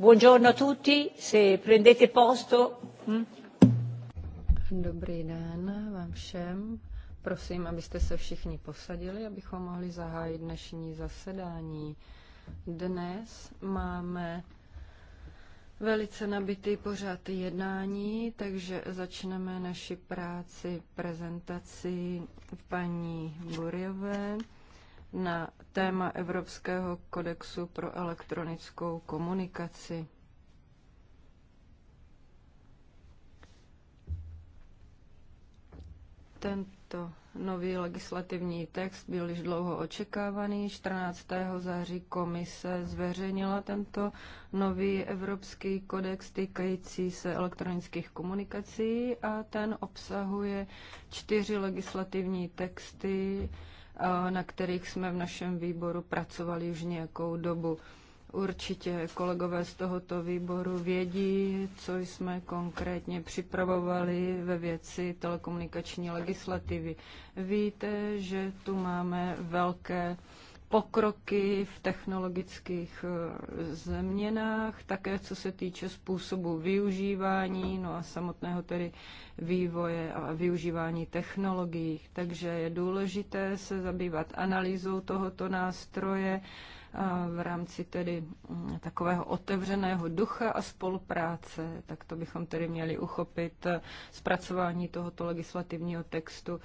Buongiorno a tutti, se prendete posto. Hm? Dobrý den vám všem. Prosím, abyste se všichni posadili, abychom mohli zahájit dnešní zasedání. Dnes máme velice nabitý pořad jednání, takže začneme naši práci prezentaci paní Burjové na téma Evropského kodexu pro elektronickou komunikaci. Tento nový legislativní text byl již dlouho očekávaný. 14. září komise zveřejnila tento nový evropský kodex týkající se elektronických komunikací a ten obsahuje čtyři legislativní texty, na kterých jsme v našem výboru pracovali už nějakou dobu. Určitě kolegové z tohoto výboru vědí, co jsme konkrétně připravovali ve věci telekomunikační legislativy. Víte, že tu máme velké uh, pokroky v technologických eh, změnách, také co se týče způsobu využívání, no a samotného tedy vývoje a využívání technologií. Takže je důležité se zabývat analýzou tohoto nástroje v rámci tedy mm, takového otevřeného ducha a spolupráce. Tak to bychom tedy měli uchopit eh, zpracování tohoto legislativního textu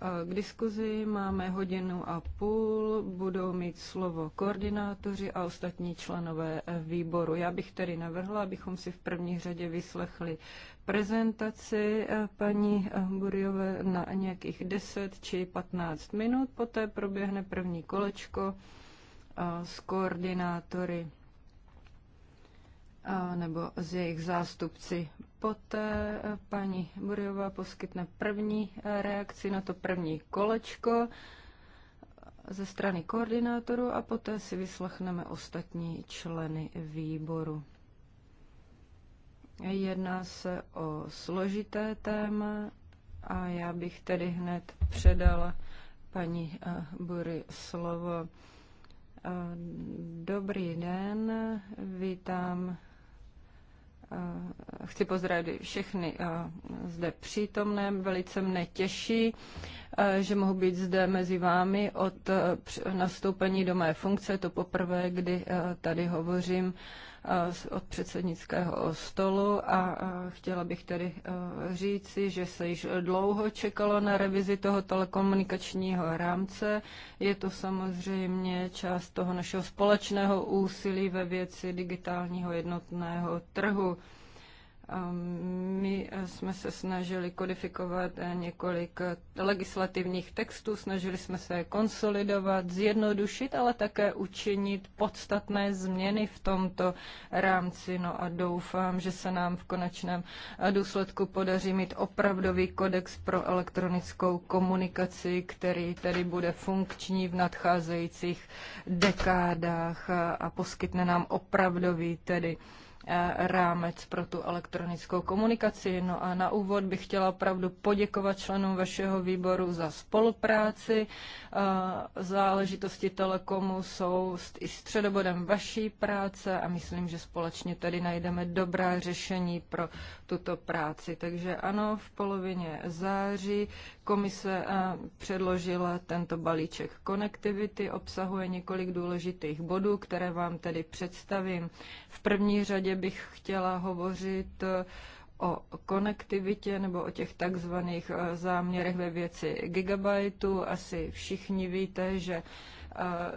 k diskuzi. Máme hodinu a půl, budou mít slovo koordinátoři a ostatní členové výboru. Já bych tedy navrhla, abychom si v první řadě vyslechli prezentaci eh, paní eh, Buriové na nějakých 10 či 15 minut. Poté proběhne první kolečko eh, s koordinátory nebo z jejich zástupci. Poté eh, paní Burjová poskytne první eh, reakci na to první kolečko eh, ze strany koordinátoru a poté si vyslechneme ostatní členy výboru. Jedná se o složité téma a já bych tedy hned předala paní Bury slovo. Dobrý den, vítám Eh, chci pozdravit všechny eh, zde přítomné. Velice mne těší, eh, že mohu být zde mezi vámi od nastoupení do mé funkce. To poprvé, kdy tady hovořím Eh, od předsednického stolu a eh, chtěla bych tedy eh, říci, že se již dlouho čekalo na revizi toho telekomunikačního rámce. Je to samozřejmě část toho našeho společného úsilí ve věci digitálního jednotného trhu. My jsme se snažili kodifikovat několik legislativních textů, snažili jsme se je konsolidovat, zjednodušit, ale také učinit podstatné změny v tomto rámci. No a doufám, že se nám v konečném důsledku podaří mít opravdový kodex pro elektronickou komunikaci, který tedy bude funkční v nadcházejících dekádách a poskytne nám opravdový tedy Eh, rámec pro tu elektronickou komunikaci. No a na úvod bych chtěla opravdu poděkovat členům vašeho výboru za spolupráci. Eh, záležitosti telekomu jsou i středobodem vaší práce a myslím, že společně tady najdeme dobrá řešení pro tuto práci. Takže ano, v polovině září Komise eh, předložila tento balíček konektivity, obsahuje několik důležitých bodů, které vám tedy představím. V první řadě bych chtěla hovořit eh, o konektivitě nebo o těch takzvaných eh, záměrech ve věci gigabajtu. Asi všichni víte, že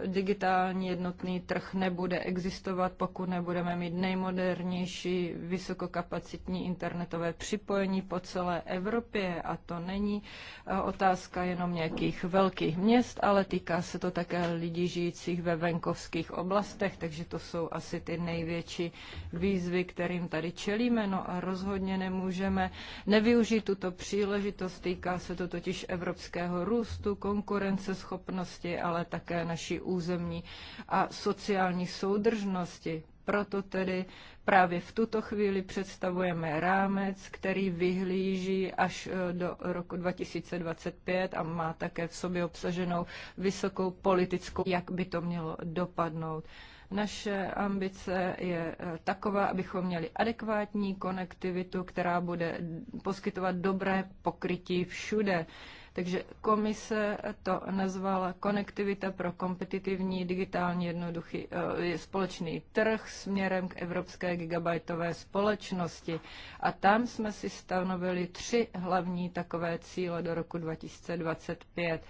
digitální jednotný trh nebude existovat, pokud nebudeme mít nejmodernější vysokokapacitní internetové připojení po celé Evropě. A to není e, otázka jenom nějakých velkých měst, ale týká se to také lidí žijících ve venkovských oblastech, takže to jsou asi ty největší výzvy, kterým tady čelíme. No a rozhodně nemůžeme nevyužít tuto příležitost. Týká se to totiž evropského růstu, konkurenceschopnosti, ale také naší územní a sociální soudržnosti. Proto tedy právě v tuto chvíli představujeme rámec, který vyhlíží až e, do roku 2025 a má také v sobě obsaženou vysokou politickou, jak by to mělo dopadnout. Naše ambice je e, taková, abychom měli adekvátní konektivitu, která bude poskytovat dobré pokrytí všude. Takže komise to nazvala konektivita pro kompetitivní digitální jednoduchý eh, společný trh směrem k evropské gigabajtové společnosti. A tam jsme si stanovili tři hlavní takové cíle do roku 2025.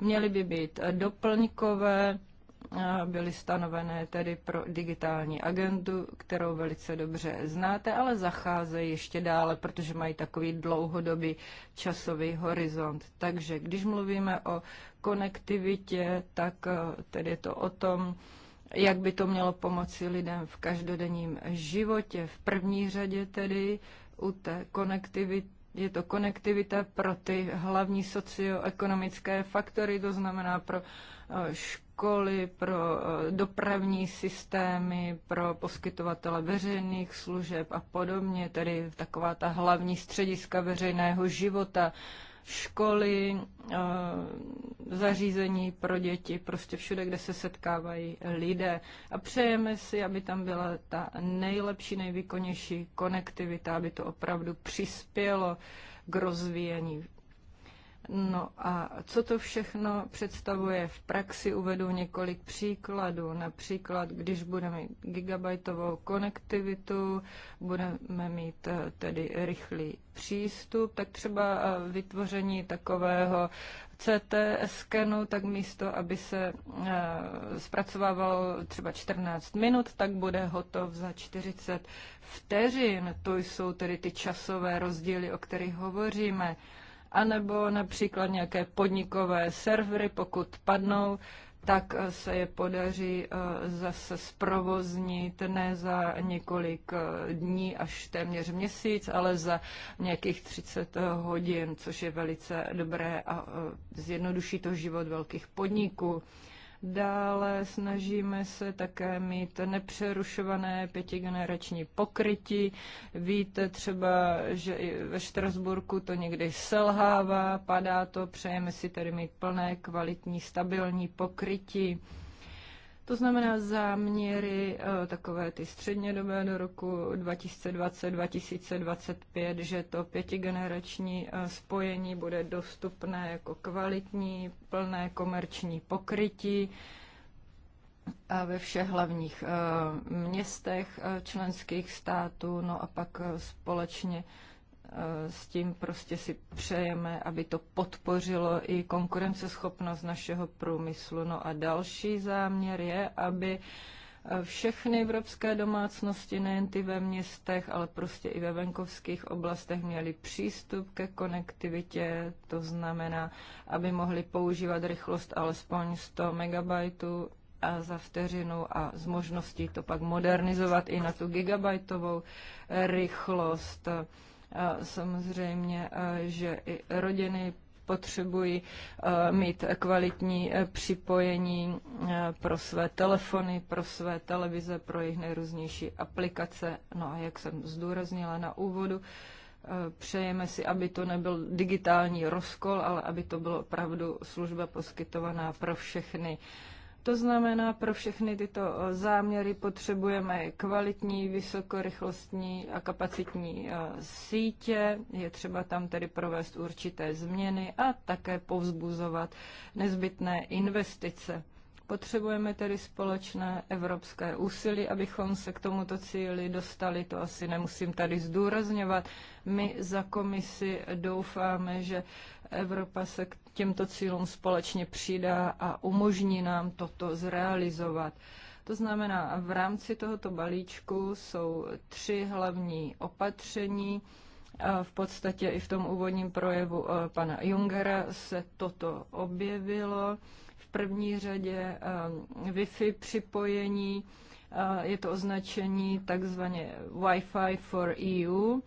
Měly by být doplňkové, byly stanovené tedy pro digitální agendu, kterou velice dobře znáte, ale zacházejí ještě dále, protože mají takový dlouhodobý časový horizont. Takže když mluvíme o konektivitě, tak eh, tedy je to o tom, jak by to mělo pomoci lidem v každodenním životě. V první řadě tedy u té konektivity je to konektivita pro ty hlavní socioekonomické faktory, to znamená pro eh, školy, pro eh, dopravní systémy, pro poskytovatele veřejných služeb a podobně, tedy taková ta hlavní střediska veřejného života, školy, eh, zařízení pro děti, prostě všude, kde se setkávají lidé. A přejeme si, aby tam byla ta nejlepší, nejvýkonnější konektivita, aby to opravdu přispělo k rozvíjení No a co to všechno představuje v praxi, uvedu několik příkladů. Například, když budeme mít gigabajtovou konektivitu, budeme mít eh, tedy rychlý přístup, tak třeba eh, vytvoření takového CT skenu, tak místo, aby se eh, zpracovávalo třeba 14 minut, tak bude hotov za 40 vteřin. To jsou tedy ty časové rozdíly, o kterých hovoříme anebo například nějaké podnikové servery, pokud padnou, tak eh, se je podaří eh, zase zprovoznit ne za několik eh, dní až téměř měsíc, ale za nějakých 30 hodin, což je velice dobré a zjednoduší to život velkých podniků. Dále snažíme se také mít nepřerušované pětigenerační pokrytí. Víte třeba, že i ve Štrasburku to někdy selhává, padá to, přejeme si tedy mít plné, kvalitní, stabilní pokrytí. To znamená záměry eh, takové ty střednědobé do roku 2020-2025, že to pětigenerační eh, spojení bude dostupné jako kvalitní, plné komerční pokrytí eh, ve všech hlavních městech členských států, no a pak společně Eh, s tím prostě si přejeme, aby to podpořilo i konkurenceschopnost našeho průmyslu. No a další záměr je, aby eh, všechny evropské domácnosti, nejen ty ve městech, ale prostě i ve venkovských oblastech měly přístup ke konektivitě, to znamená, aby mohli používat rychlost alespoň 100 MB a za vteřinu a s možností to pak modernizovat i na tu gigabajtovou rychlost. Samozřejmě, e, že i rodiny potřebují e, mít kvalitní e, připojení pro své telefony, pro své televize, pro jejich nejrůznější aplikace. No a jak jsem zdůraznila na úvodu, přejeme si, aby to nebyl digitální rozkol, ale aby to bylo opravdu služba poskytovaná pro všechny. Uh, to znamená, pro všechny tyto eh, záměry potřebujeme kvalitní, vysokorychlostní a kapacitní eh, sítě. Je třeba tam tedy provést určité změny a také povzbuzovat nezbytné investice. Potřebujeme tedy společné evropské úsilí, abychom se k tomuto cíli dostali. To asi nemusím tady zdůrazňovat. My za komisi doufáme, že Evropa se k těmto cílům společně přidá a umožní nám toto zrealizovat. To znamená, v rámci tohoto balíčku jsou tři hlavní opatření. V podstatě i v tom úvodním projevu eh, pana Jungera se toto objevilo. V první řadě eh, Wi-Fi připojení, eh, je to označení takzvaně Wi-Fi for EU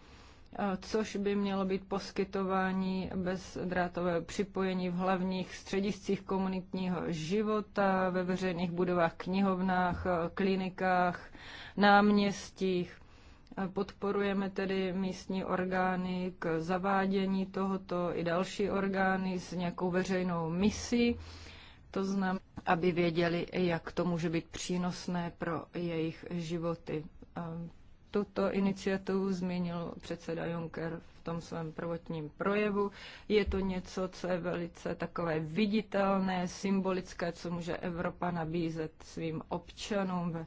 což by mělo být poskytování bezdrátového připojení v hlavních střediscích komunitního života, ve veřejných budovách, knihovnách, klinikách, náměstích. Podporujeme tedy místní orgány k zavádění tohoto i další orgány s nějakou veřejnou misí. To znamená, aby věděli, jak to může být přínosné pro jejich životy tuto iniciativu zmínil předseda Juncker v tom svém prvotním projevu. Je to něco, co je velice takové viditelné, symbolické, co může Evropa nabízet svým občanům ve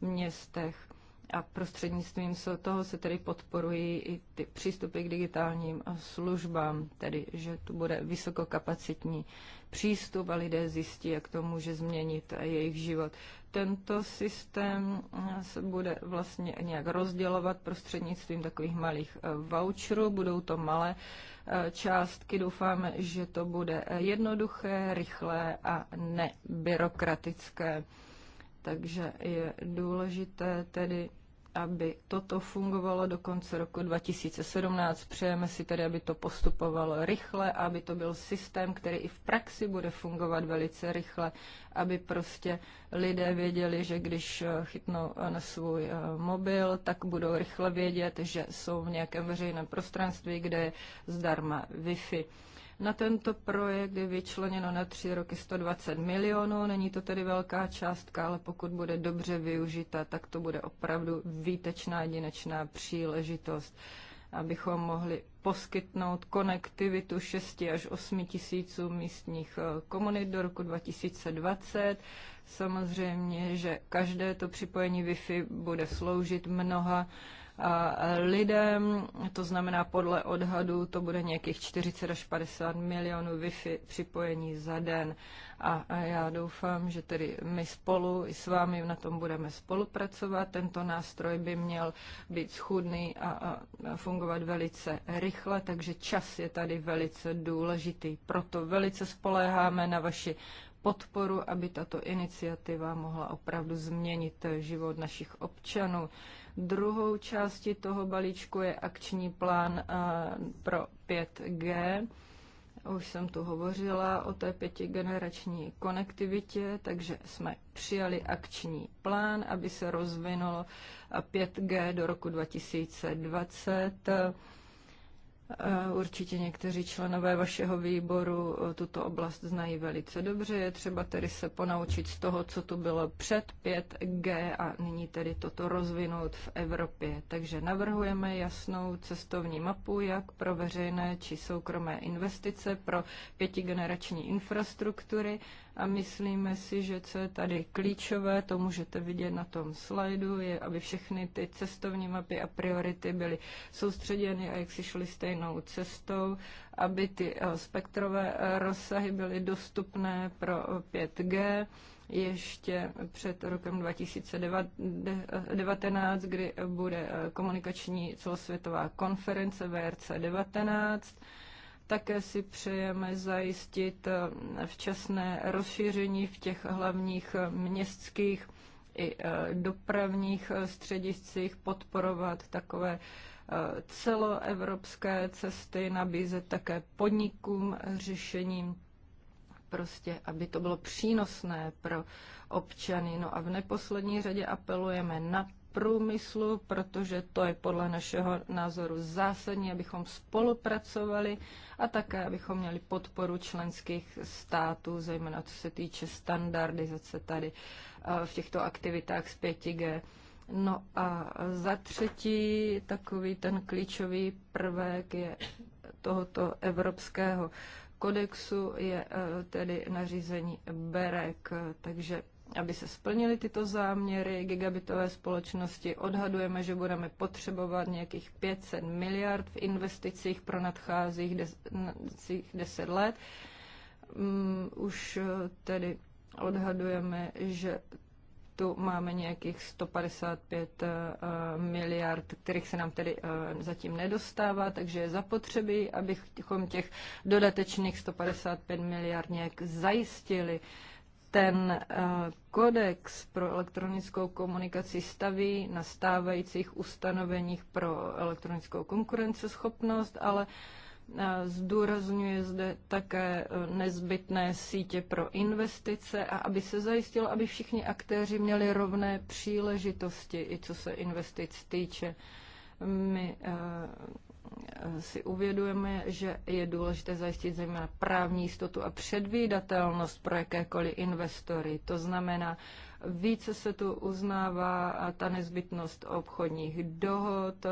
městech a prostřednictvím se toho se tedy podporují i ty přístupy k digitálním službám, tedy že tu bude vysokokapacitní přístup a lidé zjistí, jak to může změnit jejich život. Tento systém eh, se bude vlastně nějak rozdělovat prostřednictvím takových malých eh, voucherů, budou to malé eh, částky. Doufáme, že to bude jednoduché, rychlé a nebyrokratické. Takže je důležité tedy, aby toto fungovalo do konce roku 2017. Přejeme si tedy, aby to postupovalo rychle, aby to byl systém, který i v praxi bude fungovat velice rychle, aby prostě lidé věděli, že když eh, chytnou eh, na svůj eh, mobil, tak budou rychle vědět, že jsou v nějakém veřejném prostranství, kde je zdarma Wi-Fi. Na tento projekt je vyčleněno na tři roky 120 milionů, není to tedy velká částka, ale pokud bude dobře využita, tak to bude opravdu výtečná jedinečná příležitost abychom mohli poskytnout konektivitu 6 až 8 tisíců místních eh, komunit do roku 2020. Samozřejmě, že každé to připojení Wi-Fi bude sloužit mnoha E, lidem, to znamená podle odhadu to bude nějakých 40 až 50 milionů Wi-Fi připojení za den. A, já doufám, že tedy my spolu i s vámi na tom budeme spolupracovat. Tento nástroj by měl být schudný a, a fungovat velice rychle, takže čas je tady velice důležitý. Proto velice spoléháme na vaši podporu, aby tato iniciativa mohla opravdu změnit život našich občanů. Druhou částí toho balíčku je akční plán eh, pro 5G. Už jsem tu hovořila o té pětigenerační konektivitě, takže jsme přijali akční plán, aby se rozvinulo 5G eh, do roku 2020 Eh, určitě někteří členové vašeho výboru eh, tuto oblast znají velice dobře. Je třeba tedy se ponaučit z toho, co tu bylo před 5G a nyní tedy toto rozvinout v Evropě. Takže navrhujeme jasnou cestovní mapu, jak pro veřejné či soukromé investice, pro pětigenerační infrastruktury a myslíme si, že co je tady klíčové, to můžete vidět na tom slajdu, je, aby všechny ty cestovní mapy a priority byly soustředěny a jak si šly stejnou cestou, aby ty eh, spektrové eh, rozsahy byly dostupné pro 5G eh, ještě před rokem 2019, kdy bude komunikační celosvětová konference VRC 19 také si přejeme zajistit eh, včasné rozšíření v těch hlavních eh, městských i eh, dopravních střediscích, podporovat takové celoevropské cesty, nabízet také podnikům řešením prostě, aby to bylo přínosné pro občany. No a v neposlední řadě apelujeme na průmyslu, protože to je podle našeho názoru zásadní, abychom spolupracovali a také, abychom měli podporu členských států, zejména co se týče standardizace tady eh, v těchto aktivitách z 5G. No a za třetí, takový ten klíčový prvek je tohoto evropského kodexu je eh, tedy nařízení BEREK, takže aby se splnily tyto záměry gigabitové společnosti. Odhadujeme, že budeme potřebovat nějakých 500 miliard v investicích pro nadcházejících 10 let. Mm, už eh, tedy odhadujeme, že tu máme nějakých 155 eh, miliard, kterých se nám tedy eh, zatím nedostává, takže je zapotřebí, abychom těch dodatečných 155 miliard nějak zajistili ten eh, kodex pro elektronickou komunikaci staví na stávajících ustanoveních pro elektronickou konkurenceschopnost, ale eh, Zdůrazňuje zde také eh, nezbytné sítě pro investice a aby se zajistilo, aby všichni aktéři měli rovné příležitosti, i co se investic týče. My si uvědujeme, že je důležité zajistit zejména právní jistotu a předvídatelnost pro jakékoliv investory. To znamená, více se tu uznává ta nezbytnost obchodních dohod,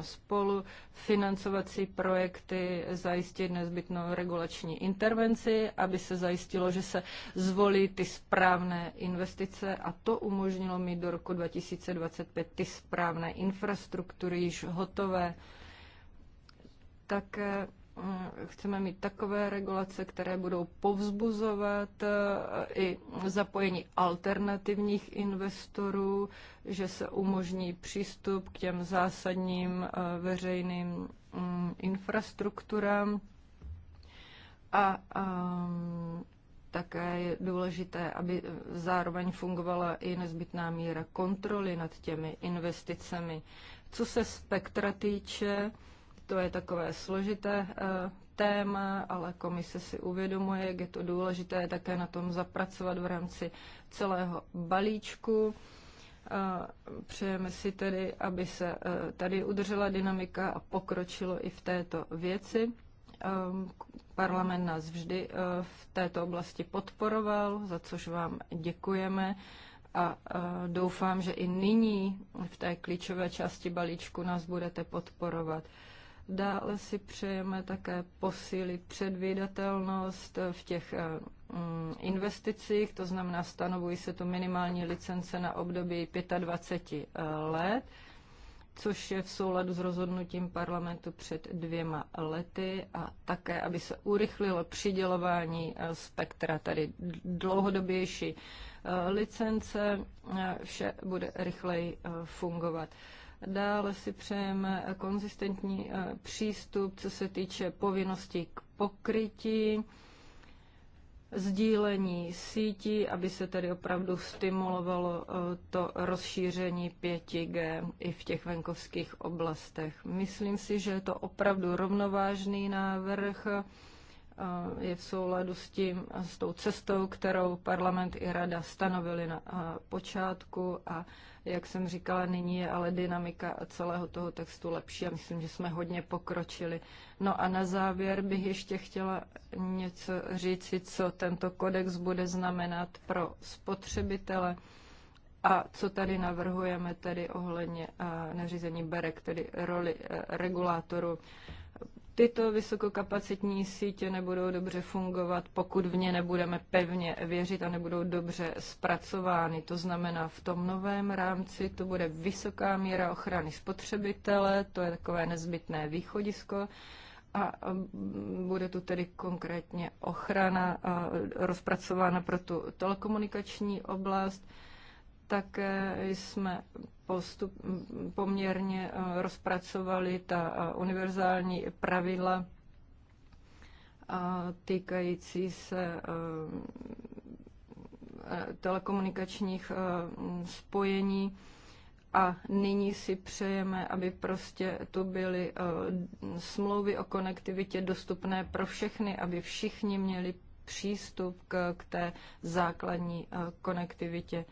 spolu financovací projekty, zajistit nezbytnou regulační intervenci, aby se zajistilo, že se zvolí ty správné investice a to umožnilo mít do roku 2025 ty správné infrastruktury již hotové také eh, eh, chceme mít takové regulace, které budou povzbuzovat eh, i zapojení alternativních investorů, že se umožní přístup k těm zásadním veřejným mm, infrastrukturám. A, a ehm, také je důležité, aby zároveň fungovala i nezbytná míra kontroly nad těmi investicemi. Co se spektra týče, to je takové složité eh, téma, ale komise si uvědomuje, jak je to důležité také na tom zapracovat v rámci celého balíčku. Eh, přejeme si tedy, aby se eh, tady udržela dynamika a pokročilo i v této věci. Parlament nás vždy v této oblasti podporoval, za což vám děkujeme a doufám, že i nyní v té klíčové části balíčku nás budete podporovat. Dále si přejeme také posílit předvídatelnost v těch eh, mm, investicích, to znamená stanovují se tu minimální licence na období 25 eh, let, což je v souladu s rozhodnutím parlamentu před dvěma lety a také, aby se urychlilo přidělování eh, spektra, tady dlouhodobější licence, vše bude rychleji fungovat. Dále si přejeme konzistentní eh, přístup, co se týče povinnosti k pokrytí, sdílení sítí, aby se tedy opravdu stimulovalo eh, to rozšíření 5G i v těch venkovských oblastech. Myslím si, že je to opravdu rovnovážný návrh, eh, je v souladu s tím, s tou cestou, kterou parlament i rada stanovili na počátku a jak jsem říkala, nyní je ale dynamika celého toho textu lepší a myslím, že jsme hodně pokročili. No a na závěr bych ještě chtěla něco říci, co tento kodex bude znamenat pro spotřebitele a co tady navrhujeme tedy ohledně eh, nařízení BEREK, tedy roli eh, regulátoru tyto vysokokapacitní sítě nebudou dobře fungovat, pokud v ně nebudeme pevně věřit a nebudou dobře zpracovány. To znamená, v tom novém rámci to bude vysoká míra ochrany spotřebitele, to je takové nezbytné východisko a bude tu tedy konkrétně ochrana rozpracována pro tu telekomunikační oblast také jsme postup, poměrně eh, rozpracovali ta eh, univerzální pravidla eh, týkající se telekomunikačních spojení a nyní si přejeme, aby prostě tu byly smlouvy o konektivitě dostupné pro všechny, aby všichni měli přístup k, k té základní konektivitě.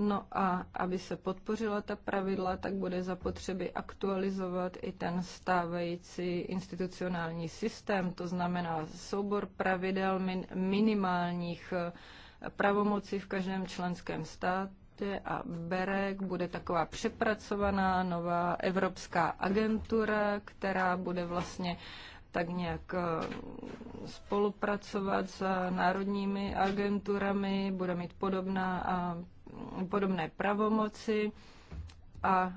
No a aby se podpořila ta pravidla, tak bude zapotřeby aktualizovat i ten stávající institucionální systém, to znamená soubor pravidel min, minimálních eh, pravomocí v každém členském státě a BEREK bude taková přepracovaná nová evropská agentura, která bude vlastně tak nějak eh, spolupracovat s národními agenturami, bude mít podobná a podobné pravomoci a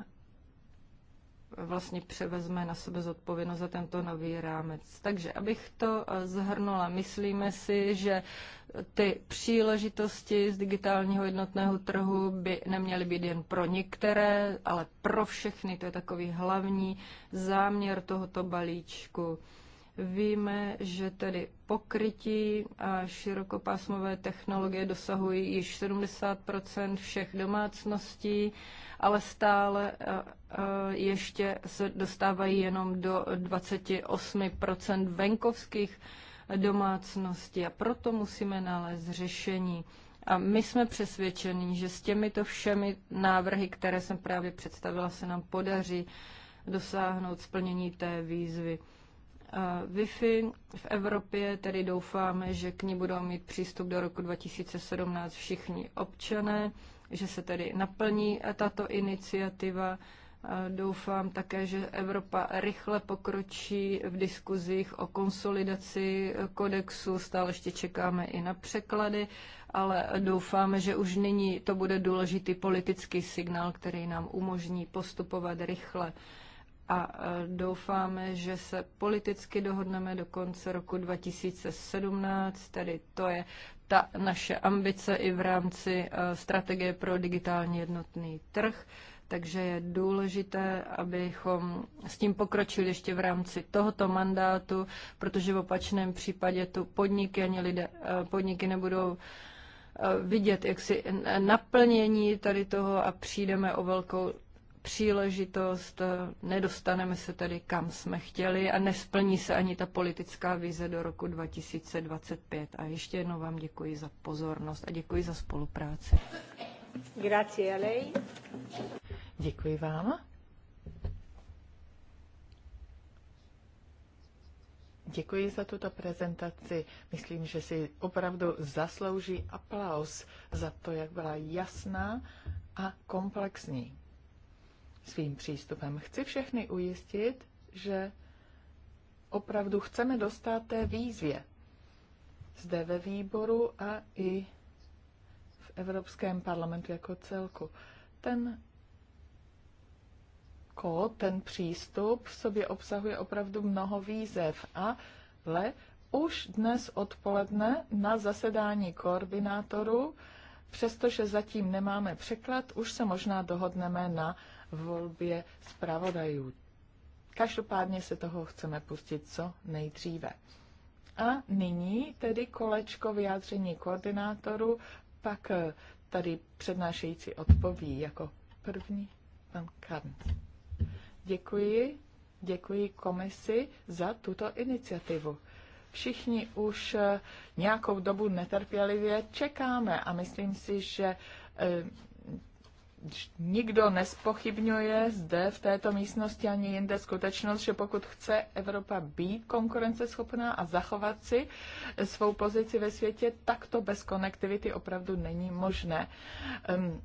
vlastně převezme na sebe zodpovědnost za tento nový rámec. Takže abych to eh, zhrnula, myslíme si, že ty příležitosti z digitálního jednotného trhu by neměly být jen pro některé, ale pro všechny. To je takový hlavní záměr tohoto balíčku. Víme, že tedy pokrytí a širokopásmové technologie dosahují již 70 všech domácností, ale stále eh, eh, ještě se dostávají jenom do 28 venkovských domácností a proto musíme nalézt řešení. A my jsme přesvědčeni, že s těmito všemi návrhy, které jsem právě představila, se nám podaří dosáhnout splnění té výzvy. Wi-Fi v Evropě, tedy doufáme, že k ní budou mít přístup do roku 2017 všichni občané, že se tedy naplní tato iniciativa. Doufám také, že Evropa rychle pokročí v diskuzích o konsolidaci kodexu. Stále ještě čekáme i na překlady, ale doufáme, že už nyní to bude důležitý politický signál, který nám umožní postupovat rychle a e, doufáme, že se politicky dohodneme do konce roku 2017, tedy to je ta naše ambice i v rámci e, strategie pro digitálně jednotný trh. Takže je důležité, abychom s tím pokročili ještě v rámci tohoto mandátu, protože v opačném případě tu podniky ani lidé, e, podniky nebudou vidět jaksi naplnění tady toho a přijdeme o velkou příležitost, eh, nedostaneme se tedy kam jsme chtěli a nesplní se ani ta politická vize do roku 2025. A ještě jednou vám děkuji za pozornost a děkuji za spolupráci. Děkuji vám. Děkuji za tuto prezentaci. Myslím, že si opravdu zaslouží aplaus za to, jak byla jasná a komplexní svým přístupem. Chci všechny ujistit, že opravdu chceme dostat té výzvě zde ve výboru a i v Evropském parlamentu jako celku. Ten kód, ten přístup v sobě obsahuje opravdu mnoho výzev, ale už dnes odpoledne na zasedání koordinátorů, přestože zatím nemáme překlad, už se možná dohodneme na volbě zpravodajů. Každopádně se toho chceme pustit co nejdříve. A nyní tedy kolečko vyjádření koordinátoru, pak eh, tady přednášející odpoví jako první pan Karn. Děkuji, děkuji komisi za tuto iniciativu. Všichni už eh, nějakou dobu netrpělivě čekáme a myslím si, že eh, nikdo nespochybňuje zde v této místnosti ani jinde skutečnost, že pokud chce Evropa být konkurenceschopná a zachovat si svou pozici ve světě, tak to bez konektivity opravdu není možné. Ehm,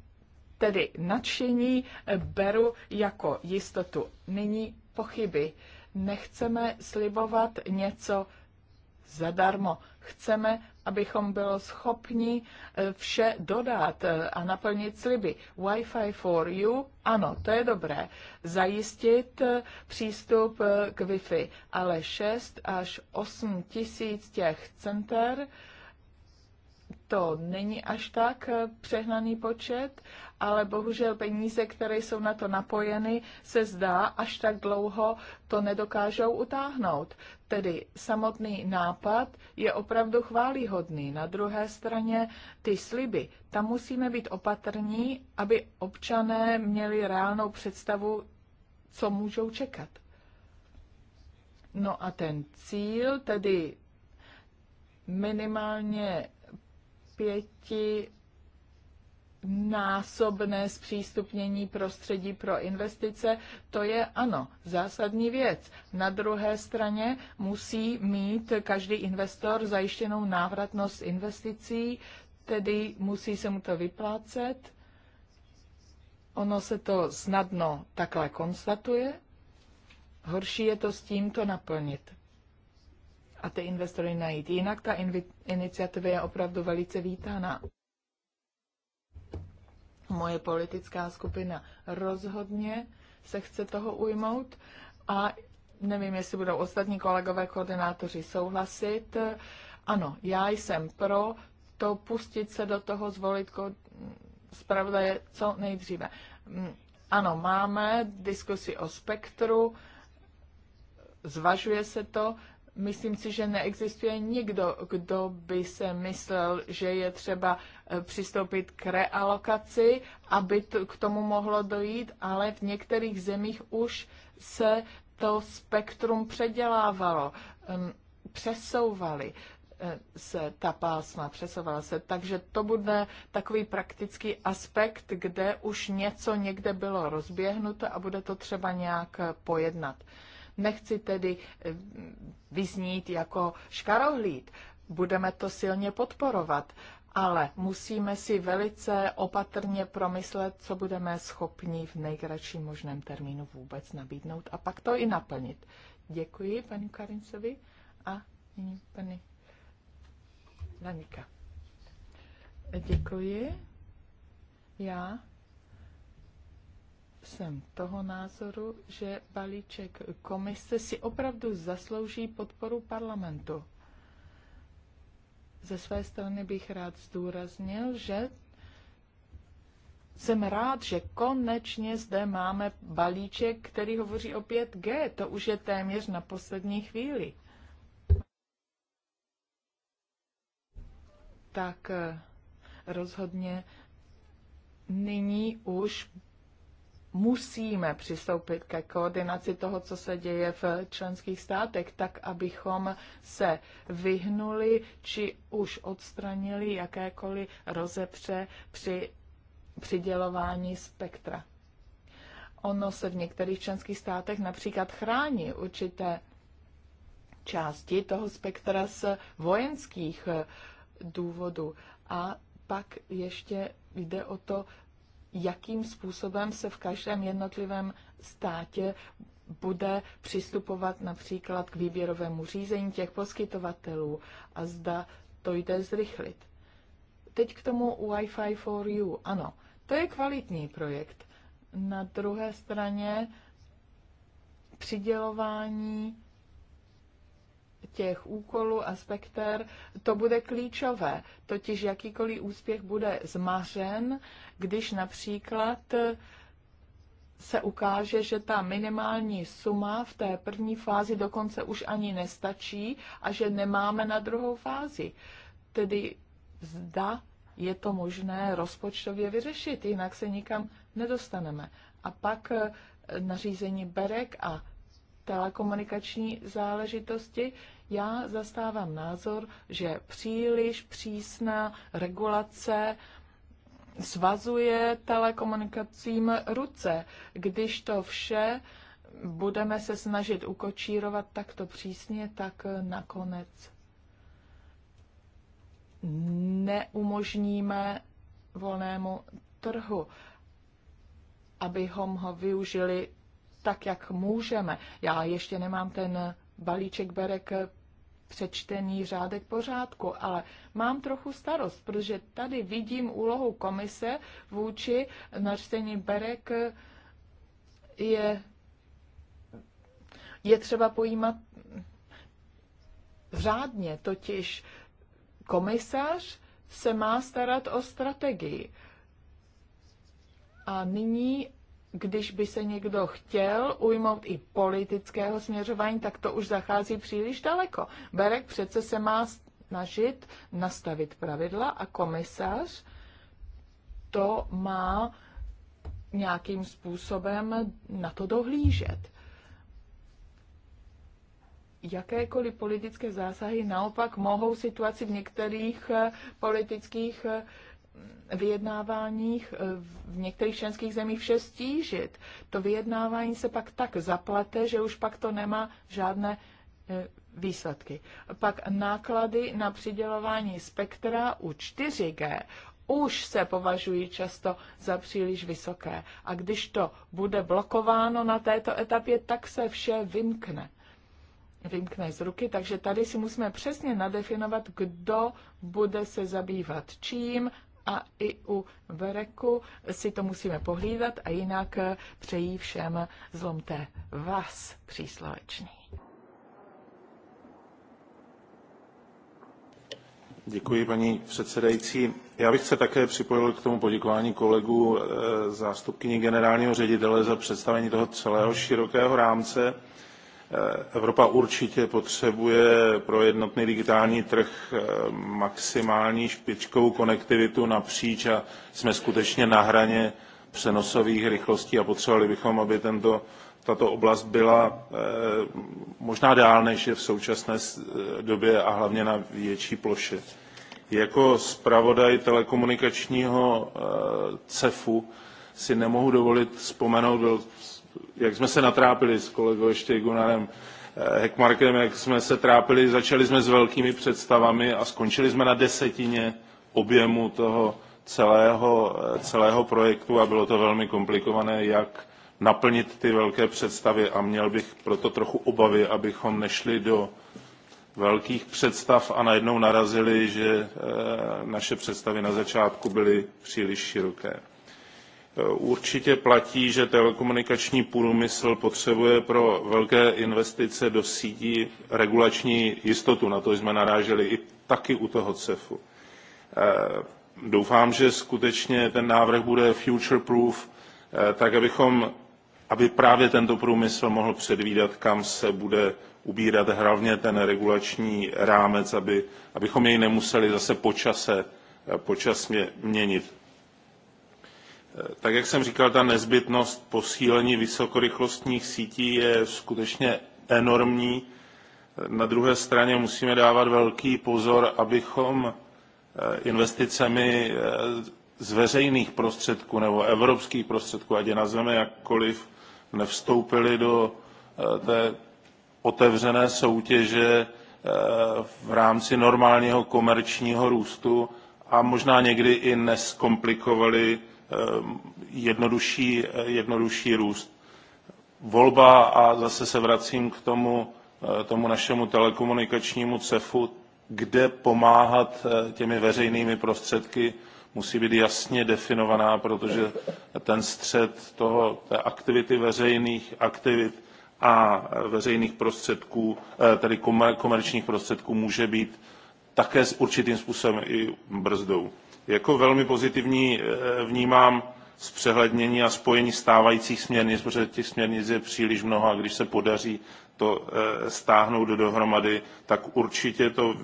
tedy nadšení eh, beru jako jistotu. Není pochyby. Nechceme slibovat něco zadarmo. Chceme, abychom byli schopni e, vše dodat e, a naplnit sliby. Wi-Fi for you, ano, to je dobré. Zajistit e, přístup k Wi-Fi, ale 6 až 8 tisíc těch center, to není až tak eh, přehnaný počet, ale bohužel peníze, které jsou na to napojeny, se zdá, až tak dlouho to nedokážou utáhnout. Tedy samotný nápad je opravdu chválihodný. Na druhé straně ty sliby. Tam musíme být opatrní, aby občané měli reálnou představu, co můžou čekat. No a ten cíl, tedy minimálně pěti násobné zpřístupnění prostředí pro investice, to je ano, zásadní věc. Na druhé straně musí mít každý investor zajištěnou návratnost investicí, tedy musí se mu to vyplácet. Ono se to snadno takhle konstatuje. Horší je to s tímto naplnit a ty investory najít. Jinak ta iniciativa je opravdu velice vítána. Moje politická skupina rozhodně se chce toho ujmout a nevím, jestli budou ostatní kolegové koordinátoři souhlasit. Ano, já jsem pro to pustit se do toho, zvolit ko- je co nejdříve. Mm, ano, máme diskusi o spektru, zvažuje se to, Myslím si, že neexistuje nikdo, kdo by se myslel, že je třeba eh, přistoupit k realokaci, aby to, k tomu mohlo dojít, ale v některých zemích už se to spektrum předělávalo, ehm, přesouvali eh, se ta pásma, přesouvala se. Takže to bude takový praktický aspekt, kde už něco někde bylo rozběhnuto a bude to třeba nějak eh, pojednat. Nechci tedy eh, vyznít jako škarohlíd. Budeme to silně podporovat, ale musíme si velice opatrně promyslet, co budeme schopni v nejkratším možném termínu vůbec nabídnout a pak to i naplnit. Děkuji panu Karincovi a nyní paní Danika. Děkuji. Já jsem toho názoru, že balíček komise si opravdu zaslouží podporu parlamentu. Ze své strany bych rád zdůraznil, že jsem rád, že konečně zde máme balíček, který hovoří o 5G. To už je téměř na poslední chvíli. Tak eh, rozhodně nyní už musíme přistoupit ke koordinaci toho, co se děje v členských státech, tak abychom se vyhnuli či už odstranili jakékoliv rozepře při přidělování spektra. Ono se v některých členských státech například chrání určité části toho spektra z vojenských eh, důvodů. A pak ještě jde o to jakým způsobem se v každém jednotlivém státě bude přistupovat například k výběrovému řízení těch poskytovatelů a zda to jde zrychlit. Teď k tomu Wi-Fi for You. Ano, to je kvalitní projekt. Na druhé straně přidělování těch úkolů a spekter, to bude klíčové. Totiž jakýkoliv úspěch bude zmařen, když například eh, se ukáže, že ta minimální suma v té první fázi dokonce už ani nestačí a že nemáme na druhou fázi. Tedy zda je to možné rozpočtově vyřešit, jinak se nikam nedostaneme. A pak eh, nařízení Berek a telekomunikační záležitosti. Já zastávám názor, že příliš přísná regulace svazuje telekomunikacím ruce. Když to vše budeme se snažit ukočírovat takto přísně, tak nakonec neumožníme volnému trhu, abychom ho využili tak, jak můžeme. Já ještě nemám ten balíček berek přečtený řádek pořádku, ale mám trochu starost, protože tady vidím úlohu komise vůči načtení berek je, je třeba pojímat řádně, totiž komisař se má starat o strategii. A nyní když by se někdo chtěl ujmout i politického směřování, tak to už zachází příliš daleko. Berek přece se má snažit nastavit pravidla a komisař to má nějakým způsobem na to dohlížet. Jakékoliv politické zásahy naopak mohou situaci v některých eh, politických eh, vyjednáváních eh, v některých členských zemích vše stížit. To vyjednávání se pak tak zaplete, že už pak to nemá žádné eh, výsledky. Pak náklady na přidělování spektra u 4G už se považují často za příliš vysoké. A když to bude blokováno na této etapě, tak se vše vymkne. Vymkne z ruky, takže tady si musíme přesně nadefinovat, kdo bude se zabývat čím a i u Vereku si to musíme pohlídat a jinak přejí všem zlomte vás příslovečný. Děkuji, paní předsedající. Já bych se také připojil k tomu poděkování kolegů eh, zástupkyni generálního ředitele za představení toho celého širokého rámce. Eh, Evropa určitě potřebuje pro jednotný digitální trh eh, maximální špičkovou konektivitu napříč a jsme skutečně na hraně přenosových rychlostí a potřebovali bychom, aby tento, tato oblast byla eh, možná dál, než je v současné době a hlavně na větší ploše. Jako zpravodaj telekomunikačního CEFu si nemohu dovolit vzpomenout, byl jak jsme se natrápili s kolegou ještě Gunnarem eh, Hekmarkem, jak jsme se trápili, začali jsme s velkými představami a skončili jsme na desetině objemu toho celého, eh, celého projektu a bylo to velmi komplikované, jak naplnit ty velké představy a měl bych proto trochu obavy, abychom nešli do velkých představ a najednou narazili, že eh, naše představy na začátku byly příliš široké. Určitě platí, že telekomunikační průmysl potřebuje pro velké investice do sítí regulační jistotu. Na to jsme naráželi i taky u toho CEFu. E, doufám, že skutečně ten návrh bude future proof, e, tak abychom, aby právě tento průmysl mohl předvídat, kam se bude ubírat hlavně ten regulační rámec, aby, abychom jej nemuseli zase počase, počasně měnit tak jak jsem říkal, ta nezbytnost posílení vysokorychlostních sítí je skutečně enormní. Na druhé straně musíme dávat velký pozor, abychom eh, investicemi eh, z veřejných prostředků nebo evropských prostředků, ať je nazveme jakkoliv, nevstoupili do eh, té otevřené soutěže v rámci normálního komerčního růstu a možná někdy i neskomplikovali Eh, jednodušší, eh, jednodušší růst. Volba, a zase se vracím k tomu, eh, tomu našemu telekomunikačnímu cefu, kde pomáhat těmi veřejnými prostředky, musí být jasně definovaná, protože ten střed toho, té aktivity veřejných aktivit a veřejných prostředků, tedy komerčních prostředků, může být také s určitým způsobem i brzdou. Jako velmi pozitivní eh, vnímám zpřehlednění a spojení stávajících směrnic, protože těch směrnic je příliš mnoho a když se podaří to eh, stáhnout dohromady, tak určitě to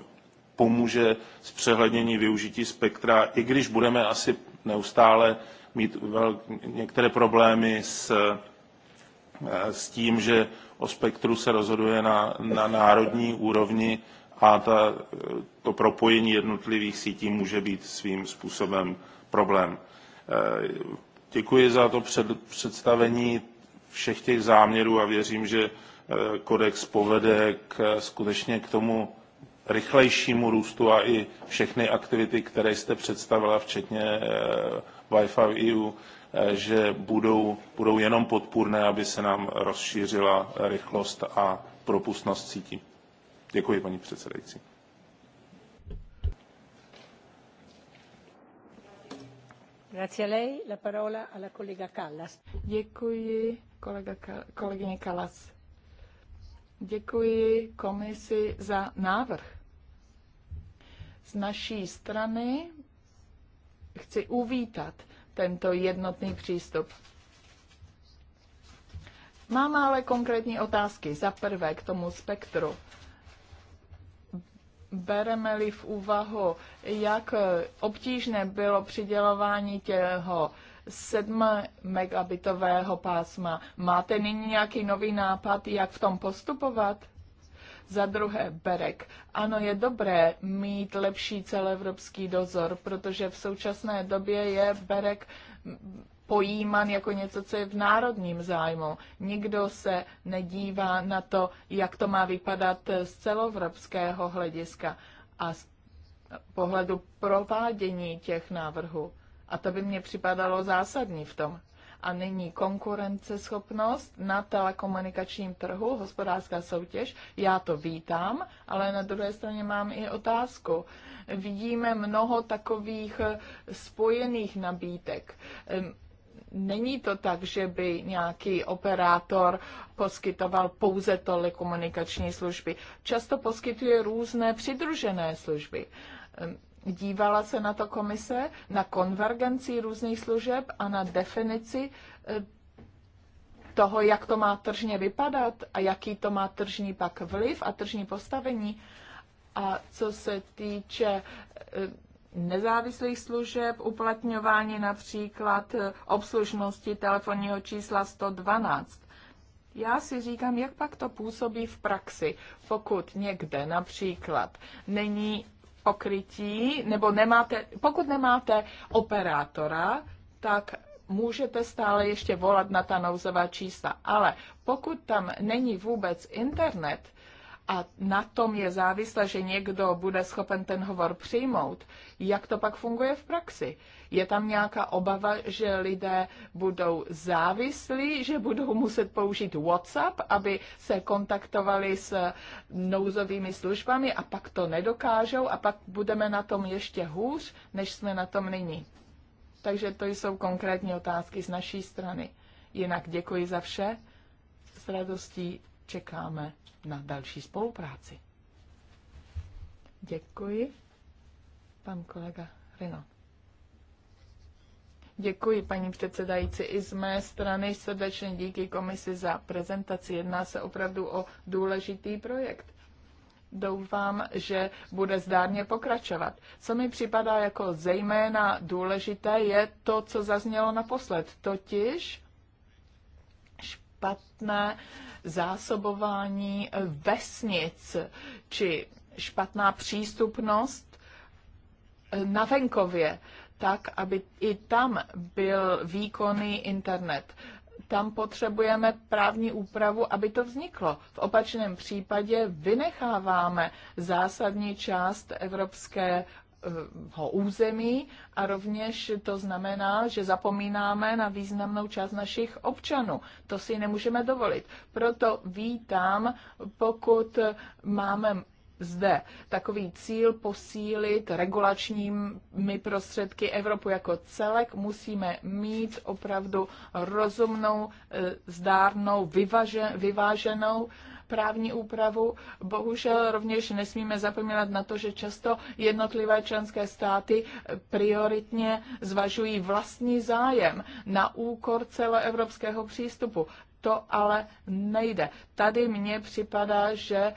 pomůže zpřehlednění využití spektra, i když budeme asi neustále mít některé problémy s, eh, s tím, že o spektru se rozhoduje na, na národní úrovni a ta, to propojení jednotlivých sítí může být svým způsobem problém. Eh, děkuji za to před, představení všech těch záměrů a věřím, že eh, kodex povede k, skutečně k tomu rychlejšímu růstu a i všechny aktivity, které jste představila, včetně eh, Wi-Fi EU, že budou, budou jenom podpůrné, aby se nám rozšířila rychlost a propustnost sítí. Děkuji, paní předsedající. Děkuji, kolega, kolegyně Kalas. Děkuji komisi za návrh. Z naší strany chci uvítat tento jednotný přístup. Mám ale konkrétní otázky. Za prvé k tomu spektru bereme-li v úvahu, jak obtížné bylo přidělování těho 7 megabitového pásma, máte nyní nějaký nový nápad, jak v tom postupovat? Za druhé, berek. Ano, je dobré mít lepší celoevropský dozor, protože v současné době je berek pojímán jako něco, co je v národním zájmu. Nikdo se nedívá na to, jak to má vypadat z celoevropského hlediska a z pohledu provádění těch návrhů. A to by mě připadalo zásadní v tom. A nyní konkurenceschopnost na telekomunikačním trhu, hospodářská soutěž, já to vítám, ale na druhé straně mám i otázku. Vidíme mnoho takových spojených nabídek. Není to tak, že by nějaký operátor poskytoval pouze telekomunikační služby. Často poskytuje různé přidružené služby. Ehm, dívala se na to komise, na konvergenci různých služeb a na definici ehm, toho, jak to má tržně vypadat a jaký to má tržní pak vliv a tržní postavení. A co se týče ehm, nezávislých služeb, uplatňování například eh, obslužnosti telefonního čísla 112. Já si říkám, jak pak to působí v praxi, pokud někde například není pokrytí, nebo nemáte, pokud nemáte operátora, tak můžete stále ještě volat na ta nouzová čísla. Ale pokud tam není vůbec internet, a na tom je závislé, že někdo bude schopen ten hovor přijmout, jak to pak funguje v praxi? Je tam nějaká obava, že lidé budou závislí, že budou muset použít WhatsApp, aby se kontaktovali s nouzovými službami a pak to nedokážou a pak budeme na tom ještě hůř, než jsme na tom nyní. Takže to jsou konkrétní otázky z naší strany. Jinak děkuji za vše. S radostí čekáme na další spolupráci. Děkuji. Pan kolega Rino. Děkuji, paní předsedající. I z mé strany srdečně díky komisi za prezentaci. Jedná se opravdu o důležitý projekt. Doufám, že bude zdárně pokračovat. Co mi připadá jako zejména důležité, je to, co zaznělo naposled, totiž špatné zásobování vesnic či špatná přístupnost na venkově, tak aby i tam byl výkonný internet. Tam potřebujeme právní úpravu, aby to vzniklo. V opačném případě vynecháváme zásadní část evropské Eh, ho území a rovněž to znamená, že zapomínáme na významnou část našich občanů. To si nemůžeme dovolit. Proto vítám, pokud máme zde takový cíl posílit regulačními prostředky Evropu jako celek, musíme mít opravdu rozumnou, eh, zdárnou, vyvaženou právní úpravu. Bohužel rovněž nesmíme zapomínat na to, že často jednotlivé členské státy prioritně zvažují vlastní zájem na úkor celoevropského přístupu. To ale nejde. Tady mně připadá, že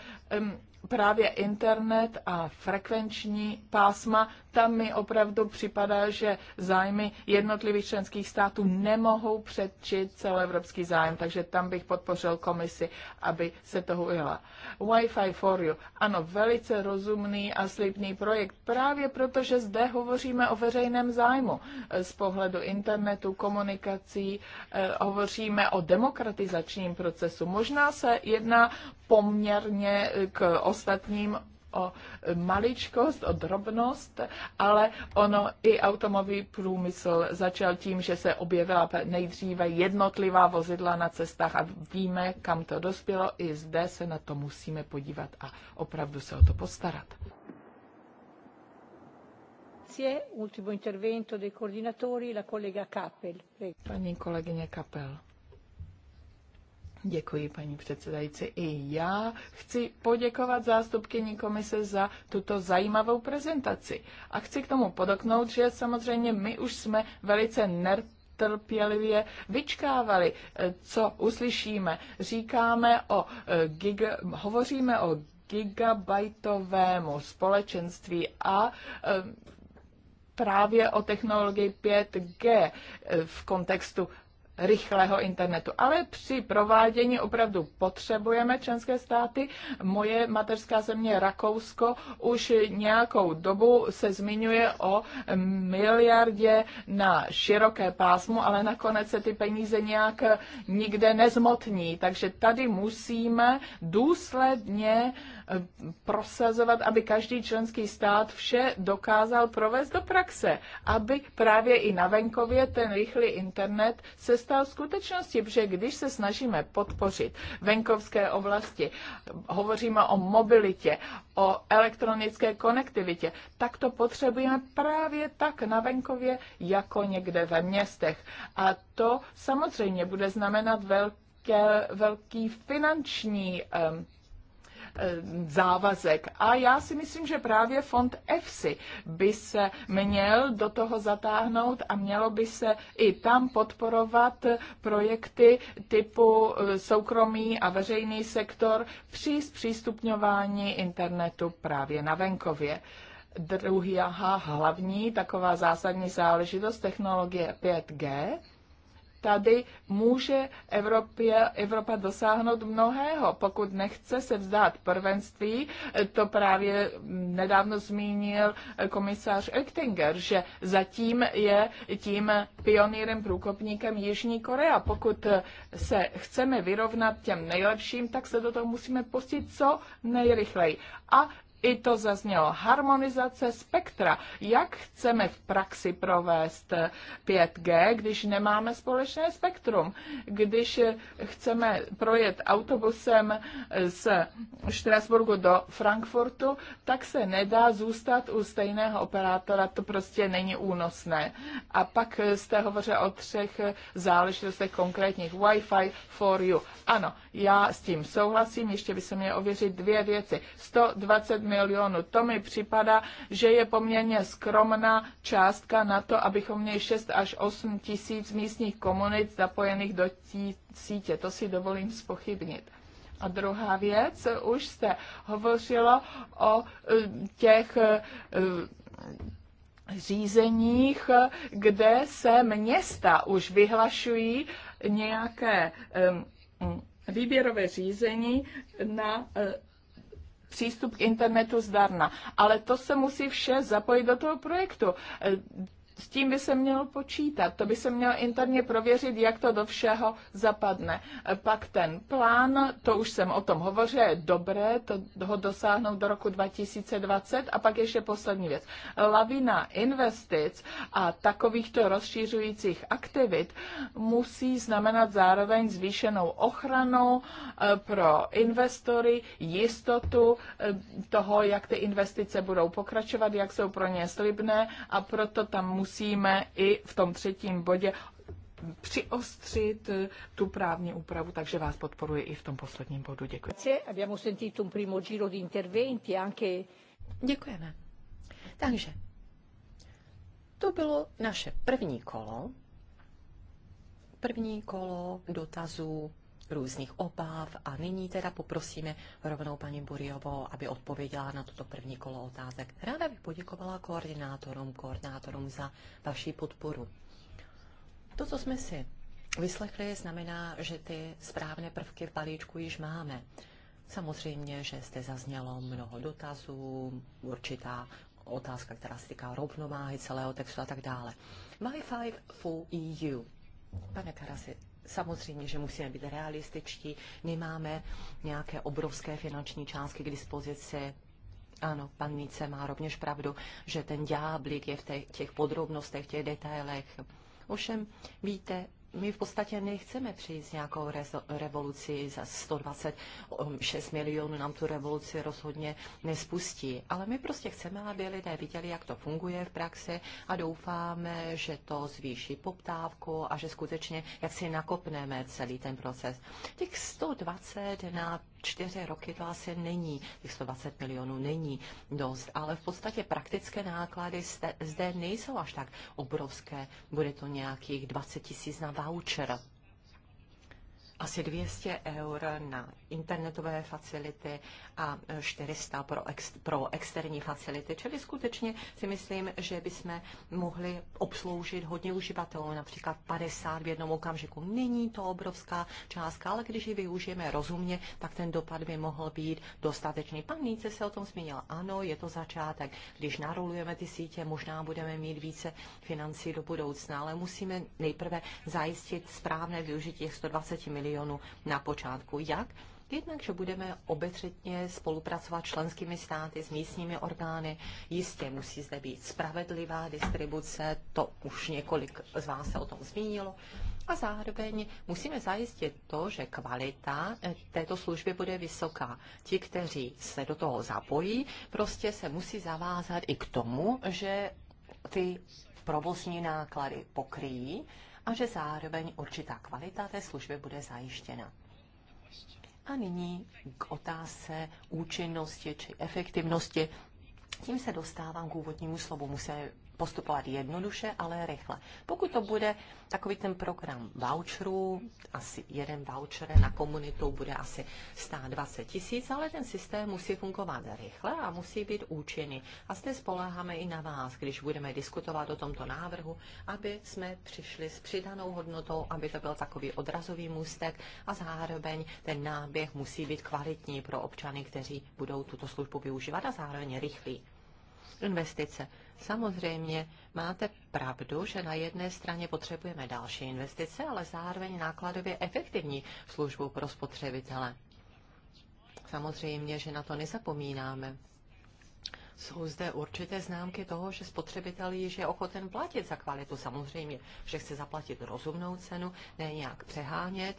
právě internet a frekvenční pásma tam mi opravdu připadá, že zájmy jednotlivých členských států nemohou předčit celoevropský zájem, takže tam bych podpořil komisi, aby se toho ujela. Wi-Fi for you. Ano, velice rozumný a slibný projekt, právě protože zde hovoříme o veřejném zájmu z pohledu internetu, komunikací, eh, hovoříme o demokratizačním procesu. Možná se jedná poměrně eh, k ostatním o maličkost, o drobnost, ale ono i automobilový průmysl začal tím, že se objevila nejdříve jednotlivá vozidla na cestách a víme, kam to dospělo. I zde se na to musíme podívat a opravdu se o to postarat. Ultimo intervento dei coordinatori, la collega Paní kolegyně Kapel. Děkuji, paní předsedající. I já chci poděkovat zástupkyni komise za tuto zajímavou prezentaci. A chci k tomu podoknout, že samozřejmě my už jsme velice ner trpělivě vyčkávali, eh, co uslyšíme. Říkáme o eh, giga, hovoříme o gigabajtovému společenství a eh, právě o technologii 5G v kontextu rychlého internetu. Ale při provádění opravdu potřebujeme členské státy. Moje mateřská země Rakousko už nějakou dobu se zmiňuje o miliardě na široké pásmu, ale nakonec se ty peníze nějak nikde nezmotní. Takže tady musíme důsledně uh, prosazovat, aby každý členský stát vše dokázal provést do praxe, aby právě i na venkově ten rychlý internet se stal skutečností, protože když se snažíme podpořit venkovské oblasti, hovoříme o mobilitě, o elektronické konektivitě, tak to potřebujeme právě tak na venkově, jako někde ve městech. A to samozřejmě bude znamenat velký velký finanční um, Eh, závazek. A já si myslím, že právě fond EFSI by se měl do toho zatáhnout a mělo by se i tam podporovat projekty typu eh, soukromý a veřejný sektor při zpřístupňování internetu právě na venkově druhý aha, hlavní taková zásadní záležitost technologie 5G Tady může Evropě, Evropa dosáhnout mnohého. Pokud nechce se vzdát prvenství, to právě nedávno zmínil komisář Oettinger, že zatím je tím pionýrem, průkopníkem Jižní Korea. Pokud se chceme vyrovnat těm nejlepším, tak se do toho musíme pustit co nejrychleji. A i to zaznělo, harmonizace spektra. Jak chceme v praxi provést 5G, když nemáme společné spektrum? Když chceme projet autobusem z Štrasburgu do Frankfurtu, tak se nedá zůstat u stejného operátora, to prostě není únosné. A pak jste hovořil o třech záležitostech konkrétních. Wi-Fi for you. Ano, já s tím souhlasím, ještě by se měl ověřit dvě věci. 120 milionů. To mi připadá, že je poměrně skromná částka na to, abychom měli 6 až 8 tisíc místních komunit zapojených do tí, sítě. To si dovolím spochybnit. A druhá věc, už jste hovořilo o e, těch e, řízeních, kde se města už vyhlašují nějaké výběrové řízení na e, přístup k internetu zdarma. Ale to se musí vše zapojit do toho projektu. S tím by se měl počítat, to by se měl interně prověřit, jak to do všeho zapadne. Pak ten plán, to už jsem o tom hovořil, je dobré to, ho dosáhnout do roku 2020. A pak ještě poslední věc. Lavina investic a takovýchto rozšířujících aktivit musí znamenat zároveň zvýšenou ochranu eh, pro investory, jistotu eh, toho, jak ty investice budou pokračovat, jak jsou pro ně slibné a proto tam musí musíme i v tom třetím bodě přiostřit eh, tu právní úpravu, takže vás podporuji i v tom posledním bodu. Děkuji. Děkujeme. Takže to bylo naše první kolo. První kolo dotazů různých obáv a nyní teda poprosíme rovnou paní Buriovou, aby odpověděla na toto první kolo otázek. Ráda bych poděkovala koordinátorům, koordinátorům za vaši podporu. To, co jsme si vyslechli, znamená, že ty správné prvky v balíčku již máme. Samozřejmě, že zde zaznělo mnoho dotazů, určitá otázka, která se týká rovnováhy celého textu a tak dále. My five for EU. Pane Karasi, Samozřejmě, že musíme být realističtí, nemáme nějaké obrovské finanční částky k dispozici. Ano, pan Míce má rovněž pravdu, že ten dňáblík je v těch, podrobnostech, v těch detailech. Ovšem, víte, my v podstatě nechceme přijít s nějakou revoluci za 126 milionů, nám tu revoluci rozhodně nespustí. Ale my prostě chceme, aby lidé viděli, jak to funguje v praxi a doufáme, že to zvýší poptávku a že skutečně, jak si nakopneme celý ten proces. Těch 120 na čtyři roky to asi není, těch 120 milionů není dost, ale v podstatě praktické náklady zde nejsou až tak obrovské. Bude to nějakých 20 tisíc na voucher asi 200 eur na internetové facility a 400 pro, ex, pro externí facility. Čili skutečně si myslím, že bychom mohli obsloužit hodně uživatelů, například 50 v jednom okamžiku. Není to obrovská částka, ale když ji využijeme rozumně, tak ten dopad by mohl být dostatečný. Pan Níce se o tom zmínil. Ano, je to začátek. Když narolujeme ty sítě, možná budeme mít více financí do budoucna, ale musíme nejprve zajistit správné využití těch 120 milionů milionů na počátku. Jak? Jednak, že budeme obetřetně spolupracovat členskými státy s místními orgány. Jistě musí zde být spravedlivá distribuce, to už několik z vás se o tom zmínilo. A zároveň musíme zajistit to, že kvalita eh, této služby bude vysoká. Ti, kteří se do toho zapojí, prostě se musí zavázat i k tomu, že ty provozní náklady pokryjí a že zároveň určitá kvalita té služby bude zajištěna. A nyní k otázce účinnosti či efektivnosti. Tím se dostávám k úvodnímu slovu. Musíme postupovat jednoduše, ale rychle. Pokud to bude takový ten program voucherů, asi jeden voucher na komunitu bude asi stát 20 tisíc, ale ten systém musí fungovat rychle a musí být účinný. A zde spoléháme i na vás, když budeme diskutovat o tomto návrhu, aby jsme přišli s přidanou hodnotou, aby to byl takový odrazový můstek a zároveň ten náběh musí být kvalitní pro občany, kteří budou tuto službu využívat a zároveň rychlý. Investice. Samozřejmě máte pravdu, že na jedné straně potřebujeme další investice, ale zároveň nákladově efektivní službu pro spotřebitele. Samozřejmě, že na to nezapomínáme. Jsou zde určité známky toho, že spotřebitel již je ochoten platit za kvalitu. Samozřejmě, že chce zaplatit rozumnou cenu, ne nějak přehánět,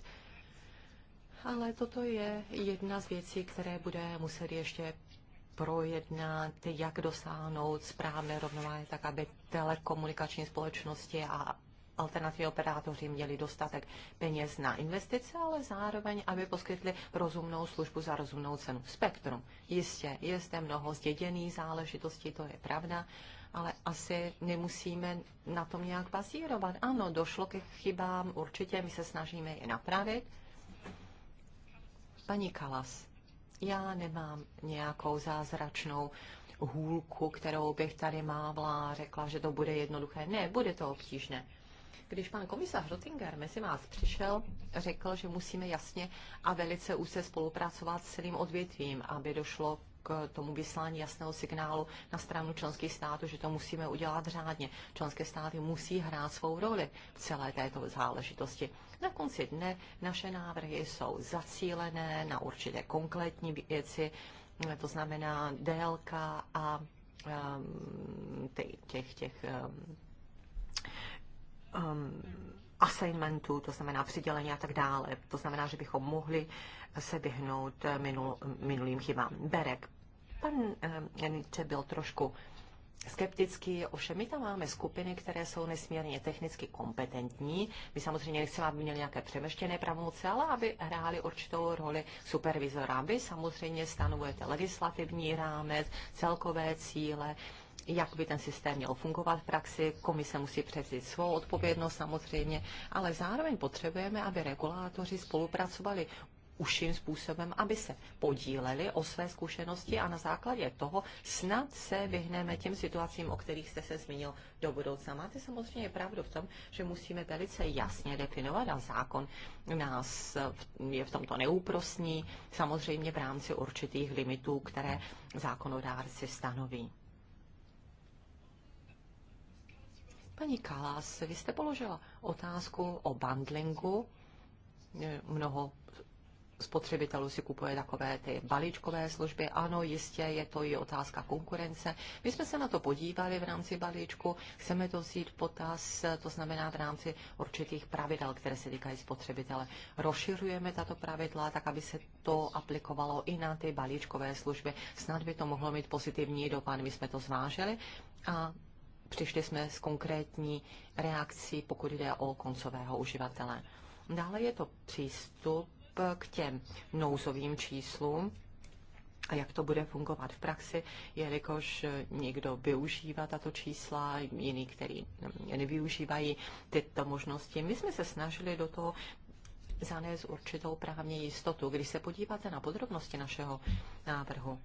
ale toto je jedna z věcí, které bude muset ještě projednat, jak dosáhnout správné rovnováhy, tak aby telekomunikační společnosti a alternativní operátoři měli dostatek peněz na investice, ale zároveň, aby poskytli rozumnou službu za rozumnou cenu. Spektrum. Jistě, je zde mnoho zděděných záležitostí, to je pravda, ale asi nemusíme na tom nějak bazírovat. Ano, došlo ke chybám, určitě my se snažíme je napravit. Paní Kalas, já nemám nějakou zázračnou hůlku, kterou bych tady mávla a řekla, že to bude jednoduché. Ne, bude to obtížné. Když pan komisař Rottinger mezi vás přišel, řekl, že musíme jasně a velice úzce spolupracovat s celým odvětvím, aby došlo k tomu vyslání jasného signálu na stranu členských států, že to musíme udělat řádně. Členské státy musí hrát svou roli v celé této záležitosti. Na konci dne naše návrhy jsou zacílené na určité konkrétní věci, to znamená délka a um, těch, těch um, um, assignmentů, to znamená přidělení a tak dále. To znamená, že bychom mohli se vyhnout minul, minulým chybám. Berek, Pan Janice eh, byl trošku skeptický, ovšem my tam máme skupiny, které jsou nesmírně technicky kompetentní. My samozřejmě nechceme, aby měli nějaké přemeštěné pravomoci, ale aby hráli určitou roli supervizora. Vy samozřejmě stanovujete legislativní rámec, celkové cíle, jak by ten systém měl fungovat v praxi. Komise musí převzít svou odpovědnost samozřejmě, ale zároveň potřebujeme, aby regulátoři spolupracovali uším způsobem, aby se podíleli o své zkušenosti a na základě toho snad se vyhneme těm situacím, o kterých jste se zmínil do budoucna. Máte samozřejmě pravdu v tom, že musíme velice jasně definovat a zákon nás je v tomto neúprostní, samozřejmě v rámci určitých limitů, které zákonodárci stanoví. Paní Kalas, vy jste položila otázku o bundlingu. Mnoho spotřebitelů si kupuje takové ty balíčkové služby. Ano, jistě je to i otázka konkurence. My jsme se na to podívali v rámci balíčku, chceme to vzít potaz, to znamená v rámci určitých pravidel, které se týkají spotřebitele. Rozšiřujeme tato pravidla tak, aby se to aplikovalo i na ty balíčkové služby. Snad by to mohlo mít pozitivní dopad. My jsme to zvážili a přišli jsme s konkrétní reakcí, pokud jde o koncového uživatele. Dále je to přístup k těm nouzovým číslům a jak to bude fungovat v praxi, jelikož někdo využívá tato čísla, jiný, který nevyužívají tyto možnosti. My jsme se snažili do toho zanést určitou právní jistotu. Když se podíváte na podrobnosti našeho návrhu,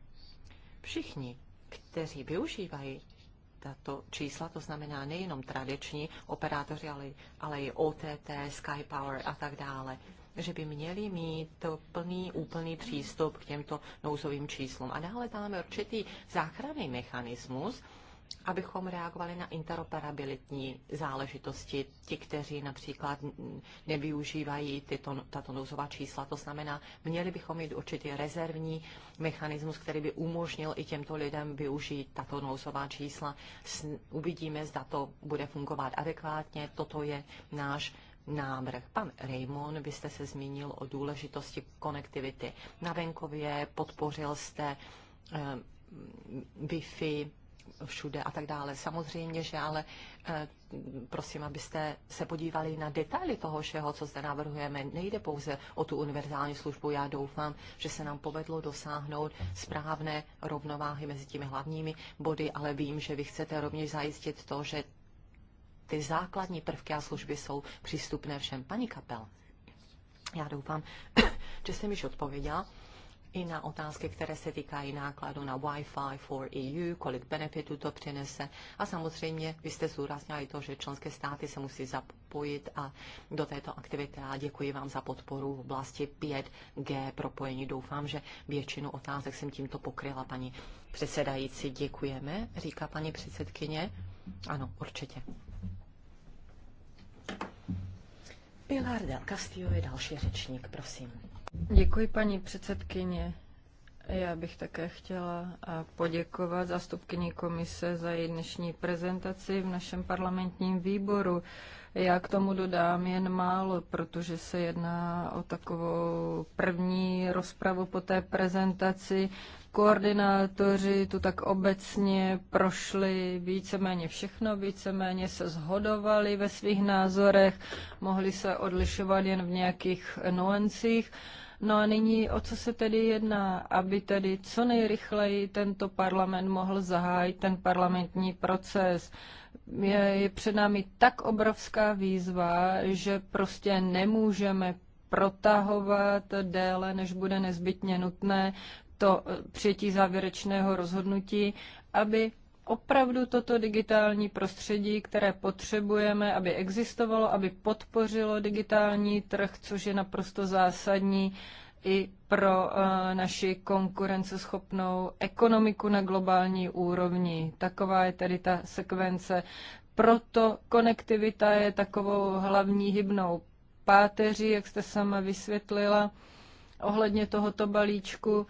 všichni, kteří využívají tato čísla, to znamená nejenom tradiční operátoři, ale, ale i OTT, Sky Power a tak dále, že by měli mít plný, úplný přístup k těmto nouzovým číslům. A dále dáme určitý záchranný mechanismus, abychom reagovali na interoperabilitní záležitosti. Ti, kteří například nevyužívají tyto, tato nouzová čísla, to znamená, měli bychom mít určitý rezervní mechanismus, který by umožnil i těmto lidem využít tato nouzová čísla. Uvidíme, zda to bude fungovat adekvátně. Toto je náš návrh. Pan Raymond, vy jste se zmínil o důležitosti konektivity na venkově, podpořil jste eh, Wi-Fi všude a tak dále. Samozřejmě, že ale eh, prosím, abyste se podívali na detaily toho všeho, co zde navrhujeme. Nejde pouze o tu univerzální službu. Já doufám, že se nám povedlo dosáhnout správné rovnováhy mezi těmi hlavními body, ale vím, že vy chcete rovněž zajistit to, že ty základní prvky a služby jsou přístupné všem. Paní Kapel, já doufám, že jsem již odpověděla i na otázky, které se týkají nákladu na Wi-Fi for EU, kolik benefitů to přinese. A samozřejmě vy jste zúraznila i to, že členské státy se musí zapojit a do této aktivity. A děkuji vám za podporu v oblasti 5G propojení. Doufám, že většinu otázek jsem tímto pokryla, paní předsedající. Děkujeme, říká paní předsedkyně. Ano, určitě. Pilar del Castillo je další řečník, prosím. Děkuji, paní předsedkyně. Já bych také chtěla eh, poděkovat zástupkyni komise za její dnešní prezentaci v našem parlamentním výboru. Já k tomu dodám jen málo, protože se jedná o takovou první rozpravu po té prezentaci Koordinátoři tu tak obecně prošli víceméně všechno, víceméně se zhodovali ve svých názorech, mohli se odlišovat jen v nějakých nuancích. No a nyní, o co se tedy jedná, aby tedy co nejrychleji tento parlament mohl zahájit ten parlamentní proces. Je, je před námi tak obrovská výzva, že prostě nemůžeme protahovat déle, než bude nezbytně nutné to přijetí závěrečného rozhodnutí, aby opravdu toto digitální prostředí, které potřebujeme, aby existovalo, aby podpořilo digitální trh, což je naprosto zásadní i pro eh, naši konkurenceschopnou ekonomiku na globální úrovni. Taková je tedy ta sekvence. Proto konektivita je takovou hlavní hybnou páteří, jak jste sama vysvětlila, ohledně tohoto balíčku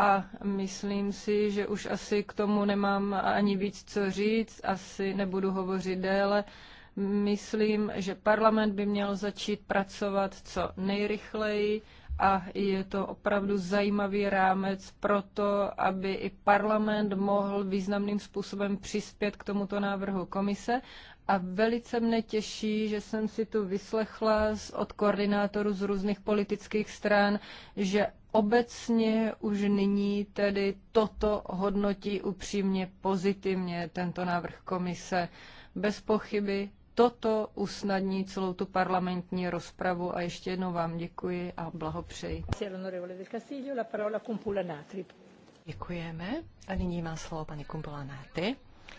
a myslím si, že už asi k tomu nemám ani víc co říct, asi nebudu hovořit déle. Myslím, že parlament by měl začít pracovat co nejrychleji a je to opravdu zajímavý rámec pro to, aby i parlament mohl významným způsobem přispět k tomuto návrhu komise a velice mne těší, že jsem si tu vyslechla od koordinátorů z různých politických stran, že obecně už nyní tedy toto hodnotí upřímně pozitivně tento návrh komise. Bez pochyby toto usnadní celou tu parlamentní rozpravu a ještě jednou vám děkuji a blahopřeji. Děkujeme a nyní má slovo paní Kumpula Náty.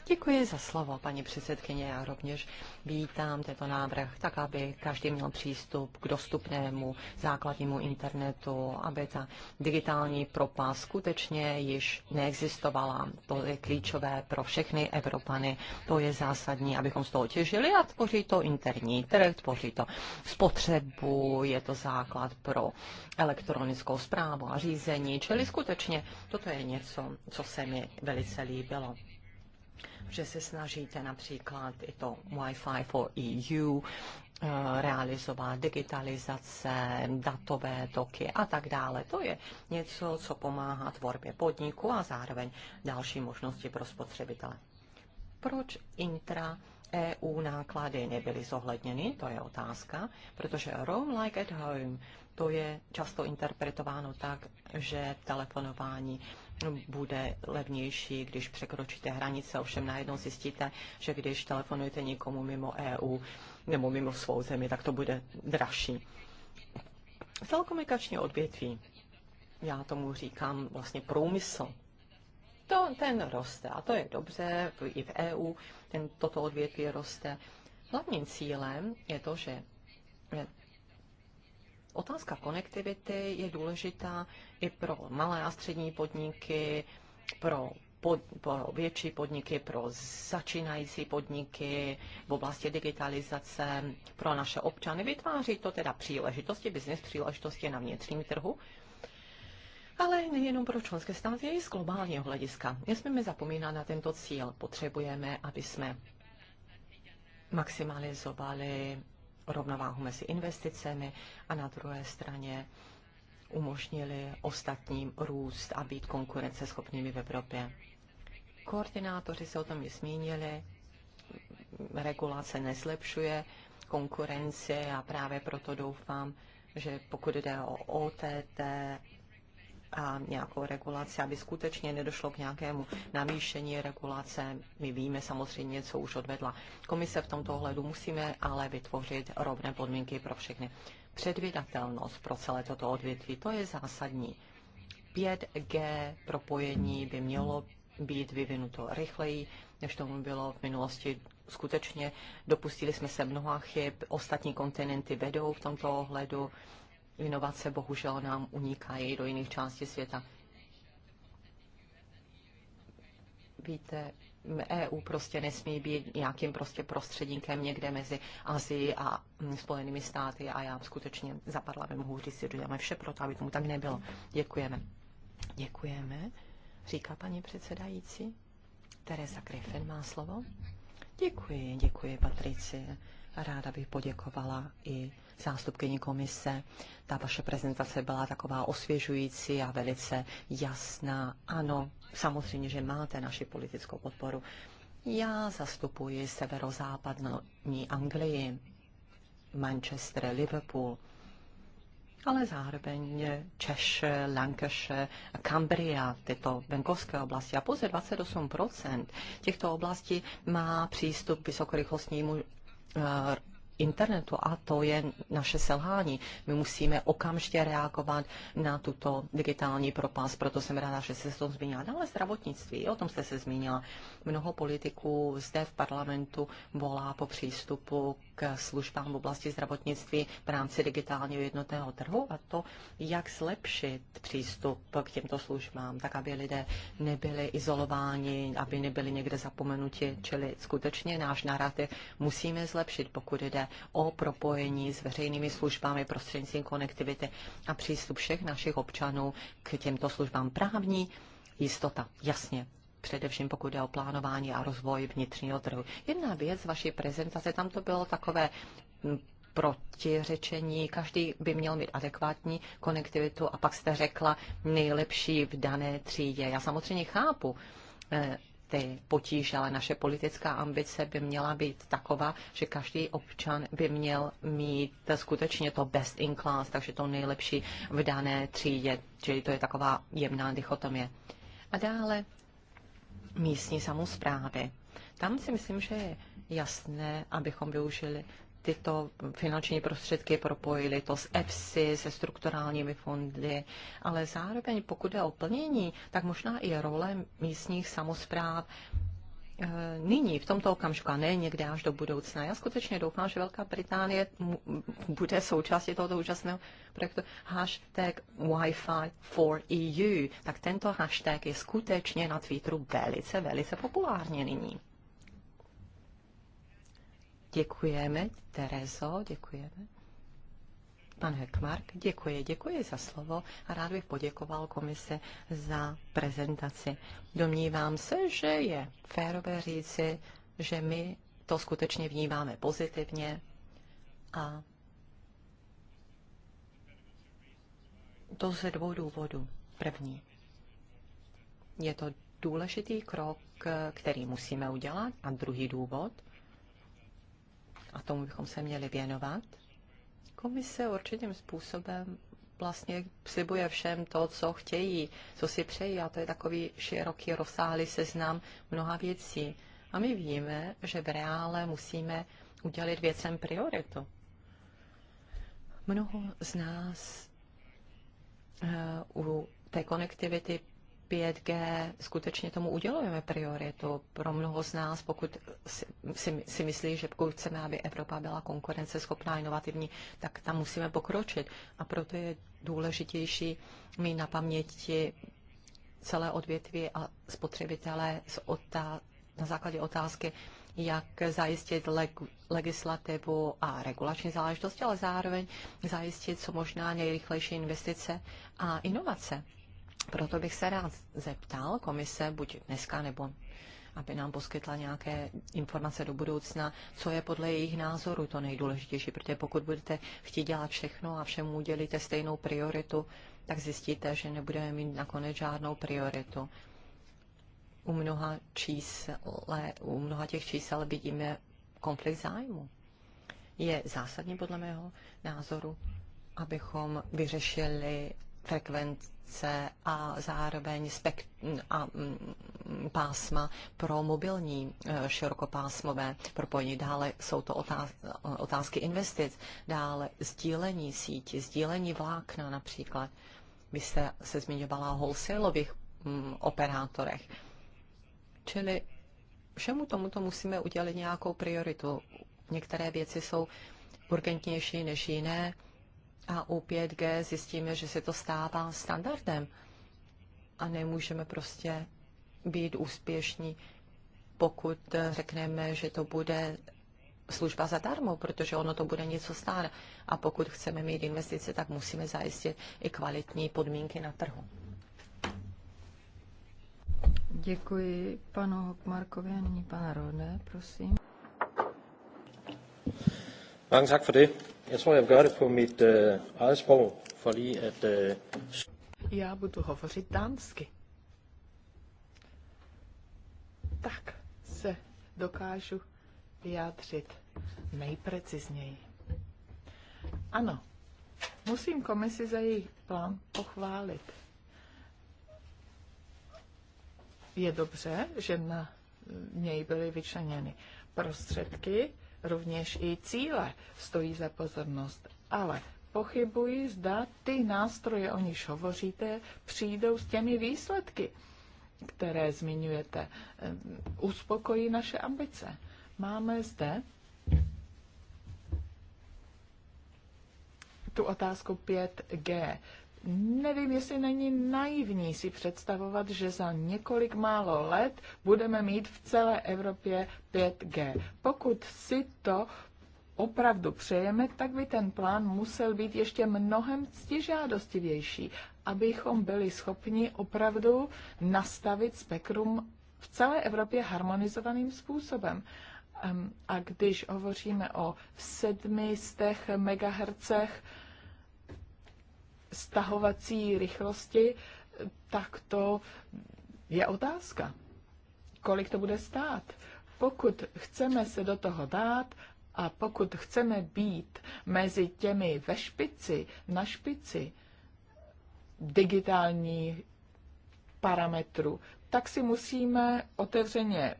Děkuji za slovo, paní předsedkyně. Já rovněž vítám tento návrh, tak aby každý měl přístup k dostupnému základnímu internetu, aby ta digitální propas skutečně již neexistovala. To je klíčové pro všechny Evropany. To je zásadní, abychom z toho těžili a tvoří to interní trh, tvoří to spotřebu, je to základ pro elektronickou zprávu a řízení. Čili skutečně toto je něco, co se mi velice líbilo že se snažíte například i to Wi-Fi for EU eh, realizovat digitalizace, datové toky a tak dále. To je něco, co pomáhá tvorbě podniku a zároveň další možnosti pro spotřebitele. Proč intra EU náklady nebyly zohledněny, to je otázka, protože Roam Like at Home, to je často interpretováno tak, že telefonování bude levnější, když překročíte hranice, ovšem najednou zjistíte, že když telefonujete někomu mimo EU nebo mimo svou zemi, tak to bude dražší. Telekomunikační odvětví, já tomu říkám vlastně průmysl, to, ten roste a to je dobře, i v EU ten, toto odvětví roste. Hlavním cílem je to, že Otázka konektivity je důležitá i pro malé a střední podniky, pro, pod, pro větší podniky, pro začínající podniky v oblasti digitalizace, pro naše občany. Vytváří to teda příležitosti, business příležitosti na vnitřním trhu, ale nejenom pro členské státy, i z globálního hlediska. Nesmíme zapomínat na tento cíl. Potřebujeme, aby jsme maximalizovali rovnováhu mezi investicemi a na druhé straně umožnili ostatním růst a být konkurenceschopnými v Evropě. Koordinátoři se o tom zmínili, regulace nezlepšuje konkurenci a právě proto doufám, že pokud jde o OTT, a nějakou regulaci, aby skutečně nedošlo k nějakému navýšení regulace. My víme samozřejmě, co už odvedla komise v tomto ohledu. Musíme ale vytvořit rovné podmínky pro všechny. Předvídatelnost pro celé toto odvětví, to je zásadní. 5G propojení by mělo být vyvinuto rychleji, než tomu bylo v minulosti. Skutečně dopustili jsme se mnoha chyb, ostatní kontinenty vedou v tomto ohledu inovace bohužel nám unikají do jiných částí světa. Víte, EU prostě nesmí být nějakým prostě prostředníkem někde mezi Azií a mm, Spojenými státy a já skutečně ve mohu říct, si děláme vše pro to, aby tomu tak nebylo. Děkujeme. Děkujeme, říká paní předsedající. Teresa Griffin má slovo. Děkuji, děkuji Patrici Ráda bych poděkovala i zástupkyni komise. Ta vaše prezentace byla taková osvěžující a velice jasná. Ano, samozřejmě, že máte naši politickou podporu. Já zastupuji severozápadní Anglii, Manchester, Liverpool, ale zároveň Češe, Lancashire Cambria, tyto venkovské oblasti. A pouze 28 těchto oblastí má přístup k vysokorychlostnímu Eh, internetu a to je naše selhání. My musíme okamžitě reagovat na tuto digitální propast, proto jsem ráda, že se to zmínila. Dále zdravotnictví, o tom jste se zmínila. Mnoho politiků zde v parlamentu volá po přístupu službám v oblasti zdravotnictví v rámci digitálního jednotného trhu a to, jak zlepšit přístup k těmto službám, tak aby lidé nebyli izolováni, aby nebyli někde zapomenuti, čili skutečně náš narrativ musíme zlepšit, pokud jde o propojení s veřejnými službami prostřednictvím konektivity a přístup všech našich občanů k těmto službám právní jistota. Jasně, především pokud jde o plánování a rozvoj vnitřního trhu. Jedna věc z vaší prezentace, tam to bylo takové hm, protiřečení, každý by měl mít adekvátní konektivitu a pak jste řekla nejlepší v dané třídě. Já samozřejmě chápu eh, ty potíže, ale naše politická ambice by měla být taková, že každý občan by měl mít skutečně to best in class, takže to nejlepší v dané třídě, čili to je taková jemná dichotomie. A dále místní samozprávy. Tam si myslím, že je jasné, abychom využili tyto finanční prostředky propojili to s EFSI, se strukturálními fondy, ale zároveň pokud je o plnění, tak možná i role místních samozpráv Eh, nyní, v tomto okamžiku, a ne někde až do budoucna. Já skutečně doufám, že Velká Británie bude součástí tohoto úžasného projektu hashtag Wi-Fi for EU. Tak tento hashtag je skutečně na Twitteru velice, velice populárně nyní. Děkujeme, Terezo, děkujeme. Pan Hekmark, děkuji, děkuji za slovo a rád bych poděkoval komise za prezentaci. Domnívám se, že je férové říci, že my to skutečně vnímáme pozitivně a to ze dvou důvodů. První, je to důležitý krok, který musíme udělat a druhý důvod, a tomu bychom se měli věnovat, Komise určitým způsobem vlastně slibuje všem to, co chtějí, co si přejí a to je takový široký, rozsáhlý seznam mnoha věcí. A my víme, že v reále musíme udělit věcem prioritu. Mnoho z nás eh, u té konektivity 5G skutečně tomu udělujeme prioritu. Pro mnoho z nás, pokud si, si myslí, že pokud chceme, aby Evropa byla konkurenceschopná, inovativní, tak tam musíme pokročit. A proto je důležitější mít na paměti celé odvětví a spotřebitelé z otá- na základě otázky, jak zajistit leg- legislativu a regulační záležitosti, ale zároveň zajistit co možná nejrychlejší investice a inovace. Proto bych se rád zeptal komise, buď dneska nebo aby nám poskytla nějaké informace do budoucna, co je podle jejich názoru to nejdůležitější, protože pokud budete chtít dělat všechno a všemu udělíte stejnou prioritu, tak zjistíte, že nebudeme mít nakonec žádnou prioritu. U mnoha, čísle, u mnoha těch čísel vidíme konflikt zájmu. Je zásadní podle mého názoru, abychom vyřešili frekvenci sítě a zároveň spekt- a mm, pásma pro mobilní e, širokopásmové propojení. Dále jsou to otázky investic, dále sdílení síti, sdílení vlákna například. Vy jste se zmiňovala o wholesaleových mm, operátorech. Čili všemu tomuto musíme udělat nějakou prioritu. Některé věci jsou urgentnější než jiné a u 5G zjistíme, že se to stává standardem a nemůžeme prostě být úspěšní, pokud řekneme, že to bude služba zadarmo, protože ono to bude něco stát. A pokud chceme mít investice, tak musíme zajistit i kvalitní podmínky na trhu. Děkuji panu Hokmarkovi a nyní pana Rode, prosím. Vám děkuji. Jeg tror, jeg vil gøre det på mit øh, eget sprog, for lige at... Øh... Já budu hovořit dánsky. Tak se dokážu vyjádřit nejprecizněji. Ano, musím komisi za její plán pochválit. Je dobře, že na něj byly vyčleněny prostředky rovněž i cíle stojí za pozornost. Ale pochybuji, zda ty nástroje, o nichž hovoříte, přijdou s těmi výsledky, které zmiňujete. Ehm, uspokojí naše ambice. Máme zde tu otázku 5G. Nevím, jestli není naivní si představovat, že za několik málo let budeme mít v celé Evropě 5G. Pokud si to opravdu přejeme, tak by ten plán musel být ještě mnohem ctižádostivější, abychom byli schopni opravdu nastavit spektrum v celé Evropě harmonizovaným způsobem. A když hovoříme o 700 MHz, stahovací rychlosti, tak to je otázka. Kolik to bude stát? Pokud chceme se do toho dát a pokud chceme být mezi těmi ve špici, na špici digitální parametru, tak si musíme otevřeně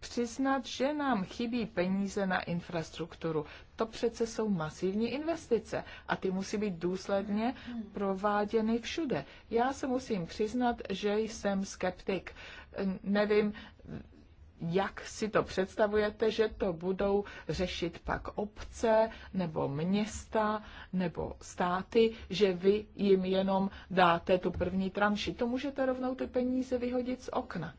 přiznat, že nám chybí peníze na infrastrukturu. To přece jsou masivní investice a ty musí být důsledně prováděny všude. Já se musím přiznat, že jsem skeptik. Nevím, jak si to představujete, že to budou řešit pak obce nebo města nebo státy, že vy jim jenom dáte tu první tranši. To můžete rovnou ty peníze vyhodit z okna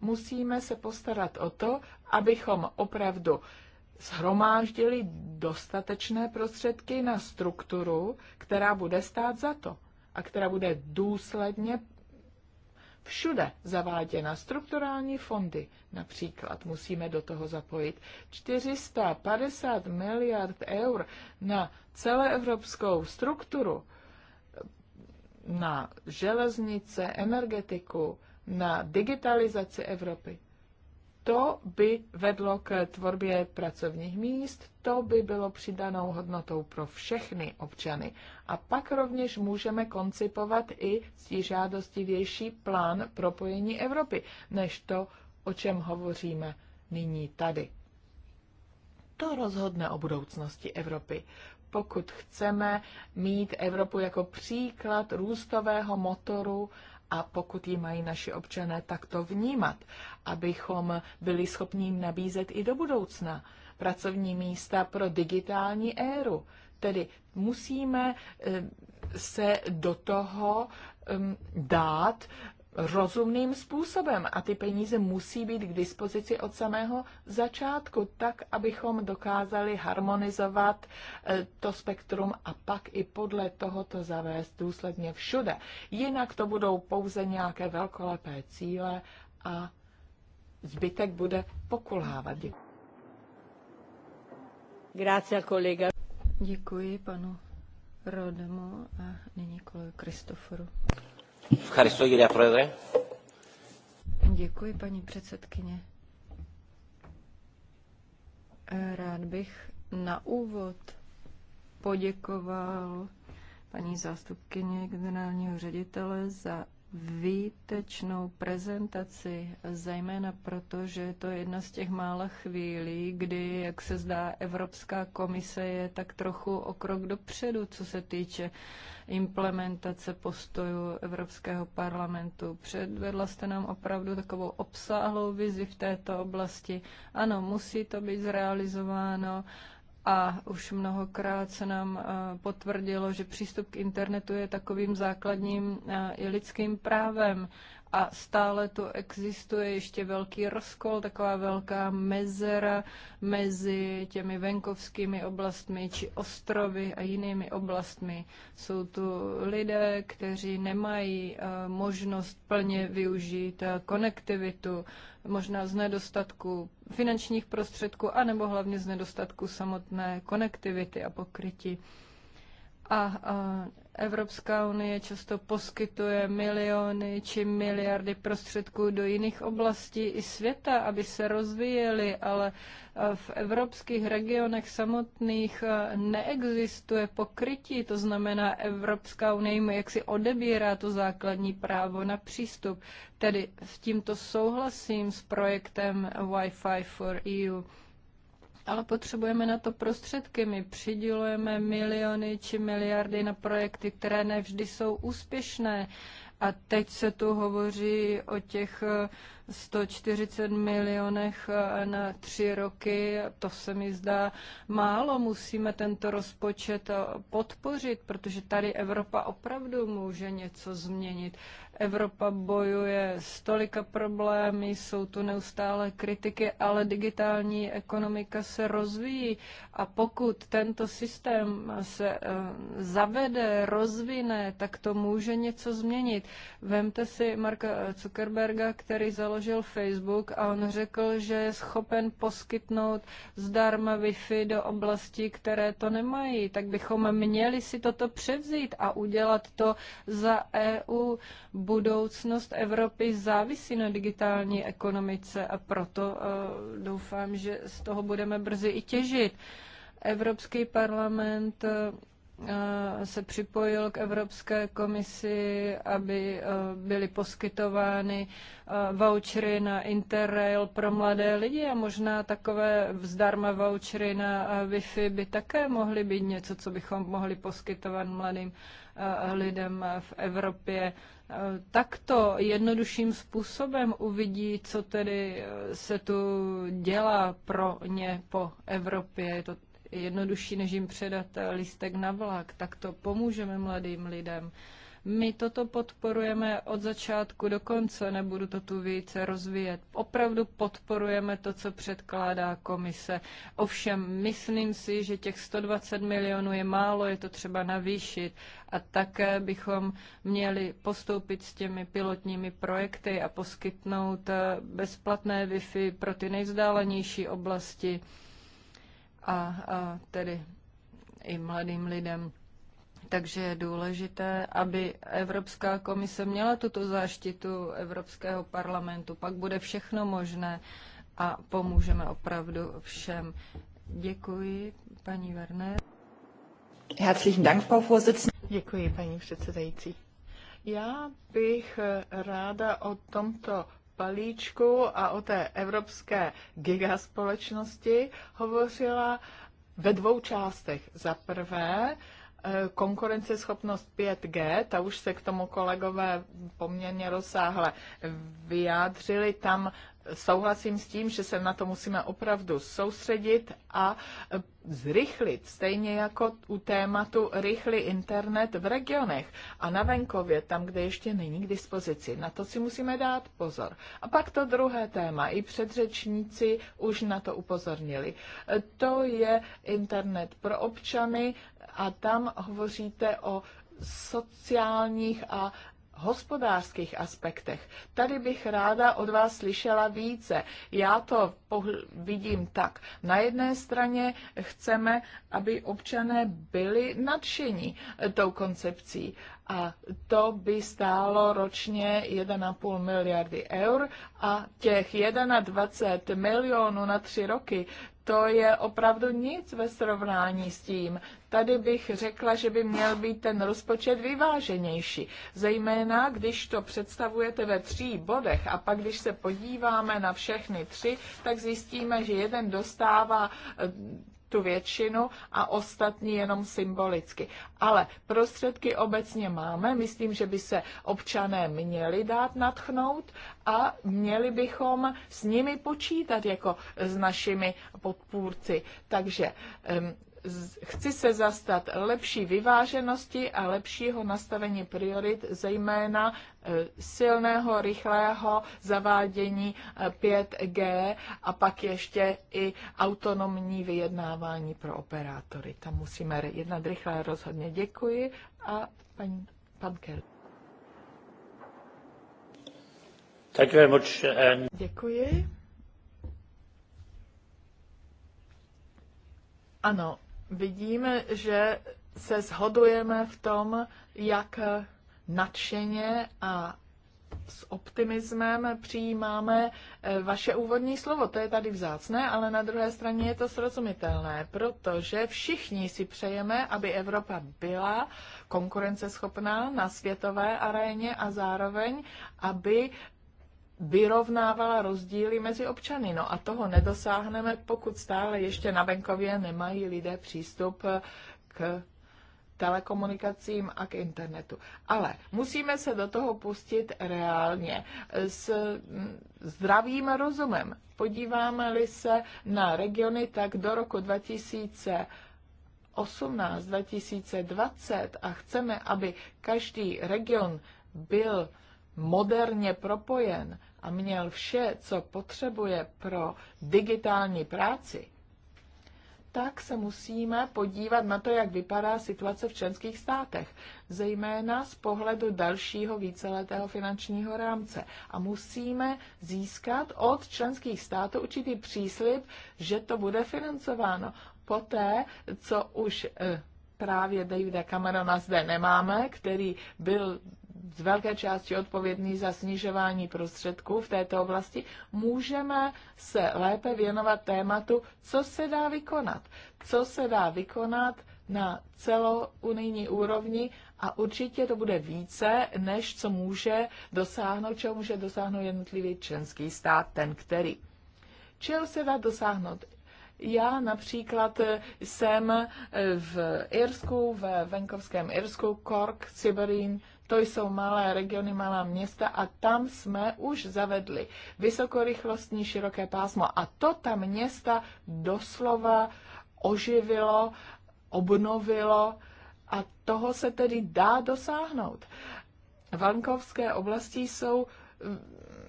musíme se postarat o to, abychom opravdu shromáždili dostatečné prostředky na strukturu, která bude stát za to a která bude důsledně všude zaváděna. Strukturální fondy například musíme do toho zapojit. 450 miliard eur na celoevropskou strukturu, na železnice, energetiku, na digitalizaci Evropy, to by vedlo k tvorbě pracovních míst, to by bylo přidanou hodnotou pro všechny občany. A pak rovněž můžeme koncipovat i žádostivější plán propojení Evropy, než to, o čem hovoříme nyní tady. To rozhodne o budoucnosti Evropy. Pokud chceme mít Evropu jako příklad růstového motoru, a pokud ji mají naši občané takto vnímat, abychom byli schopni jim nabízet i do budoucna pracovní místa pro digitální éru. Tedy musíme eh, se do toho ehm, dát rozumným způsobem a ty peníze musí být k dispozici od samého začátku, tak, abychom dokázali harmonizovat e, to spektrum a pak i podle toho to zavést důsledně všude. Jinak to budou pouze nějaké velkolepé cíle a zbytek bude pokulhávat. Grazie, kolega. Děkuji panu Rodemu a nyní kolegu Kristoforu. Děkuji, paní předsedkyně. Rád bych na úvod poděkoval paní zástupkyně generálního ředitele za výtečnou prezentaci, zejména proto, že je to jedna z těch mála chvílí, kdy, jak se zdá, Evropská komise je tak trochu o krok dopředu, co se týče implementace postojů Evropského parlamentu. Předvedla jste nám opravdu takovou obsáhlou vizi v této oblasti. Ano, musí to být zrealizováno a už mnohokrát se nám eh, potvrdilo, že přístup k internetu je takovým základním eh, i lidským právem a stále tu existuje ještě velký rozkol, taková velká mezera mezi těmi venkovskými oblastmi či ostrovy a jinými oblastmi. Jsou tu lidé, kteří nemají eh, možnost plně využít eh, konektivitu, možná z nedostatku finančních prostředků, anebo hlavně z nedostatku samotné konektivity a pokrytí. A, a eh, Evropská unie často poskytuje miliony či miliardy prostředků do jiných oblastí i světa, aby se rozvíjely, ale eh, v evropských regionech samotných eh, neexistuje pokrytí, to znamená Evropská unie jim jaksi odebírá to základní právo na přístup. Tedy s tímto souhlasím s projektem Wi-Fi for EU ale potřebujeme na to prostředky. My přidělujeme miliony či miliardy na projekty, které nevždy jsou úspěšné. A teď se tu hovoří o těch 140 milionech eh, na tři roky, to se mi zdá málo. Musíme tento rozpočet eh, podpořit, protože tady Evropa opravdu může něco změnit. Evropa bojuje s tolika problémy, jsou tu neustále kritiky, ale digitální ekonomika se rozvíjí a pokud tento systém se eh, zavede, rozvine, tak to může něco změnit. Vemte si Marka Zuckerberga, který založil založil Facebook a on řekl, že je schopen poskytnout zdarma Wi-Fi do oblasti, které to nemají. Tak bychom měli si toto převzít a udělat to za EU. Budoucnost Evropy závisí na digitální ekonomice a proto uh, doufám, že z toho budeme brzy i těžit. Evropský parlament uh, Eh, se připojil k Evropské komisi, aby eh, byly poskytovány eh, vouchery na Interrail pro mladé lidi a možná takové zdarma vouchery na Wi-Fi by také mohly být něco, co bychom mohli poskytovat mladým lidem v Evropě. Takto jednodušším způsobem uvidí, co tedy se tu dělá pro ně po Evropě. Je to jednodušší, než jim předat eh, listek na vlak. Tak to pomůžeme mladým lidem. My toto podporujeme od začátku do konce, nebudu to tu více rozvíjet. Opravdu podporujeme to, co předkládá komise. Ovšem, myslím si, že těch 120 milionů je málo, je to třeba navýšit. A také bychom měli postoupit s těmi pilotními projekty a poskytnout eh, bezplatné Wi-Fi pro ty nejvzdálenější oblasti a, a tedy i mladým lidem. Takže je důležité, aby Evropská komise měla tuto záštitu Evropského parlamentu. Pak bude všechno možné a pomůžeme opravdu všem. Děkuji, paní Werner. Herzlichen Dank, Frau Vorsitzende. Děkuji, paní předsedající. Já bych ráda o tomto balíčku a o té evropské gigaspolečnosti hovořila ve dvou částech. Za prvé, eh, konkurenceschopnost 5G, ta už se k tomu kolegové poměrně rozsáhle vyjádřili, tam souhlasím s tím, že se na to musíme opravdu soustředit a zrychlit, stejně jako u tématu rychlý internet v regionech a na venkově, tam, kde ještě není k dispozici. Na to si musíme dát pozor. A pak to druhé téma, i předřečníci už na to upozornili. To je internet pro občany a tam hovoříte o sociálních a hospodářských aspektech. Tady bych ráda od vás slyšela více. Já to vidím tak. Na jedné straně chceme, aby občané byli nadšení tou koncepcí a to by stálo ročně 1,5 miliardy eur a těch 21 milionů na tři roky, to je opravdu nic ve srovnání s tím. Tady bych řekla, že by měl být ten rozpočet vyváženější, zejména když to představujete ve tří bodech a pak když se podíváme na všechny tři, tak zjistíme, že jeden dostává eh, tu většinu a ostatní jenom symbolicky. Ale prostředky obecně máme, myslím, že by se občané měli dát natchnout a měli bychom s nimi počítat jako s našimi podpůrci. Takže chci se zastat lepší vyváženosti a lepšího nastavení priorit, zejména e, silného, rychlého zavádění 5G e, a pak ještě i autonomní vyjednávání pro operátory. Tam musíme jednat rychle, rozhodně děkuji. A paní, pan um, Děkuji. Ano, vidím, že se shodujeme v tom, jak nadšeně a s optimismem přijímáme eh, vaše úvodní slovo. To je tady vzácné, ale na druhé straně je to srozumitelné, protože všichni si přejeme, aby Evropa byla konkurenceschopná na světové aréně a zároveň, aby vyrovnávala rozdíly mezi občany. No a toho nedosáhneme, pokud stále ještě na venkově nemají lidé přístup eh, k telekomunikacím a k internetu. Ale musíme se do toho pustit reálně, s mm, zdravým rozumem. Podíváme-li se na regiony, tak do roku 2000 18, 2020 a chceme, aby každý region byl moderně propojen a měl vše, co potřebuje pro digitální práci, tak se musíme podívat na to, jak vypadá situace v členských státech, zejména z pohledu dalšího víceletého finančního rámce. A musíme získat od členských států určitý příslip, že to bude financováno. Poté, co už eh, právě Davida Camerona zde nemáme, který byl z velké části odpovědný za snižování prostředků v této oblasti, můžeme se lépe věnovat tématu, co se dá vykonat. Co se dá vykonat na celounijní úrovni a určitě to bude více, než co může dosáhnout, čeho může dosáhnout jednotlivý členský stát, ten který. Čeho se dá dosáhnout? Já například jsem v Irsku, v venkovském Irsku, Cork, Ciberín, to jsou malé regiony, malá města a tam jsme už zavedli vysokorychlostní široké pásmo. A to ta města doslova oživilo, obnovilo a toho se tedy dá dosáhnout. Vankovské oblasti jsou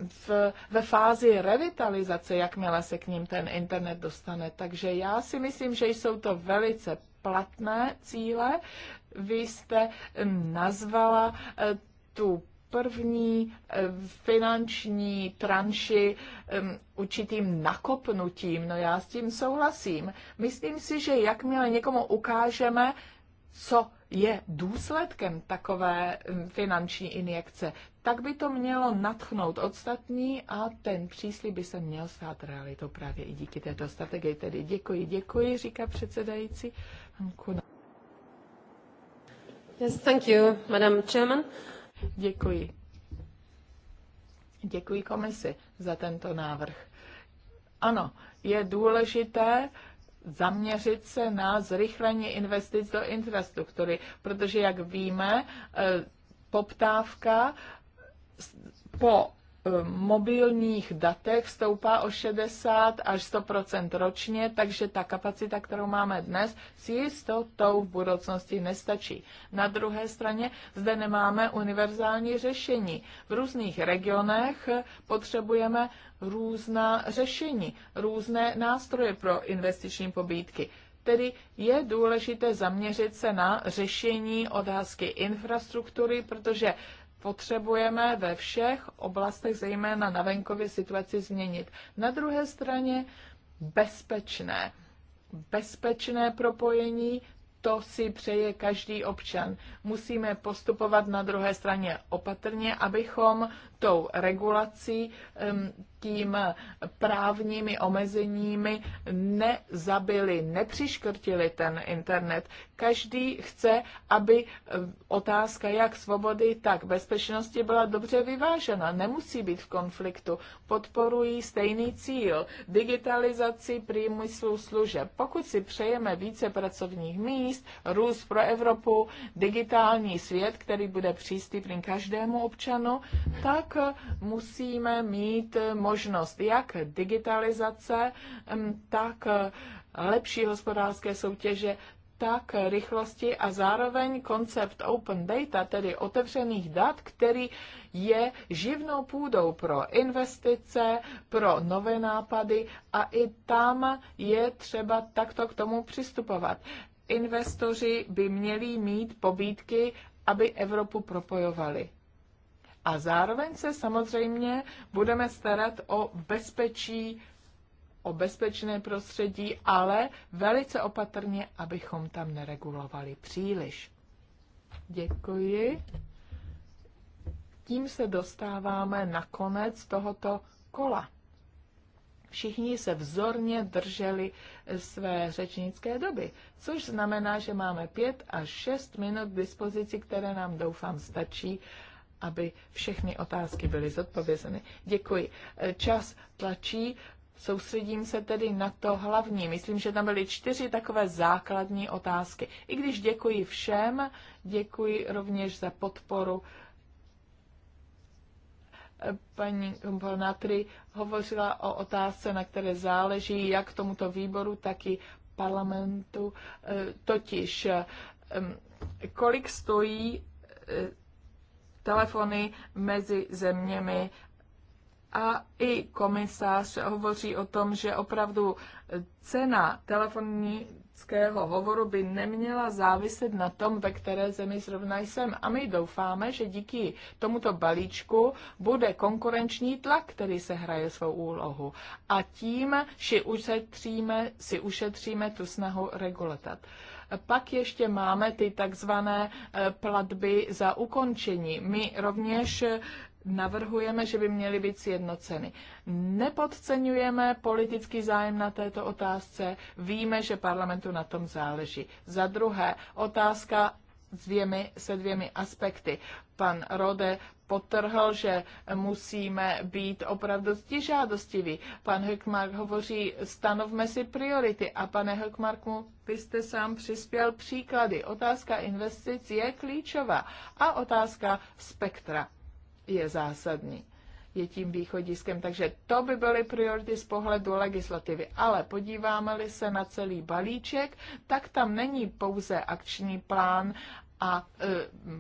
v, ve fázi revitalizace, jakmile se k ním ten internet dostane. Takže já si myslím, že jsou to velice platné cíle. Vy jste nazvala eh, tu první eh, finanční tranši eh, určitým nakopnutím. No já s tím souhlasím. Myslím si, že jakmile někomu ukážeme, co je důsledkem takové finanční injekce, tak by to mělo natchnout ostatní a ten příslip by se měl stát realitou právě i díky této strategii. Tedy děkuji, děkuji, říká předsedající. Yes, thank you, Madam Chairman. Děkuji. Děkuji komisi za tento návrh. Ano, je důležité zaměřit se na zrychlení investic do infrastruktury, protože, jak víme, eh, poptávka po mobilních datech stoupá o 60 až 100 ročně, takže ta kapacita, kterou máme dnes, s jistotou v budoucnosti nestačí. Na druhé straně zde nemáme univerzální řešení. V různých regionech potřebujeme různá řešení, různé nástroje pro investiční pobídky. Tedy je důležité zaměřit se na řešení otázky infrastruktury, protože potřebujeme ve všech oblastech, zejména na venkově, situaci změnit. Na druhé straně bezpečné. Bezpečné propojení, to si přeje každý občan. Musíme postupovat na druhé straně opatrně, abychom tou regulací, tím právními omezeními nezabili, nepřiškrtili ten internet. Každý chce, aby otázka jak svobody, tak bezpečnosti byla dobře vyvážena. Nemusí být v konfliktu. Podporují stejný cíl, digitalizaci průmyslu služeb. Pokud si přejeme více pracovních míst, růst pro Evropu, digitální svět, který bude přístupný každému občanu, tak tak musíme mít možnost jak digitalizace, tak lepší hospodářské soutěže, tak rychlosti a zároveň koncept open data, tedy otevřených dat, který je živnou půdou pro investice, pro nové nápady a i tam je třeba takto k tomu přistupovat. Investoři by měli mít pobídky, aby Evropu propojovali. A zároveň se samozřejmě budeme starat o bezpečí, o bezpečné prostředí, ale velice opatrně, abychom tam neregulovali příliš. Děkuji. Tím se dostáváme na konec tohoto kola. Všichni se vzorně drželi své řečnické doby, což znamená, že máme pět až šest minut k dispozici, které nám doufám stačí, aby všechny otázky byly zodpovězeny. Děkuji. Čas tlačí, soustředím se tedy na to hlavní. Myslím, že tam byly čtyři takové základní otázky. I když děkuji všem, děkuji rovněž za podporu paní komponatry hovořila o otázce, na které záleží jak tomuto výboru, tak i parlamentu. E, totiž, e, kolik stojí e, telefony mezi zeměmi a i komisář hovoří o tom, že opravdu cena telefonického hovoru by neměla záviset na tom, ve které zemi zrovna jsem. A my doufáme, že díky tomuto balíčku bude konkurenční tlak, který se hraje svou úlohu. A tím si ušetříme, si ušetříme tu snahu regulovat. Pak ještě máme ty takzvané eh, platby za ukončení. My rovněž eh, navrhujeme, že by měly být sjednoceny. Nepodceňujeme politický zájem na této otázce, víme, že parlamentu na tom záleží. Za druhé, otázka dvěmi, se dvěmi aspekty. Pan Rode potrhl, že musíme být opravdu žádostiví. Pan Hökmark hovoří, stanovme si priority. A pane Hökmarku, vy jste sám přispěl příklady. Otázka investic je klíčová a otázka spektra je zásadní je tím východiskem. Takže to by byly priority z pohledu legislativy. Ale podíváme-li se na celý balíček, tak tam není pouze akční plán a e,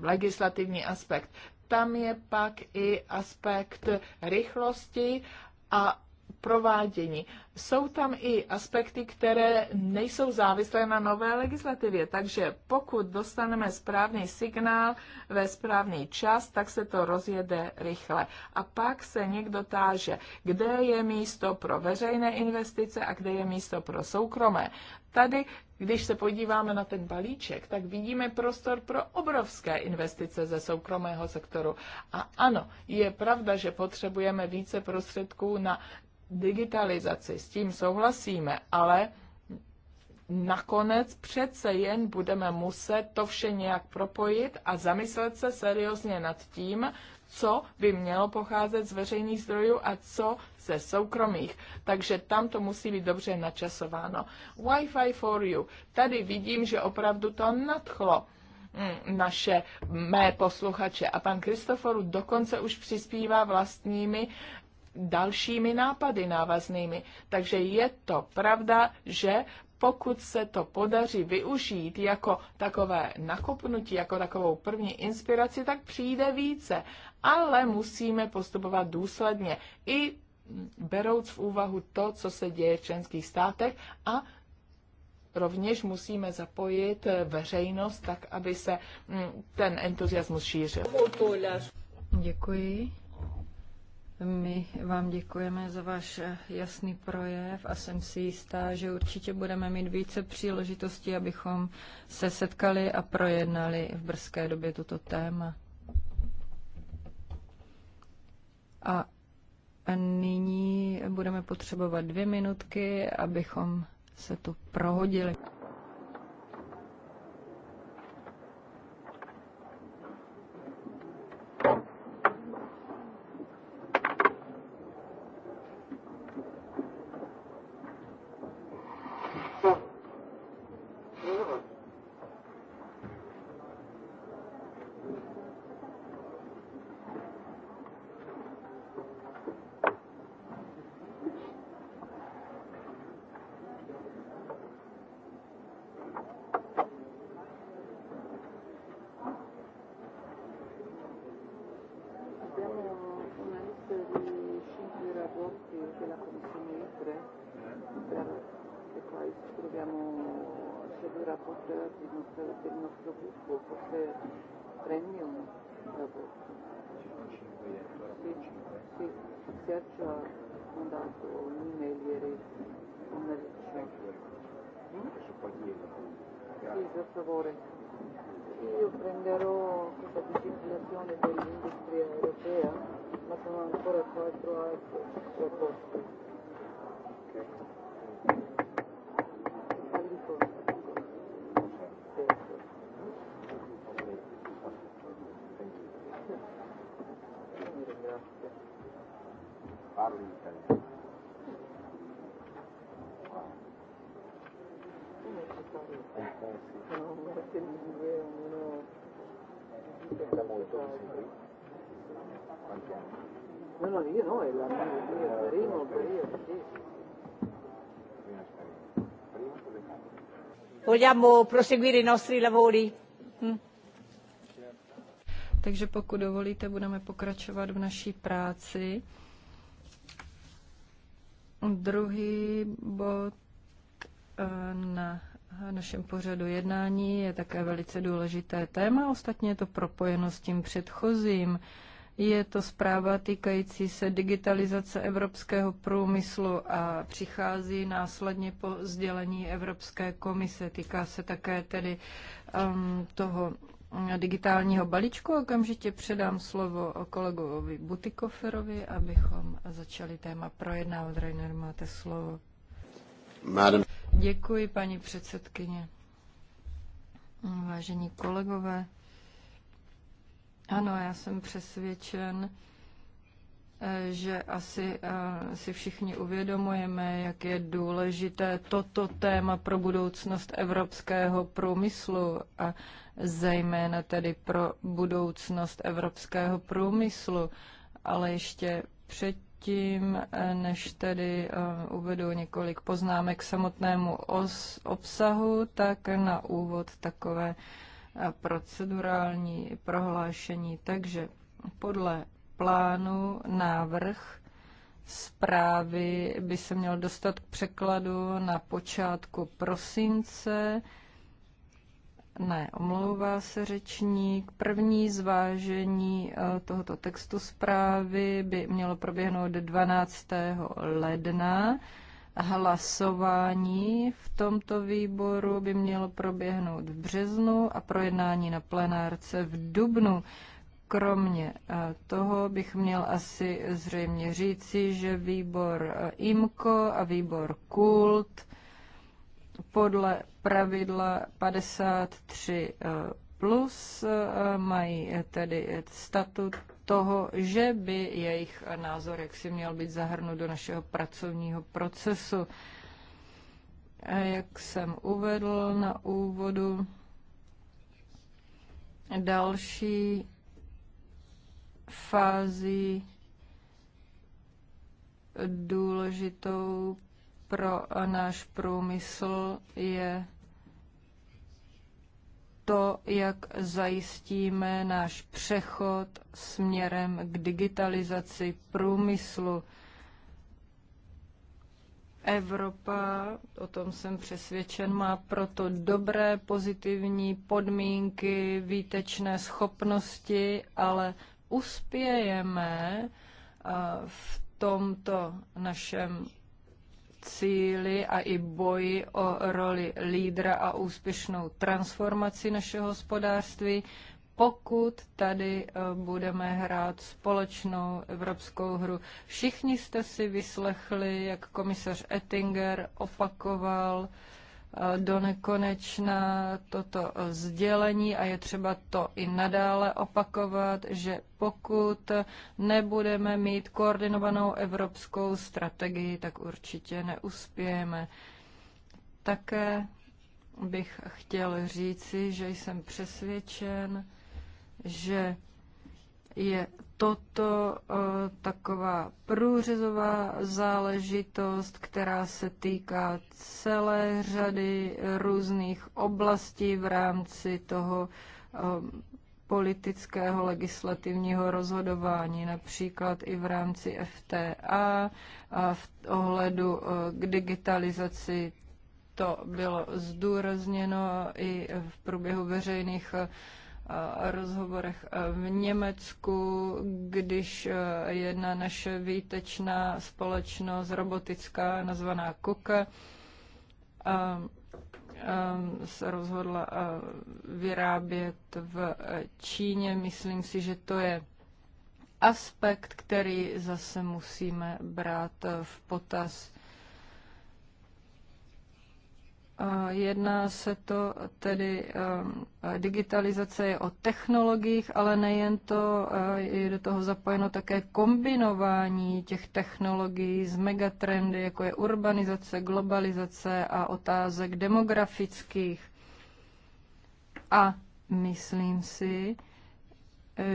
legislativní aspekt. Tam je pak i aspekt rychlosti a provádění. Jsou tam i aspekty, které nejsou závislé na nové legislativě, takže pokud dostaneme správný signál ve správný čas, tak se to rozjede rychle. A pak se někdo táže, kde je místo pro veřejné investice a kde je místo pro soukromé. Tady když se podíváme na ten balíček, tak vidíme prostor pro obrovské investice ze soukromého sektoru. A ano, je pravda, že potřebujeme více prostředků na digitalizaci, s tím souhlasíme, ale nakonec přece jen budeme muset to vše nějak propojit a zamyslet se seriózně nad tím, co by mělo pocházet z veřejných zdrojů a co ze soukromých. Takže tam to musí být dobře načasováno. Wi-Fi for you. Tady vidím, že opravdu to nadchlo mm, naše mé posluchače. A pan Kristoforu dokonce už přispívá vlastními dalšími nápady návaznými. Takže je to pravda, že pokud se to podaří využít jako takové nakopnutí, jako takovou první inspiraci, tak přijde více. Ale musíme postupovat důsledně. I berouc v úvahu to, co se děje v členských státech a rovněž musíme zapojit veřejnost, tak aby se mm, ten entuziasmus šířil. Děkuji. My vám děkujeme za váš jasný projev a jsem si jistá, že určitě budeme mít více příležitostí, abychom se setkali a projednali v brzké době toto téma. A nyní budeme potřebovat dvě minutky, abychom se tu prohodili. No, no, yo no, è la mia, il primo periodo, sì. Vogliamo proseguire i nostri lavori? Mm. Takže pokud dovolíte, budeme pokračovat v naší práci. Druhý bod eh, na našem pořadu jednání je také velice důležité téma, ostatně je to propojeno s tím předchozím. Je to zpráva týkající se digitalizace evropského průmyslu a přichází následně po sdělení Evropské komise. Týká se také tedy um, toho digitálního balíčku. Okamžitě předám slovo kolegovi Butikoferovi, abychom začali téma projednávat. Rainer, máte slovo. Madam. Děkuji, paní předsedkyně. Vážení kolegové, ano, já jsem přesvědčen, eh, že asi eh, si všichni uvědomujeme, jak je důležité toto téma pro budoucnost evropského průmyslu a zejména tedy pro budoucnost evropského průmyslu. Ale ještě předtím, eh, než tedy uvedu několik poznámek k samotnému os obsahu, tak na úvod takové procedurální prohlášení. Takže podle plánu návrh zprávy by se měl dostat k překladu na počátku prosince. Ne, omlouvá se řečník. První zvážení eh, tohoto textu zprávy by mělo proběhnout 12. ledna. Hlasování v tomto výboru by mělo proběhnout v březnu a projednání na plenárce v dubnu. Kromě eh, toho bych měl asi zřejmě říci, že výbor eh, IMKO a výbor KULT podle pravidla 53 eh, plus mají tedy statut toho, že by jejich názor jaksi měl být zahrnut do našeho pracovního procesu. Jak jsem uvedl na úvodu, další fází důležitou pro náš průmysl je to, jak zajistíme náš přechod směrem k digitalizaci průmyslu. Evropa, o tom jsem přesvědčen, má proto dobré pozitivní podmínky, výtečné schopnosti, ale uspějeme v tomto našem cíly a i boji o roli lídra a úspěšnou transformaci našeho hospodářství, pokud tady eh, budeme hrát společnou evropskou hru. Všichni jste si vyslechli, jak komisař Ettinger opakoval, do nekonečna toto sdělení a je třeba to i nadále opakovat, že pokud nebudeme mít koordinovanou evropskou strategii, tak určitě neuspějeme. Také bych chtěl říci, že jsem přesvědčen, že je toto eh, taková průřezová záležitost, která se týká celé řady různých oblastí v rámci toho eh, politického legislativního rozhodování, například i v rámci FTA a v ohledu eh, k digitalizaci to bylo zdůrazněno i v průběhu veřejných Eh, rozhovorech eh, v Německu, když eh, jedna naše výtečná společnost robotická nazvaná Kuka se rozhodla vyrábět v Číně. Myslím si, že to je aspekt, který zase musíme brát v potaz Jedná se to tedy, um, digitalizace je o technologiích, ale nejen to, uh, je do toho zapojeno také kombinování těch technologií z megatrendy, jako je urbanizace, globalizace a otázek demografických. A myslím si,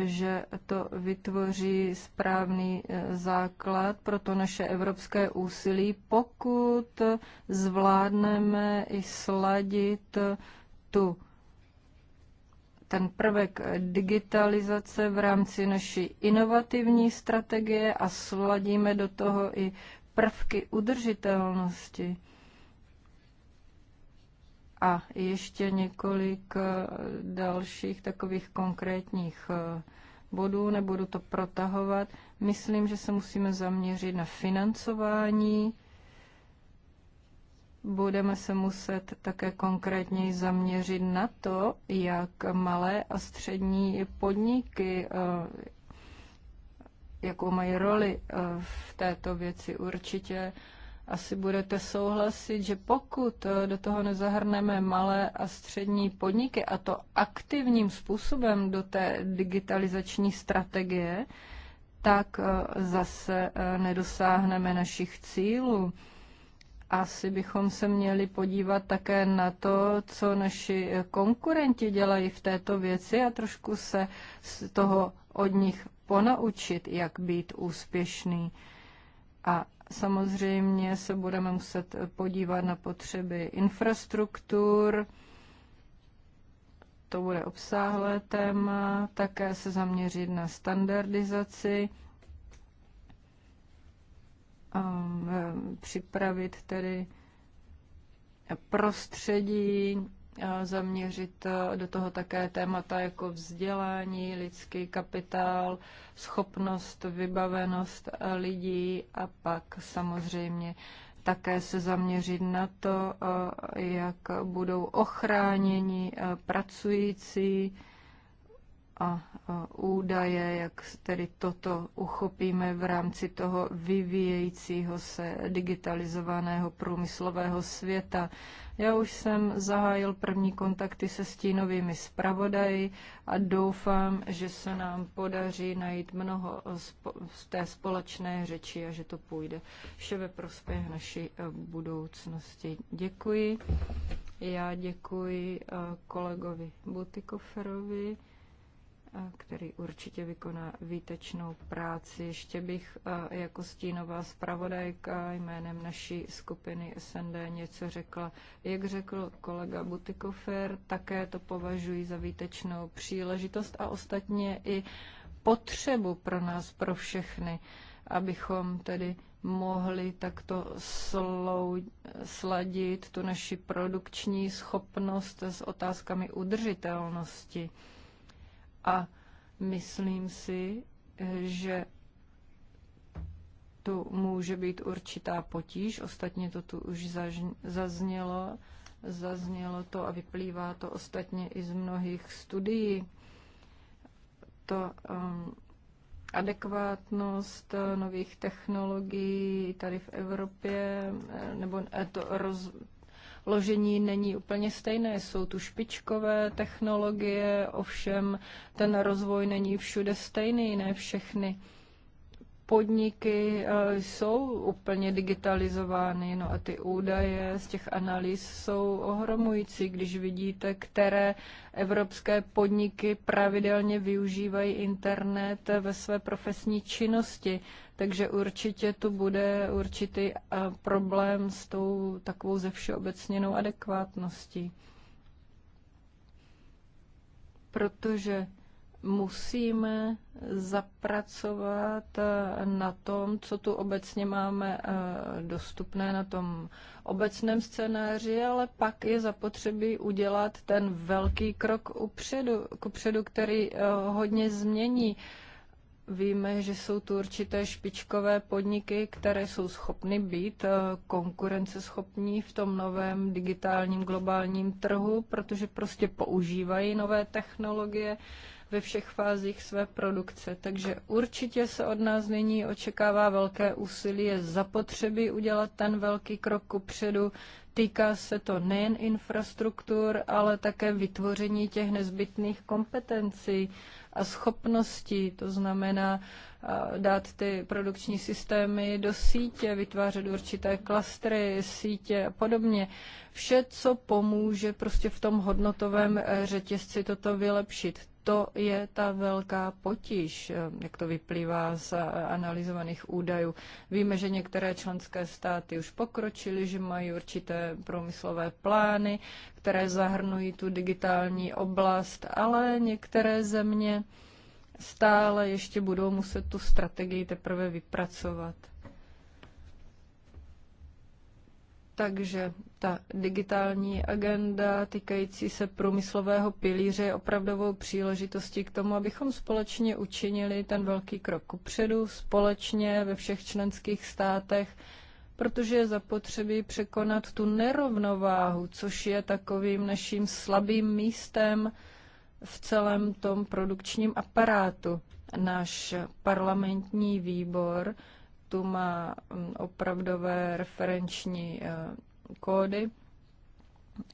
že to vytvoří správný eh, základ pro to naše evropské úsilí, pokud zvládneme i sladit eh, tu ten prvek digitalizace v rámci naší inovativní strategie a sladíme do toho i prvky udržitelnosti. A ještě několik eh, dalších takových konkrétních eh, bodů, nebudu to protahovat. Myslím, že se musíme zaměřit na financování. Budeme se muset také konkrétněji zaměřit na to, jak malé a střední podniky, eh, jakou mají roli v této věci. Určitě asi budete souhlasit, že pokud eh, do toho nezahrneme malé a střední podniky a to aktivním způsobem do té digitalizační strategie, tak eh, zase eh, nedosáhneme našich cílů. Asi bychom se měli podívat také na to, co naši konkurenti dělají v této věci a trošku se z toho od nich ponaučit, jak být úspěšný. A Samozřejmě se budeme muset podívat na potřeby infrastruktur, to bude obsáhlé téma, také se zaměřit na standardizaci, e, připravit tedy prostředí zaměřit e, do toho také témata jako vzdělání, lidský kapitál, schopnost, vybavenost e, lidí a pak samozřejmě také se zaměřit na to, e, jak budou ochráněni pracující a údaje, jak tedy toto uchopíme v rámci toho vyvíjejícího se digitalizovaného průmyslového světa. Já už jsem zahájil první kontakty se stínovými zpravodaji a doufám, že se nám podaří najít mnoho z té společné řeči a že to půjde vše ve prospěch naší eh, budoucnosti. Děkuji. Já děkuji eh, kolegovi Butikoferovi který určitě vykoná výtečnou práci. Ještě bych jako stínová zpravodajka jménem naší skupiny SND něco řekla. Jak řekl kolega Butikofer, také to považuji za výtečnou příležitost a ostatně i potřebu pro nás, pro všechny, abychom tedy mohli takto slou, sladit tu naši produkční schopnost s otázkami udržitelnosti. A myslím si, že tu může být určitá potíž, ostatně to tu už zaznělo, zaznělo to a vyplývá to ostatně i z mnohých studií. To um, adekvátnost nových technologií tady v Evropě, eh, nebo eh, to roz, ložení není úplně stejné. Jsou tu špičkové technologie, ovšem ten rozvoj není všude stejný, ne všechny podniky eh, jsou úplně digitalizovány, no a ty údaje z těch analýz jsou ohromující, když vidíte, které evropské podniky pravidelně využívají internet ve své profesní činnosti. Takže určitě tu bude určitý eh, problém s tou takovou ze všeobecněnou adekvátností. Protože musíme zapracovat eh, na tom, co tu obecně máme eh, dostupné na tom obecném scénáři, ale pak je zapotřebí udělat ten velký krok upředu, kupředu, který hodně změní Víme, že jsou tu určité špičkové podniky, které jsou schopny být eh, konkurenceschopní v tom novém digitálním globálním trhu, protože prostě používají nové technologie ve všech fázích své produkce. Takže určitě se od nás nyní očekává velké úsilí, je zapotřebí udělat ten velký krok kupředu. Týká se to nejen infrastruktur, ale také vytvoření těch nezbytných kompetencí a schopností, to znamená dát ty produkční systémy do sítě, vytvářet určité klastry, sítě a podobně. Vše, co pomůže prostě v tom hodnotovém e, řetězci toto vylepšit to je ta velká potíž, eh, jak to vyplývá z eh, analyzovaných údajů. Víme, že některé členské státy už pokročily, že mají určité průmyslové plány, které zahrnují tu digitální oblast, ale některé země stále ještě budou muset tu strategii teprve vypracovat. Takže ta digitální agenda týkající se průmyslového pilíře je opravdovou příležitostí k tomu, abychom společně učinili ten velký krok kupředu, společně ve všech členských státech, protože je zapotřebí překonat tu nerovnováhu, což je takovým naším slabým místem v celém tom produkčním aparátu. Náš parlamentní výbor projektu má mm, opravdové referenční eh, kódy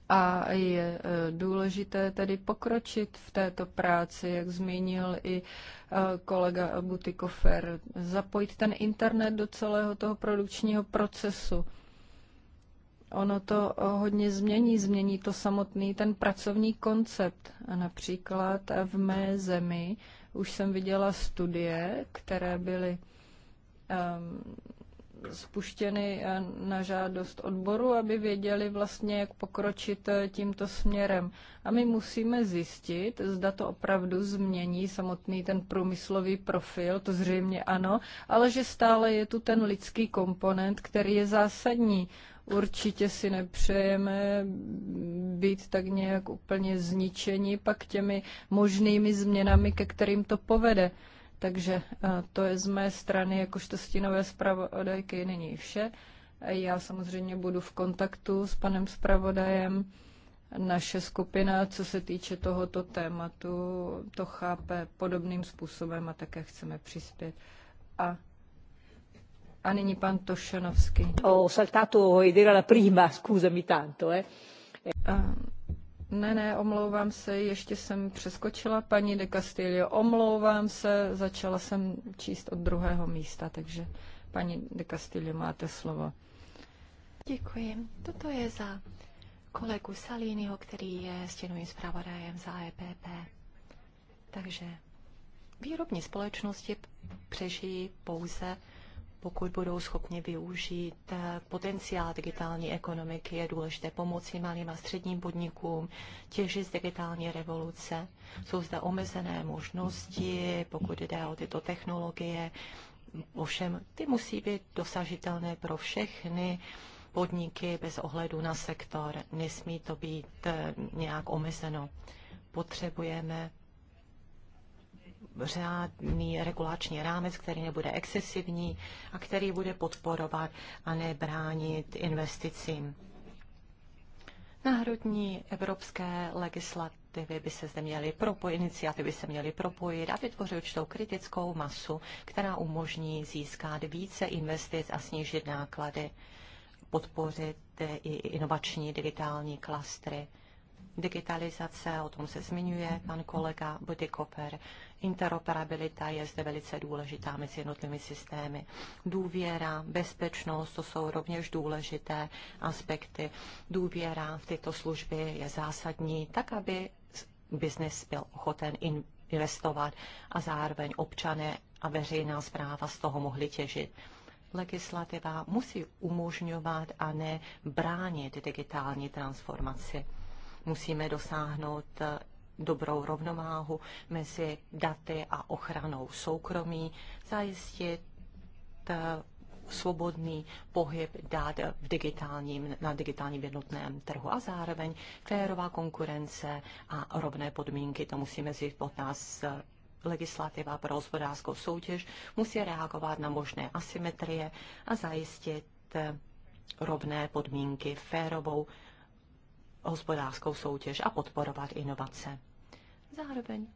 a je eh, důležité tedy pokročit v této práci, jak zmínil i eh, kolega Butikofer, zapojit ten internet do celého toho produkčního procesu. Ono to hodně změní, změní to samotný ten pracovní koncept. A například v mé zemi už jsem viděla studie, které byly Ehm, spuštěny eh, na žádost odboru, aby věděli vlastně, jak pokročit eh, tímto směrem. A my musíme zjistit, zda to opravdu změní samotný ten průmyslový profil, to zřejmě ano, ale že stále je tu ten lidský komponent, který je zásadní. Určitě si nepřejeme být tak nějak úplně zničeni pak těmi možnými změnami, ke kterým to povede. Takže eh, to je z mé strany jakožto stínové zpravodajky nyní vše. Já samozřejmě budu v kontaktu s panem zpravodajem. Naše skupina, co se týče tohoto tématu, to chápe podobným způsobem a také chceme přispět. A a nyní pan Tošanovský. Oh, saltato e dire la prima, scusami tanto, eh. eh ne, ne, omlouvám se, ještě jsem přeskočila paní de Castillo. Omlouvám se, začala jsem číst od druhého místa, takže paní de Castillo, máte slovo. Děkuji. Toto je za kolegu Salínyho, který je stěnovým zpravodajem za EPP. Takže výrobní společnosti přežijí pouze pokud budou schopni využít eh, potenciál digitální ekonomiky, je důležité pomoci malým a středním podnikům těžit z digitální revoluce. Jsou zde omezené možnosti, pokud jde o tyto technologie, ovšem ty musí být dosažitelné pro všechny podniky bez ohledu na sektor. Nesmí to být eh, nějak omezeno. Potřebujeme řádný regulační rámec, který nebude excesivní a který bude podporovat a nebránit investicím. Národní evropské legislativy by se zde měly propojit, iniciativy se měly propojit a vytvořit určitou kritickou masu, která umožní získat více investic a snížit náklady, podpořit i inovační digitální klastry digitalizace, o tom se zmiňuje pan kolega Bodykoper. Interoperabilita je zde velice důležitá mezi jednotlivými systémy. Důvěra, bezpečnost, to jsou rovněž důležité aspekty. Důvěra v tyto služby je zásadní, tak aby biznis byl ochoten investovat a zároveň občané a veřejná zpráva z toho mohli těžit legislativa musí umožňovat a ne bránit digitální transformaci musíme dosáhnout eh, dobrou rovnováhu mezi daty a ochranou soukromí, zajistit eh, svobodný pohyb dát v digitálním, na digitálním jednotném trhu a zároveň férová konkurence a rovné podmínky. To musíme vzít nás eh, legislativa pro hospodářskou soutěž musí reagovat na možné asymetrie a zajistit rovné podmínky, férovou hospodářskou soutěž a podporovat inovace. Zároveň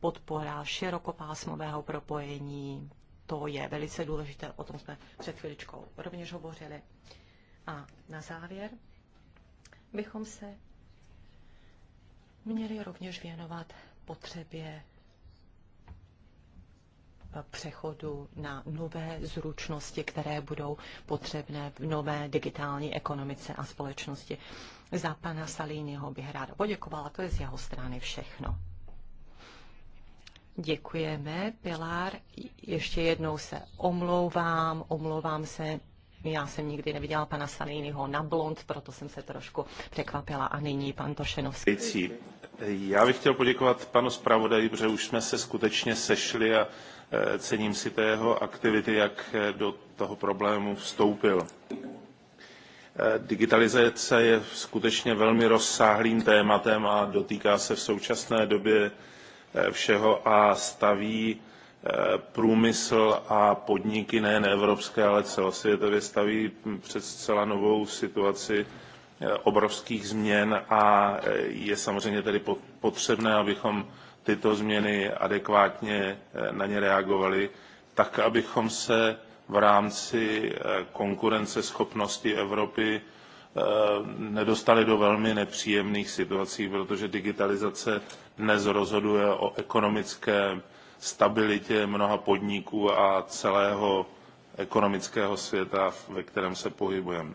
podpora širokopásmového propojení, to je velice důležité, o tom jsme před chvíličkou rovněž hovořili. A na závěr bychom se měli rovněž věnovat potřebě přechodu na nové zručnosti, které budou potřebné v nové digitální ekonomice a společnosti. Za pana Salínyho bych ráda poděkovala, to je z jeho strany všechno. Děkujeme, Pilar. Ještě jednou se omlouvám, omlouvám se. Já jsem nikdy neviděla pana Salínyho na blond, proto jsem se trošku překvapila. A nyní pan Tošenovský. Já bych chtěl poděkovat panu zpravodaji, protože už jsme se skutečně sešli a eh, cením si té jeho aktivity, jak eh, do toho problému vstoupil. Eh, digitalizace je skutečně velmi rozsáhlým tématem a dotýká se v současné době všeho a staví průmysl a podniky nejen evropské, ale celosvětově staví před zcela novou situaci Eh, obrovských změn a eh, je samozřejmě tedy potřebné, abychom tyto změny adekvátně eh, na ně reagovali, tak abychom se v rámci konkurenceschopnosti Evropy nedostali do velmi nepříjemných situací, protože digitalizace dnes rozhoduje o ekonomické stabilitě mnoha podniků a celého ekonomického světa, ve kterém se pohybujeme.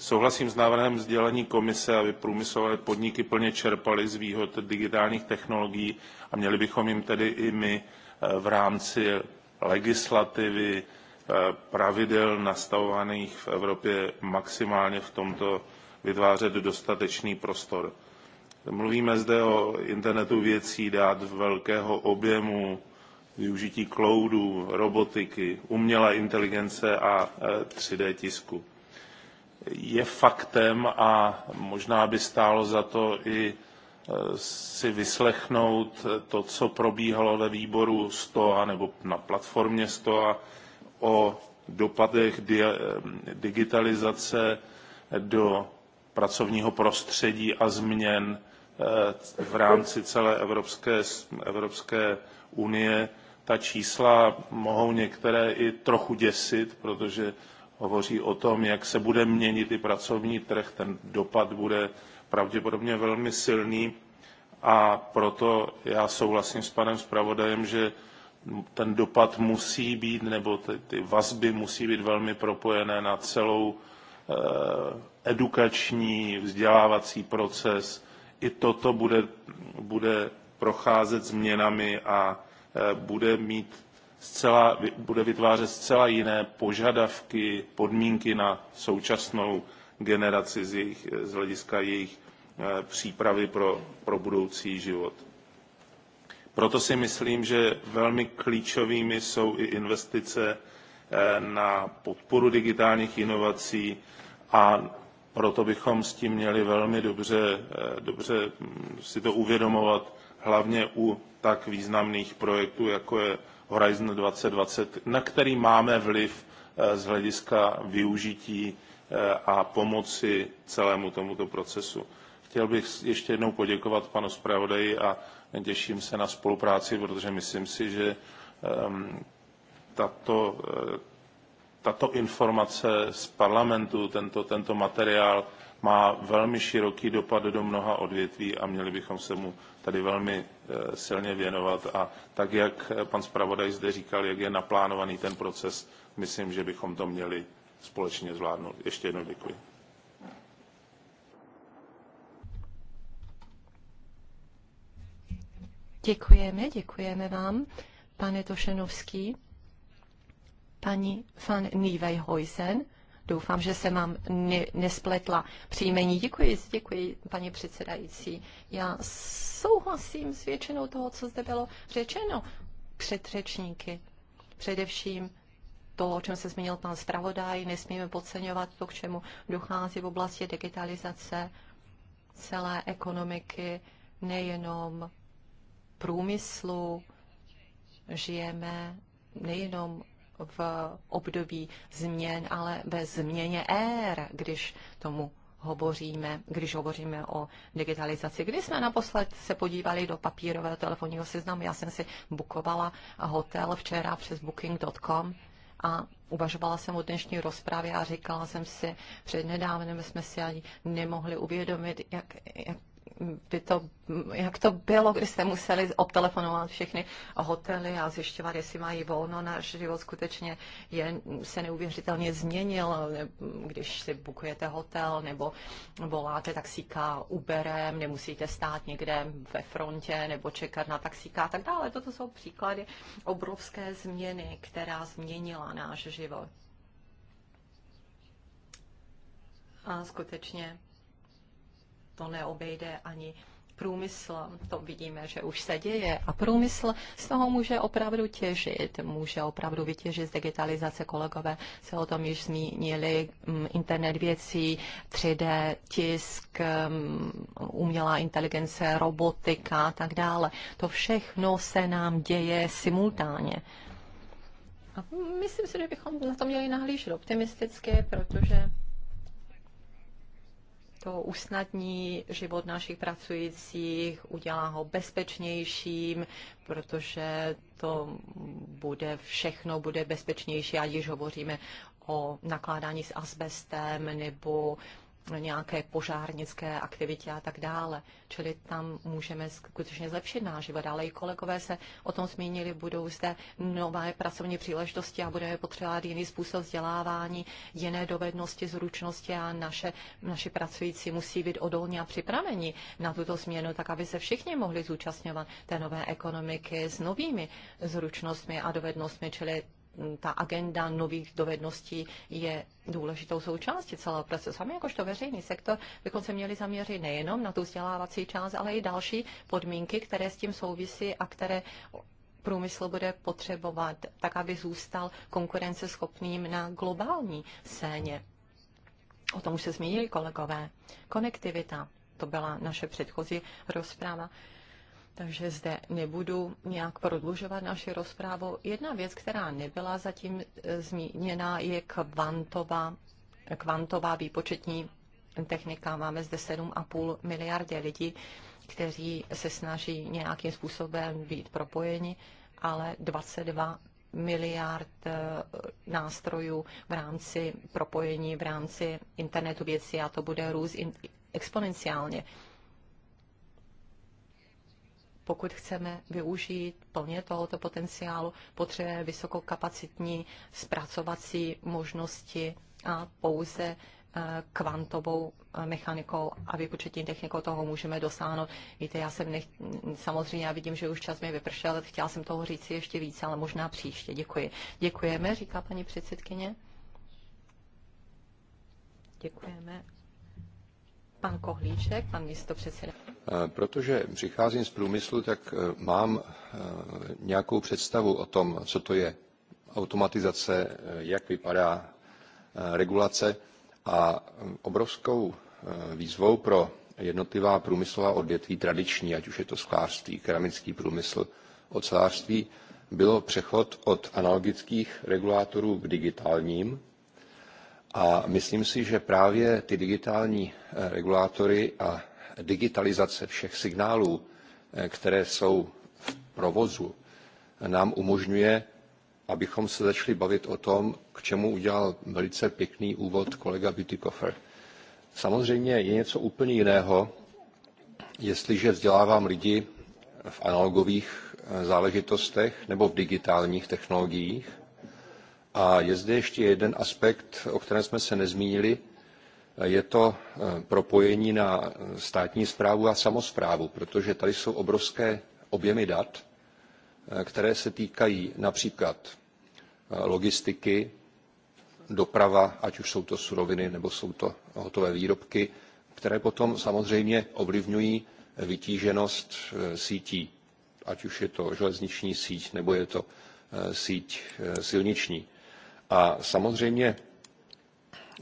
Souhlasím s návrhem sdělení komise, aby průmyslové podniky plně čerpaly z výhod digitálních technologií a měli bychom jim tedy i my eh, v rámci legislativy eh, pravidel nastavovaných v Evropě maximálně v tomto vytvářet dostatečný prostor. Mluvíme zde o internetu věcí, dát velkého objemu, využití cloudu, robotiky, umělé inteligence a 3D eh, tisku je faktem a možná by stálo za to i e, si vyslechnout to, co probíhalo ve výboru STOA nebo na platformě STOA o dopadech e, digitalizace do pracovního prostředí a změn e, v rámci celé Evropské, Evropské unie. Ta čísla mohou některé i trochu děsit, protože hovoří o tom, jak se bude měnit i pracovní trh. Ten dopad bude pravděpodobně velmi silný a proto já souhlasím s panem zpravodajem, že ten dopad musí být, nebo ty, ty vazby musí být velmi propojené na celou eh, edukační, vzdělávací proces. I toto bude, bude procházet změnami a eh, bude mít zcela, bude vytvářet zcela jiné požadavky, podmínky na současnou generaci z, jejich, z hlediska jejich eh, přípravy pro, pro budoucí život. Proto si myslím, že velmi klíčovými jsou i investice eh, na podporu digitálních inovací a proto bychom s tím měli velmi dobře, eh, dobře mm, si to uvědomovat, hlavně u tak významných projektů, jako je Horizon 2020, na který máme vliv eh, z hlediska využití eh, a pomoci celému tomuto procesu. Chtěl bych ještě jednou poděkovat panu zpravodaji a těším se na spolupráci, protože myslím si, že ehm, tato, eh, tato informace z parlamentu, tento, tento materiál má velmi široký dopad do mnoha odvětví a měli bychom se mu tady velmi eh, silně věnovat. A tak, jak eh, pan zpravodaj zde říkal, jak je naplánovaný ten proces, myslím, že bychom to měli společně zvládnout. Ještě jednou děkuji. Děkujeme, děkujeme vám, pane Tošenovský, paní van Nivejhojsen. Doufám, že se mám ne, nespletla příjmení. Děkuji, děkuji, paní předsedající. Já souhlasím s většinou toho, co zde bylo řečeno před řečníky. Především to, o čem se zmínil pan zpravodaj, nesmíme podceňovat to, k čemu dochází v oblasti digitalizace celé ekonomiky, nejenom průmyslu. Žijeme nejenom v období změn, ale bez změně ér, když tomu hovoříme, když hovoříme o digitalizaci. Když jsme naposled se podívali do papírového telefonního seznamu, já jsem si bukovala hotel včera přes booking.com a uvažovala jsem o dnešní rozpravě a říkala jsem si, před nedávnem jsme si ani nemohli uvědomit, jak, jak by to, jak to bylo, když jste museli obtelefonovat všechny hotely a zjišťovat, jestli mají volno. Náš život skutečně je, se neuvěřitelně změnil, když si bukujete hotel nebo voláte taxíka Uberem, nemusíte stát někde ve frontě nebo čekat na taxíka a tak dále. Toto jsou příklady obrovské změny, která změnila náš život. A skutečně to neobejde ani průmysl, to vidíme, že už se děje a průmysl z toho může opravdu těžit, může opravdu vytěžit z digitalizace. Kolegové se o tom již zmínili, mm, internet věcí, 3D, tisk, mm, umělá inteligence, robotika a tak dále. To všechno se nám děje simultánně. A myslím si, že bychom na to měli nahlížet optimisticky, protože to usnadní život našich pracujících, udělá ho bezpečnějším, protože to bude všechno bude bezpečnější, ať již hovoříme o nakládání s asbestem nebo nějaké požárnické aktivitě a tak dále. Čili tam můžeme skutečně zlepšit náš život. Ale i kolegové se o tom zmínili, budou zde nové pracovní příležitosti a budeme potřebovat jiný způsob vzdělávání, jiné dovednosti, zručnosti a naše, naši pracující musí být odolní a připraveni na tuto změnu, tak aby se všichni mohli zúčastňovat té nové ekonomiky s novými zručnostmi a dovednostmi, čili Mm, ta agenda nových dovedností je důležitou součástí celého procesu. A my jakožto veřejný sektor bychom se měli zaměřit nejenom na tu vzdělávací část, ale i další podmínky, které s tím souvisí a které průmysl bude potřebovat, tak aby zůstal konkurenceschopným na globální scéně. O tom už se zmínili kolegové. Konektivita, to byla naše předchozí rozpráva takže zde nebudu nějak prodlužovat naši rozprávu. Jedna věc, která nebyla zatím e, zmíněna, je kvantová, kvantová výpočetní technika. Máme zde 7,5 miliardy lidí, kteří se snaží nějakým způsobem být propojeni, ale 22 miliard e, nástrojů v rámci propojení, v rámci internetu věcí a to bude růst exponenciálně pokud chceme využít plně tohoto potenciálu, potřebuje vysokokapacitní zpracovací možnosti a pouze eh, kvantovou eh, mechanikou a vypočetní technikou toho můžeme dosáhnout. Víte, já jsem nech... samozřejmě já vidím, že už čas mi vypršel, ale chtěla jsem toho říct ještě víc, ale možná příště. Děkuji. Děkujeme, říká paní předsedkyně. Děkujeme. Pan Kohlíček, pan předseda. Eh, protože přicházím z průmyslu, tak eh, mám eh, nějakou představu o tom, co to je automatizace, jak vypadá regulace a obrovskou výzvou pro jednotlivá průmyslová odvětví tradiční, ať už je to sklářství, keramický průmysl, ocelářství, bylo přechod od analogických regulátorů k digitálním a myslím si, že právě ty digitální eh, regulátory a digitalizace všech signálů, eh, které jsou v provozu, nám umožňuje, abychom se začali bavit o tom, k čemu udělal velice pěkný úvod kolega Bütikofer. Samozřejmě je něco úplně jiného, jestliže vzdělávám lidi v analogových eh, záležitostech nebo v digitálních technologiích, a je zde ještě jeden aspekt, o kterém jsme se nezmínili, je to eh, propojení na státní správu a samosprávu, protože tady jsou obrovské objemy dat, eh, které se týkají například eh, logistiky, doprava, ať už jsou to suroviny nebo jsou to hotové výrobky, které potom samozřejmě ovlivňují vytíženost sítí, ať už je to železniční síť nebo je to síť silniční. A samozřejmě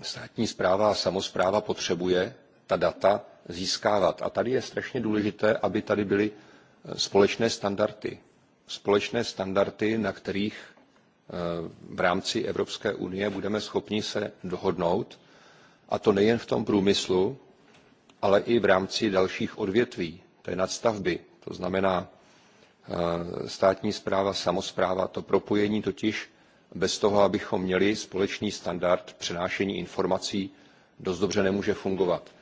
státní zpráva a samozpráva potřebuje ta data získávat. A tady je strašně důležité, aby tady byly eh, společné standardy. Společné standardy, na kterých eh, v rámci Evropské unie budeme schopni se dohodnout, a to nejen v tom průmyslu, ale i v rámci dalších odvětví, té nadstavby, to znamená eh, státní správa, samozpráva, to propojení totiž bez toho, abychom měli společný standard přenášení informací, dost dobře nemůže fungovat.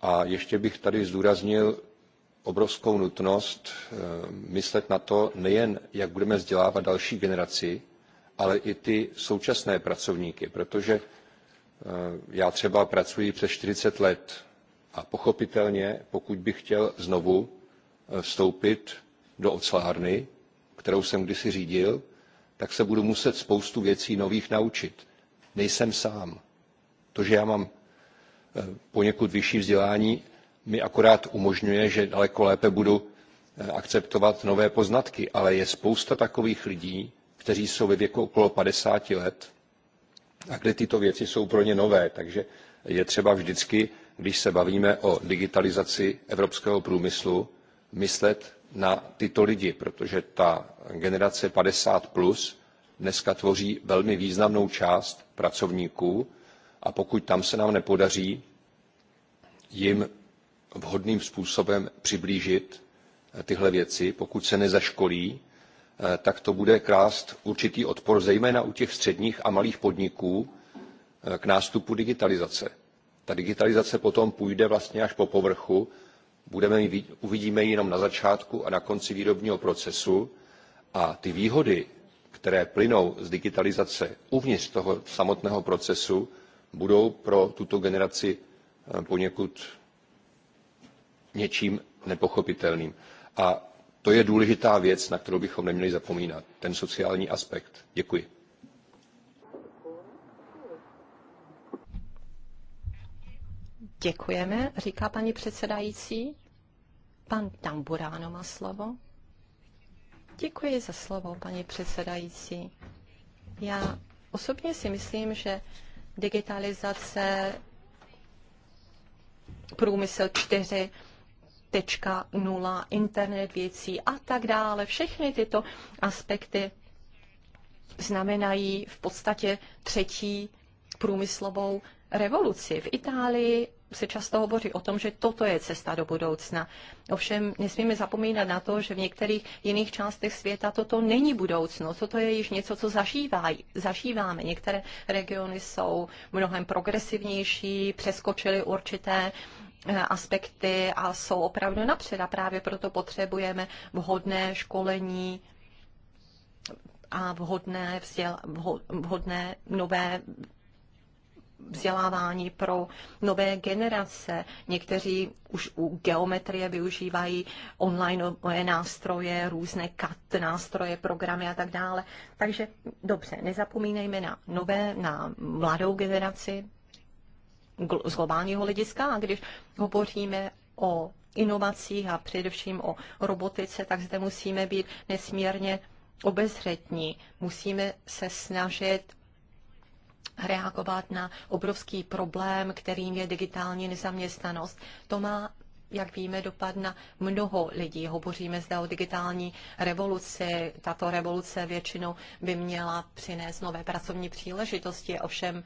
A ještě bych tady zdůraznil obrovskou nutnost eh, myslet na to nejen, jak budeme vzdělávat další generaci, ale i ty současné pracovníky, protože eh, já třeba pracuji přes 40 let a pochopitelně, pokud bych chtěl znovu eh, vstoupit do ocelárny, kterou jsem kdysi řídil, tak se budu muset spoustu věcí nových naučit. Nejsem sám. To, že já mám eh, poněkud vyšší vzdělání, mi akorát umožňuje, že daleko lépe budu eh, akceptovat nové poznatky, ale je spousta takových lidí, kteří jsou ve věku okolo 50 let a kde tyto věci jsou pro ně nové. Takže je třeba vždycky, když se bavíme o digitalizaci evropského průmyslu, myslet na tyto lidi, protože ta generace 50 plus dneska tvoří velmi významnou část pracovníků a pokud tam se nám nepodaří jim vhodným způsobem přiblížit eh, tyhle věci, pokud se nezaškolí, eh, tak to bude krást určitý odpor, zejména u těch středních a malých podniků eh, k nástupu digitalizace. Ta digitalizace potom půjde vlastně až po povrchu budeme uvidíme ji jenom na začátku a na konci výrobního procesu a ty výhody, které plynou z digitalizace uvnitř toho samotného procesu, budou pro tuto generaci eh, poněkud něčím nepochopitelným. A to je důležitá věc, na kterou bychom neměli zapomínat, ten sociální aspekt. Děkuji. Děkujeme, říká paní předsedající. Pan Tamburáno má slovo. Děkuji za slovo, paní předsedající. Já osobně si myslím, že digitalizace průmysl 4 nula, internet věcí a tak dále. Všechny tyto aspekty znamenají v podstatě třetí průmyslovou revoluci. V Itálii se často hovoří o tom, že toto je cesta do budoucna. Ovšem nesmíme zapomínat na to, že v některých jiných částech světa toto není budoucnost, toto je již něco, co zažívají, zažíváme. Některé regiony jsou mnohem progresivnější, přeskočily určité eh, aspekty a jsou opravdu napřed a právě proto potřebujeme vhodné školení, a vhodné, vzděl, vhodné nové vzdělávání pro nové generace. Někteří už u geometrie využívají online nástroje, různé CAT nástroje, programy a tak dále. Takže dobře, nezapomínejme na nové, na mladou generaci z globálního hlediska a když hovoříme o inovacích a především o robotice, tak zde musíme být nesmírně obezřetní. Musíme se snažit reagovat na obrovský problém, kterým je digitální nezaměstnanost. To má jak víme, dopad na mnoho lidí. Hovoříme zde o digitální revoluci. Tato revoluce většinou by měla přinést nové pracovní příležitosti, ovšem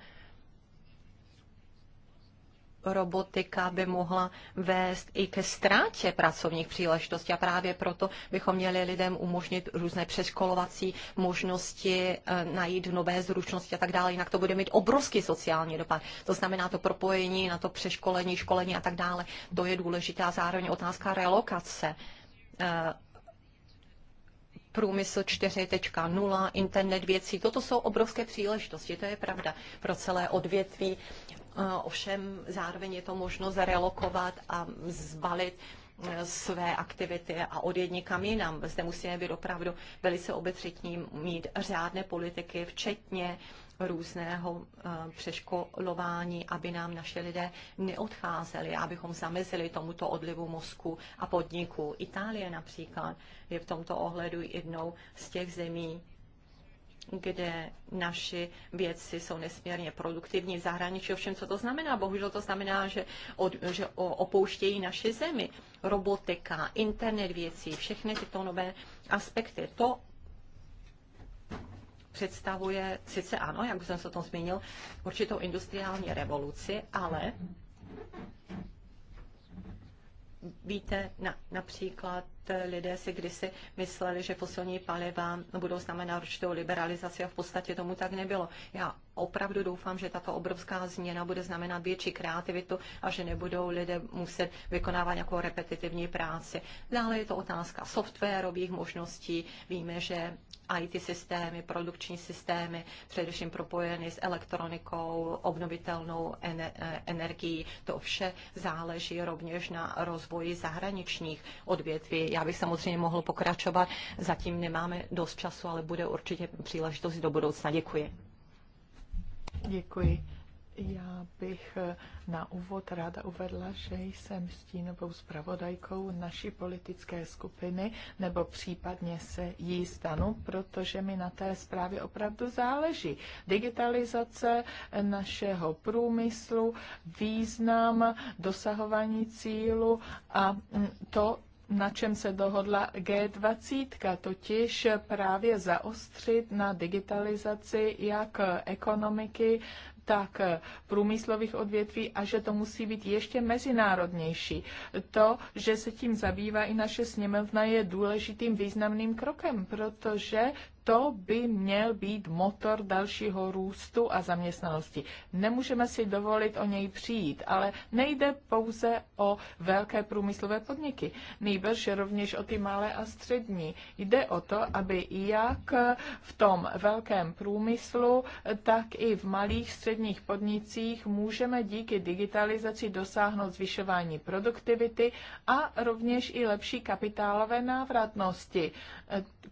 robotika by mohla vést i ke ztrátě pracovních příležitostí a právě proto bychom měli lidem umožnit různé přeškolovací možnosti, eh, najít nové zručnosti a tak dále, jinak to bude mít obrovský sociální dopad. To znamená to propojení na to přeškolení, školení a tak dále, to je důležitá zároveň otázka relokace eh, průmysl 4.0, internet věcí. Toto jsou obrovské příležitosti, to je pravda pro celé odvětví Eh, ovšem zároveň je to možnost relokovat a zbalit eh, své aktivity a odjet někam jinam. Zde musíme být opravdu velice obecřitní, mít řádné politiky, včetně různého eh, přeškolování, aby nám naše lidé neodcházeli, abychom zamezili tomuto odlivu mozku a podniku. Itálie například je v tomto ohledu jednou z těch zemí, kde naši vědci jsou nesmírně produktivní v zahraničí. Ovšem, co to znamená? Bohužel to znamená, že, od, že opouštějí naši zemi. Robotika, internet věcí, všechny tyto nové aspekty. To představuje, sice ano, jak jsem se o tom zmínil, určitou industriální revoluci, ale Víte, na, například eh, lidé si kdysi mysleli, že fosilní paliva budou znamenat určitou liberalizaci a v podstatě tomu tak nebylo. Já opravdu doufám, že tato obrovská změna bude znamenat větší kreativitu a že nebudou lidé muset vykonávat nějakou repetitivní práci. Dále je to otázka softwarových možností. Víme, že IT systémy, produkční systémy, především propojeny s elektronikou, obnovitelnou e, energií. To vše záleží rovněž na rozvoji zahraničních odvětví. Já bych samozřejmě mohl pokračovat, zatím nemáme dost času, ale bude určitě příležitost do budoucna. Děkuji. Děkuji. Já bych eh, na úvod ráda uvedla, že jsem stínovou zpravodajkou naší politické skupiny, nebo případně se jí stanu, protože mi na té zprávě opravdu záleží. Digitalizace našeho průmyslu, význam, dosahování cílu a mm, to, na čem se dohodla G20, totiž právě zaostřit na digitalizaci jak ekonomiky, tak průmyslových odvětví a že to musí být ještě mezinárodnější. To, že se tím zabývá i naše sněmovna, je důležitým významným krokem, protože to by měl být motor dalšího růstu a zaměstnanosti. Nemůžeme si dovolit o něj přijít, ale nejde pouze o velké průmyslové podniky, nejbrž rovněž o ty malé a střední. Jde o to, aby jak v tom velkém průmyslu, tak i v malých středních podnicích můžeme díky digitalizaci dosáhnout zvyšování produktivity a rovněž i lepší kapitálové návratnosti.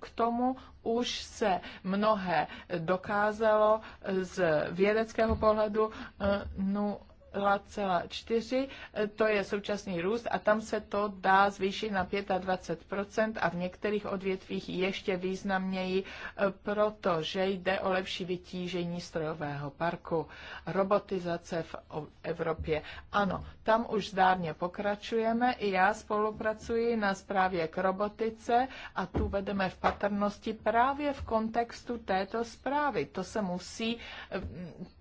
K tomu už se mnohé dokázalo z vědeckého pohledu. Eh, no, 2,4, to je současný růst a tam se to dá zvýšit na 25% a v některých odvětvích ještě významněji, eh, protože jde o lepší vytížení strojového parku. Robotizace v Evropě. Ano, tam už zdárně pokračujeme. I já spolupracuji na zprávě k robotice a tu vedeme v patrnosti právě v kontextu této zprávy. To se musí eh,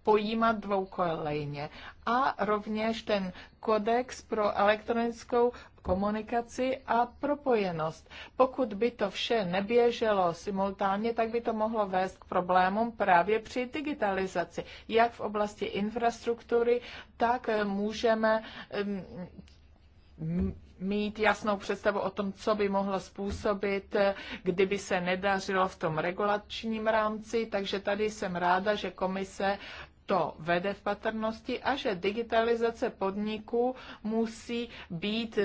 pojímat dvoukolejně a rovněž ten kodex pro elektronickou komunikaci a propojenost. Pokud by to vše neběželo simultánně, tak by to mohlo vést k problémům právě při digitalizaci. Jak v oblasti infrastruktury, tak eh, můžeme mít jasnou představu o tom, co by mohlo způsobit, eh, kdyby se nedařilo v tom regulačním rámci. Takže tady jsem ráda, že komise to vede v patrnosti a že digitalizace podniků musí být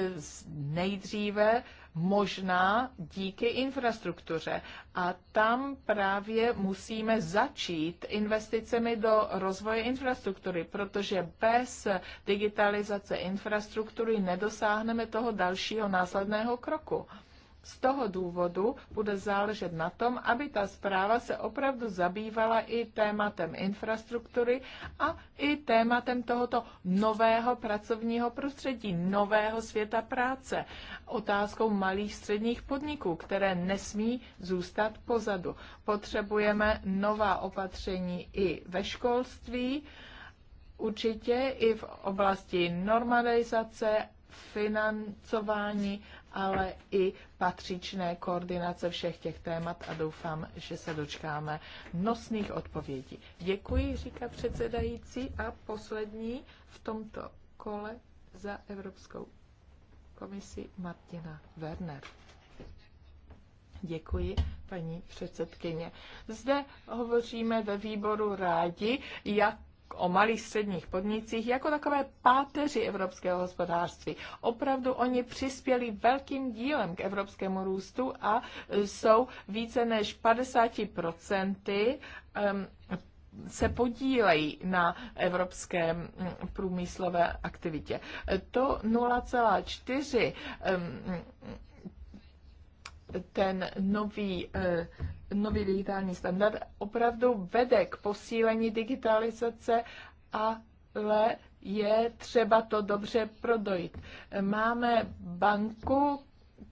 nejdříve možná díky infrastruktuře. A tam právě musíme začít investicemi do rozvoje infrastruktury, protože bez digitalizace infrastruktury nedosáhneme toho dalšího následného kroku. Z toho důvodu bude záležet na tom, aby ta zpráva se opravdu zabývala i tématem infrastruktury a i tématem tohoto nového pracovního prostředí, nového světa práce, otázkou malých středních podniků, které nesmí zůstat pozadu. Potřebujeme nová opatření i ve školství, určitě i v oblasti normalizace, financování ale i patřičné koordinace všech těch témat a doufám, že se dočkáme nosných odpovědí. Děkuji, říká předsedající a poslední v tomto kole za Evropskou komisi Martina Werner. Děkuji, paní předsedkyně. Zde hovoříme ve výboru rádi, jak o malých středních podnicích jako takové páteři evropského hospodářství. Opravdu oni přispěli velkým dílem k evropskému růstu a jsou více než 50% se podílejí na evropské mm, průmyslové aktivitě. To 0,4 ten nový, eh, nový digitální standard opravdu vede k posílení digitalizace, ale je třeba to dobře prodojit. Máme banku,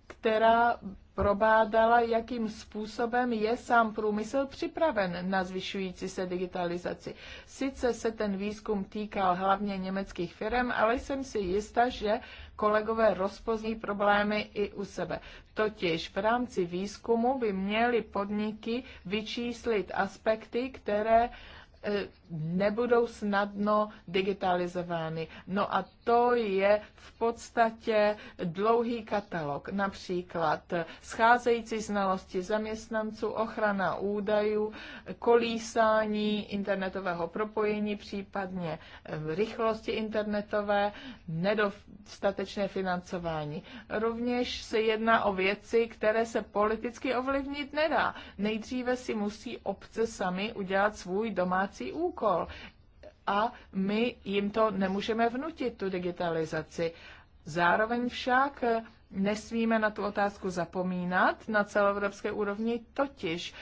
která probádala, jakým způsobem je sám průmysl připraven na zvyšující se digitalizaci. Sice se ten výzkum týkal hlavně německých firm, ale jsem si jista, že kolegové rozpozní problémy i u sebe. Totiž v rámci výzkumu by měly podniky vyčíslit aspekty, které eh, nebudou snadno digitalizovány. No a to je v podstatě dlouhý katalog, například scházející znalosti zaměstnanců, ochrana údajů, kolísání internetového propojení, případně eh, rychlosti internetové, nedostatečné financování. Rovněž se jedná o věci, které se politicky ovlivnit nedá. Nejdříve si musí obce sami udělat svůj domácí úkol úkol. A my jim to nemůžeme vnutit, tu digitalizaci. Zároveň však nesmíme na tu otázku zapomínat na celoevropské úrovni, totiž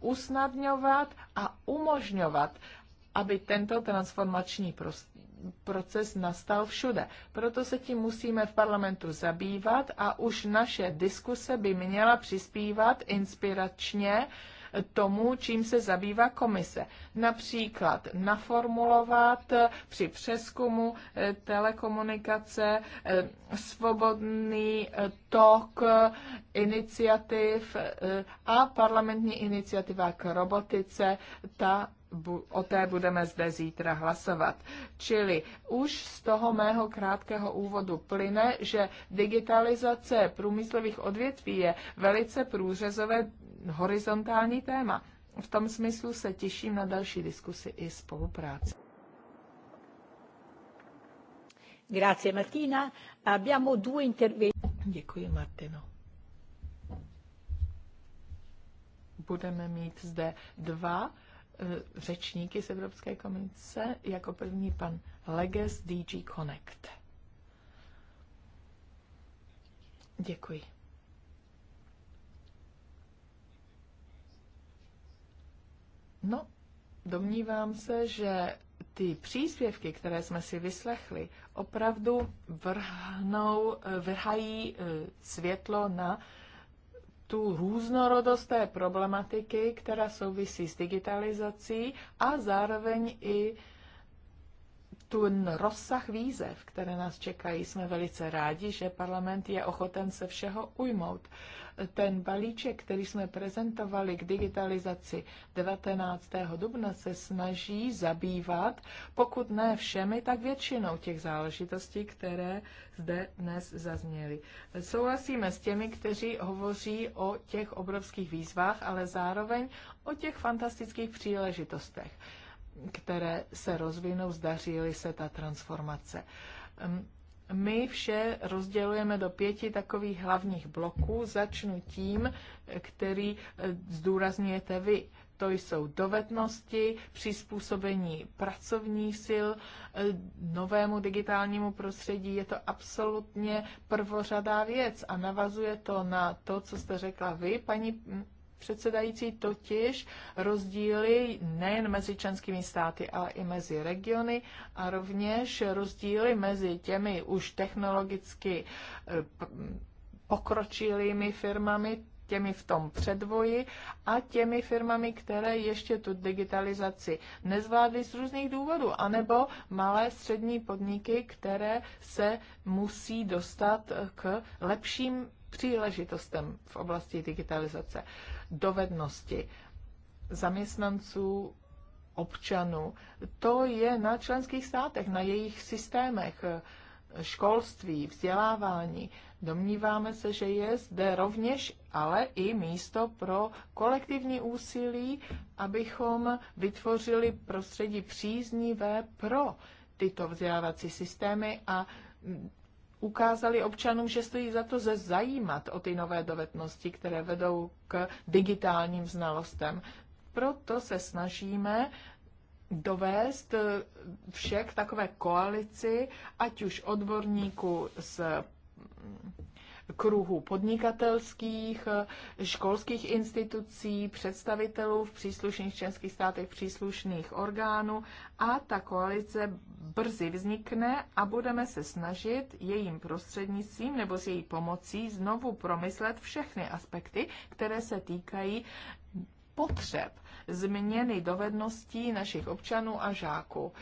usnadňovat a umožňovat, aby tento transformační proces nastal všude. Proto se tím musíme v parlamentu zabývat a už naše diskuse by měla přispívat inspiračně tomu, čím se zabývá komise. Například naformulovat eh, při přeskumu eh, telekomunikace eh, svobodný tok iniciativ a parlamentní iniciativa k robotice, ta o té budeme zde zítra hlasovat. Čili už z toho mého krátkého úvodu plyne, že digitalizace průmyslových odvětví je velice průřezové horizontální téma. V tom smyslu se těším na další diskusy i spolupráci. Grazie Martina. Abbiamo due interventi. Děkuji Martino. Budeme mít zde dva eh, řečníky z Evropské komise, jako první pan Leges DG Connect. Děkuji. No, domnívám se, že ty příspěvky, které jsme si vyslechli, opravdu vrhnou, vrhají e, světlo na tu různorodost té problematiky, která souvisí s digitalizací a zároveň i ten rozsah výzev, které nás čekají, jsme velice rádi, že parlament je ochoten se všeho ujmout. Ten balíček, který jsme prezentovali k digitalizaci 19. dubna, se snaží zabývat, pokud ne všemi, tak většinou těch záležitostí, které zde dnes zazněly. Souhlasíme s těmi, kteří hovoří o těch obrovských výzvách, ale zároveň o těch fantastických příležitostech které se rozvinou, zdařily se ta transformace. My vše rozdělujeme do pěti takových hlavních bloků. Začnu tím, který eh, zdůrazňujete vy. To jsou dovednosti, přizpůsobení pracovních sil eh, novému digitálnímu prostředí. Je to absolutně prvořadá věc a navazuje to na to, co jste řekla vy, paní předsedající, totiž rozdíly nejen mezi členskými státy, ale i mezi regiony a rovněž rozdíly mezi těmi už technologicky eh, pokročilými firmami, těmi v tom předvoji a těmi firmami, které ještě tu digitalizaci nezvládly z různých důvodů, anebo malé střední podniky, které se musí dostat k lepším příležitostem v oblasti digitalizace, dovednosti zaměstnanců, občanů. To je na členských státech, na jejich systémech eh, školství, vzdělávání. Domníváme se, že je zde rovněž ale i místo pro kolektivní úsilí, abychom vytvořili prostředí příznivé pro tyto vzdělávací systémy a ukázali občanům, že stojí za to se zajímat o ty nové dovednosti, které vedou k digitálním znalostem. Proto se snažíme dovést eh, všech takové koalici, ať už odborníků z kruhu podnikatelských, školských institucí, představitelů v příslušných členských státech, příslušných orgánů a ta koalice brzy vznikne a budeme se snažit jejím prostřednictvím nebo s její pomocí znovu promyslet všechny aspekty, které se týkají potřeb změny dovedností našich občanů a žáků.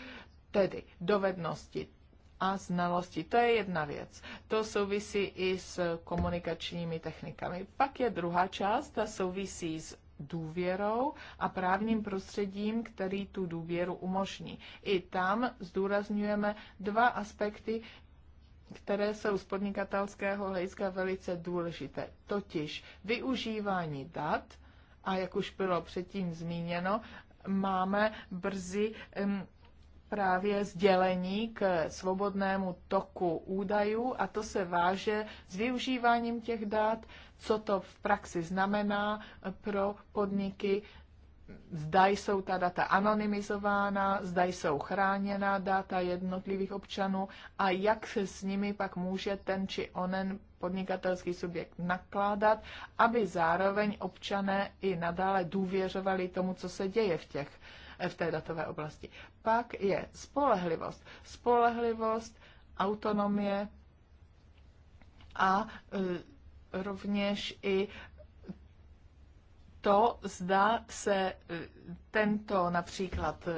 Tedy dovednosti a znalosti. To je jedna věc. To souvisí i s komunikačními technikami. Pak je druhá část, ta souvisí s důvěrou a právním prostředím, který tu důvěru umožní. I tam zdůrazňujeme dva aspekty, které jsou z podnikatelského hlediska velice důležité. Totiž využívání dat, a jak už bylo předtím zmíněno, máme brzy um, právě sdělení k svobodnému toku údajů a to se váže s využíváním těch dat, co to v praxi znamená pro podniky, zda jsou ta data anonymizována, zda jsou chráněna data jednotlivých občanů a jak se s nimi pak může ten či onen podnikatelský subjekt nakládat, aby zároveň občané i nadále důvěřovali tomu, co se děje v těch v té datové oblasti. Pak je spolehlivost. Spolehlivost, autonomie a e, rovněž i to, zda se eh, tento například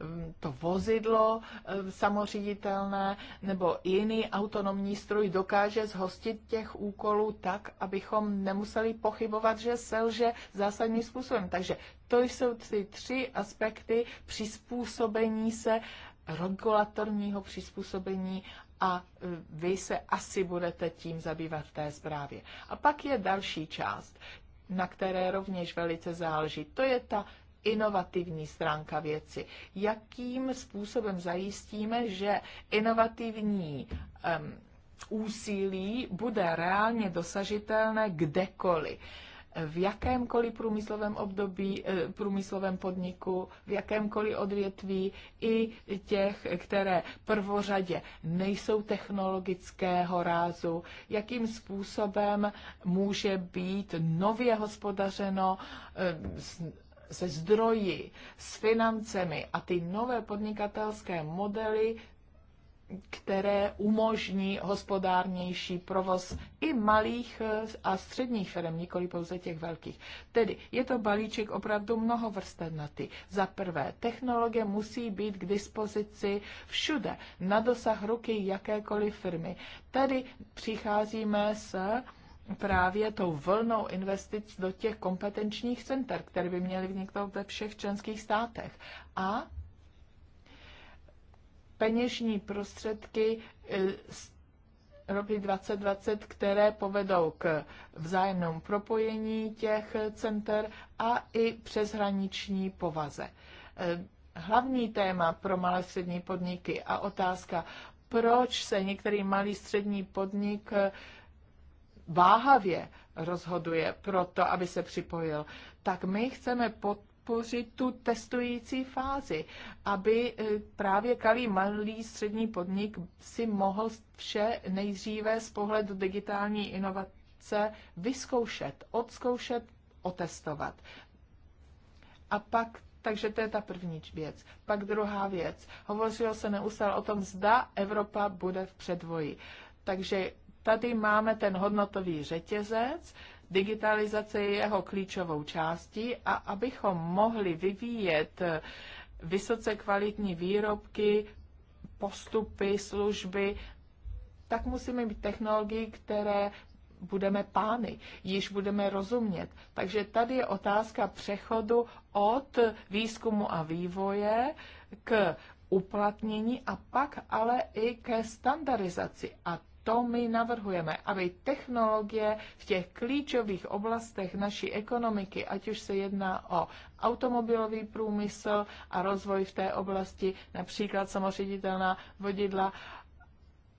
mm, to vozidlo eh, samoříditelné nebo jiný autonomní stroj dokáže zhostit těch úkolů tak, abychom nemuseli pochybovat, že selže zásadním způsobem. Takže to jsou ty tři aspekty přizpůsobení se regulatorního přizpůsobení a eh, vy se asi budete tím zabývat v té zprávě. A pak je další část na které rovněž velice záleží. To je ta inovativní stránka věci. Jakým způsobem zajistíme, že inovativní um, úsilí bude reálně dosažitelné kdekoliv v jakémkoliv průmyslovém období, eh, průmyslovém podniku, v jakémkoliv odvětví, i těch, které prvořadě nejsou technologického rázu, jakým způsobem může být nově hospodařeno eh, se zdroji, s financemi a ty nové podnikatelské modely které umožní hospodárnější provoz i malých eh, a středních firm, nikoli pouze těch velkých. Tedy je to balíček opravdu mnoho vrstevnatý. Za prvé, technologie musí být k dispozici všude, na dosah ruky jakékoliv firmy. Tady přicházíme s právě tou vlnou investic do těch kompetenčních center, které by měly vzniknout ve všech členských státech. A peněžní prostředky z eh, roky 2020, které povedou k vzájemnému propojení těch center a i přeshraniční povaze. Eh, hlavní téma pro malé střední podniky a otázka, proč se některý malý střední podnik eh, váhavě rozhoduje pro to, aby se připojil, tak my chceme pod podpořit tu testující fázi, aby e, právě kalý malý střední podnik si mohl vše nejdříve z pohledu digitální inovace vyzkoušet, odzkoušet, otestovat. A pak takže to je ta první věc. Pak druhá věc. Hovořilo se neustále o tom, zda Evropa bude v předvoji. Takže tady máme ten hodnotový řetězec, Digitalizace je jeho klíčovou částí a abychom mohli vyvíjet vysoce kvalitní výrobky, postupy, služby, tak musíme mít technologii, které budeme pány, již budeme rozumět. Takže tady je otázka přechodu od výzkumu a vývoje k uplatnění a pak ale i ke standardizaci. A to my navrhujeme, aby technologie v těch klíčových oblastech naší ekonomiky, ať už se jedná o automobilový průmysl a rozvoj v té oblasti, například samoředitelná vodidla,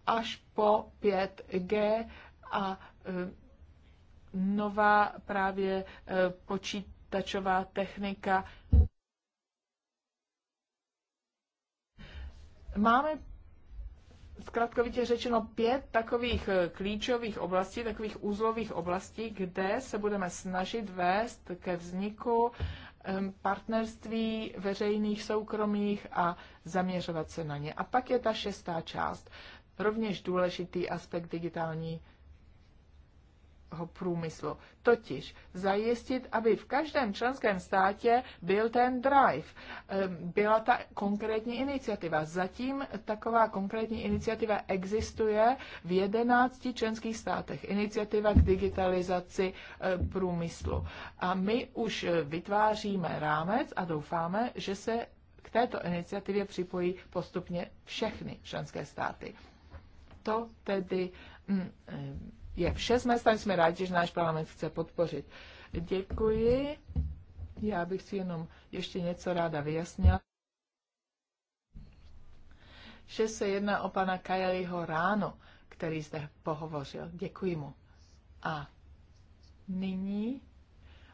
až po 5G a e, nová právě e, počítačová technika. Máme zkrátkovitě řečeno pět takových eh, klíčových oblastí, takových úzlových oblastí, kde se budeme snažit vést ke vzniku ehm, partnerství veřejných, soukromých a zaměřovat se na ně. A pak je ta šestá část, rovněž důležitý aspekt digitální průmyslu. Totiž zajistit, aby v každém členském státě byl ten drive, ehm, byla ta konkrétní iniciativa. Zatím taková konkrétní iniciativa existuje v 11 členských státech. Iniciativa k digitalizaci ehm, průmyslu. A my už vytváříme rámec a doufáme, že se k této iniciativě připojí postupně všechny členské státy. To tedy mm, ehm, je vše z mé Jsme rádi, že náš parlament chce podpořit. Děkuji. Já bych si jenom ještě něco ráda vyjasnila. Že se jedná o pana Kajeliho ráno, který zde pohovořil. Děkuji mu. A nyní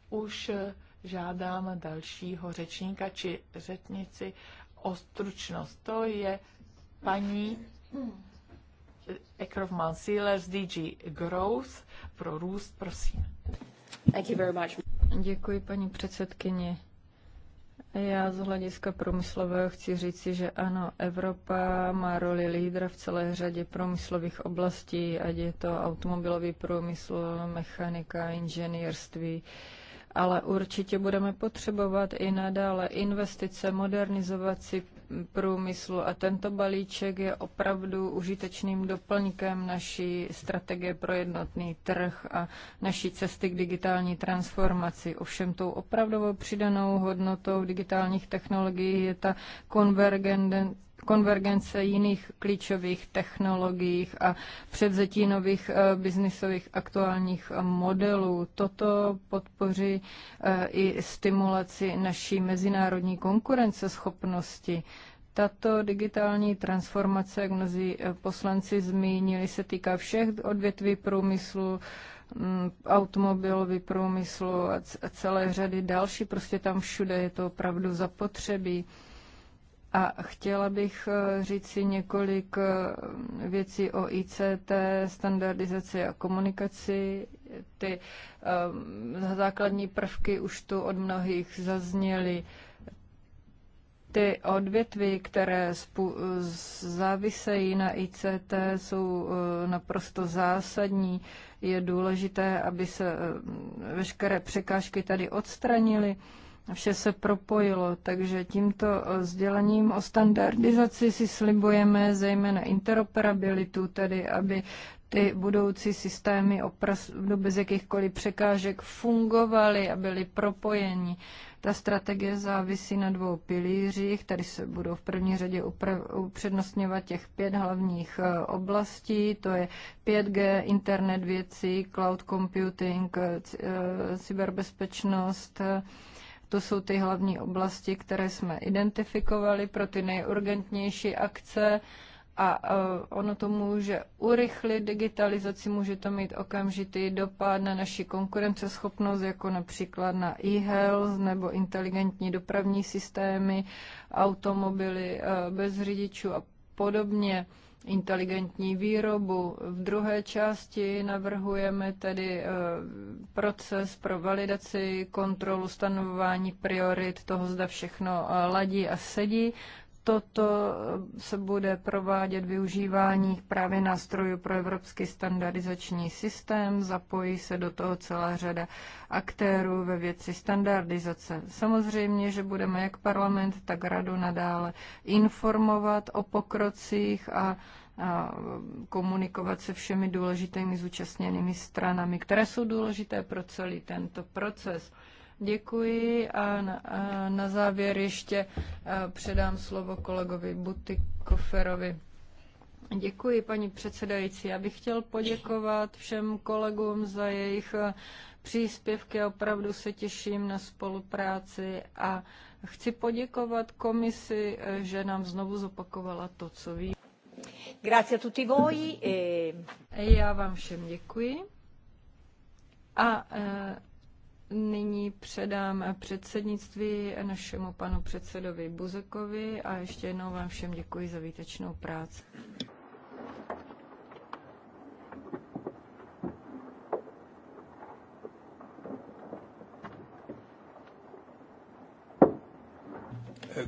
už žádám dalšího řečníka či řetnici o stručnost. To je paní Ekrov z DG Growth pro růst, prosím. Thank you very much. Děkuji, paní předsedkyně. Já z hlediska průmyslového chci říci, že ano, Evropa má roli lídra v celé řadě průmyslových oblastí, ať je to automobilový průmysl, mechanika, inženýrství, ale určitě budeme potřebovat i nadále investice, si průmyslu a tento balíček je opravdu užitečným doplňkem naší strategie pro jednotný trh a naší cesty k digitální transformaci. Ovšem tou opravdovou přidanou hodnotou digitálních technologií je ta konvergence konvergence jiných klíčových technologií a předzetí nových eh, biznisových aktuálních eh, modelů. Toto podpoří eh, i stimulaci naší mezinárodní konkurenceschopnosti. Tato digitální transformace, jak mnozí poslanci zmínili, se týká všech odvětví průmyslu, mm, automobilový průmysl a celé řady další. Prostě tam všude je to opravdu zapotřebí. A chtěla bych eh, říct si několik eh, věcí o ICT, standardizaci a komunikaci. Ty eh, základní prvky už tu od mnohých zazněly. Ty odvětví, které závisejí na ICT, jsou naprosto zásadní. Je důležité, aby se veškeré překážky tady odstranily. Vše se propojilo, takže tímto eh, sdělením o standardizaci si slibujeme zejména interoperabilitu, tedy aby ty budoucí systémy opravdu no, bez jakýchkoliv překážek fungovaly a byly propojeni. Ta strategie závisí na dvou pilířích, tady se budou v první řadě upřednostňovat těch pět hlavních eh, oblastí, to je 5G, internet věcí, cloud computing, eh, cyberbezpečnost, to jsou ty hlavní oblasti, které jsme identifikovali pro ty nejurgentnější akce a e, ono to může urychlit digitalizaci, může to mít okamžitý dopad na naši konkurenceschopnost, jako například na e-health nebo inteligentní dopravní systémy, automobily e, bez řidičů a podobně inteligentní výrobu. V druhé části navrhujeme tedy eh, proces pro validaci, kontrolu, stanovování priorit toho, zda všechno eh, ladí a sedí toto se bude provádět využívání právě nástrojů pro evropský standardizační systém, zapojí se do toho celá řada aktérů ve věci standardizace. Samozřejmě, že budeme jak parlament, tak radu nadále informovat o pokrocích a a komunikovat se všemi důležitými zúčastněnými stranami, které jsou důležité pro celý tento proces. Děkuji a na, a na závěr ještě předám slovo kolegovi Butikoferovi. Děkuji, paní předsedající. Já bych chtěl poděkovat všem kolegům za jejich příspěvky. Opravdu se těším na spolupráci a chci poděkovat komisi, že nám znovu zopakovala to, co ví. Grazie a tutti voi. E... Já vám všem děkuji. A e, Nyní předám předsednictví našemu panu předsedovi Buzekovi a ještě jednou vám všem děkuji za výtečnou práci.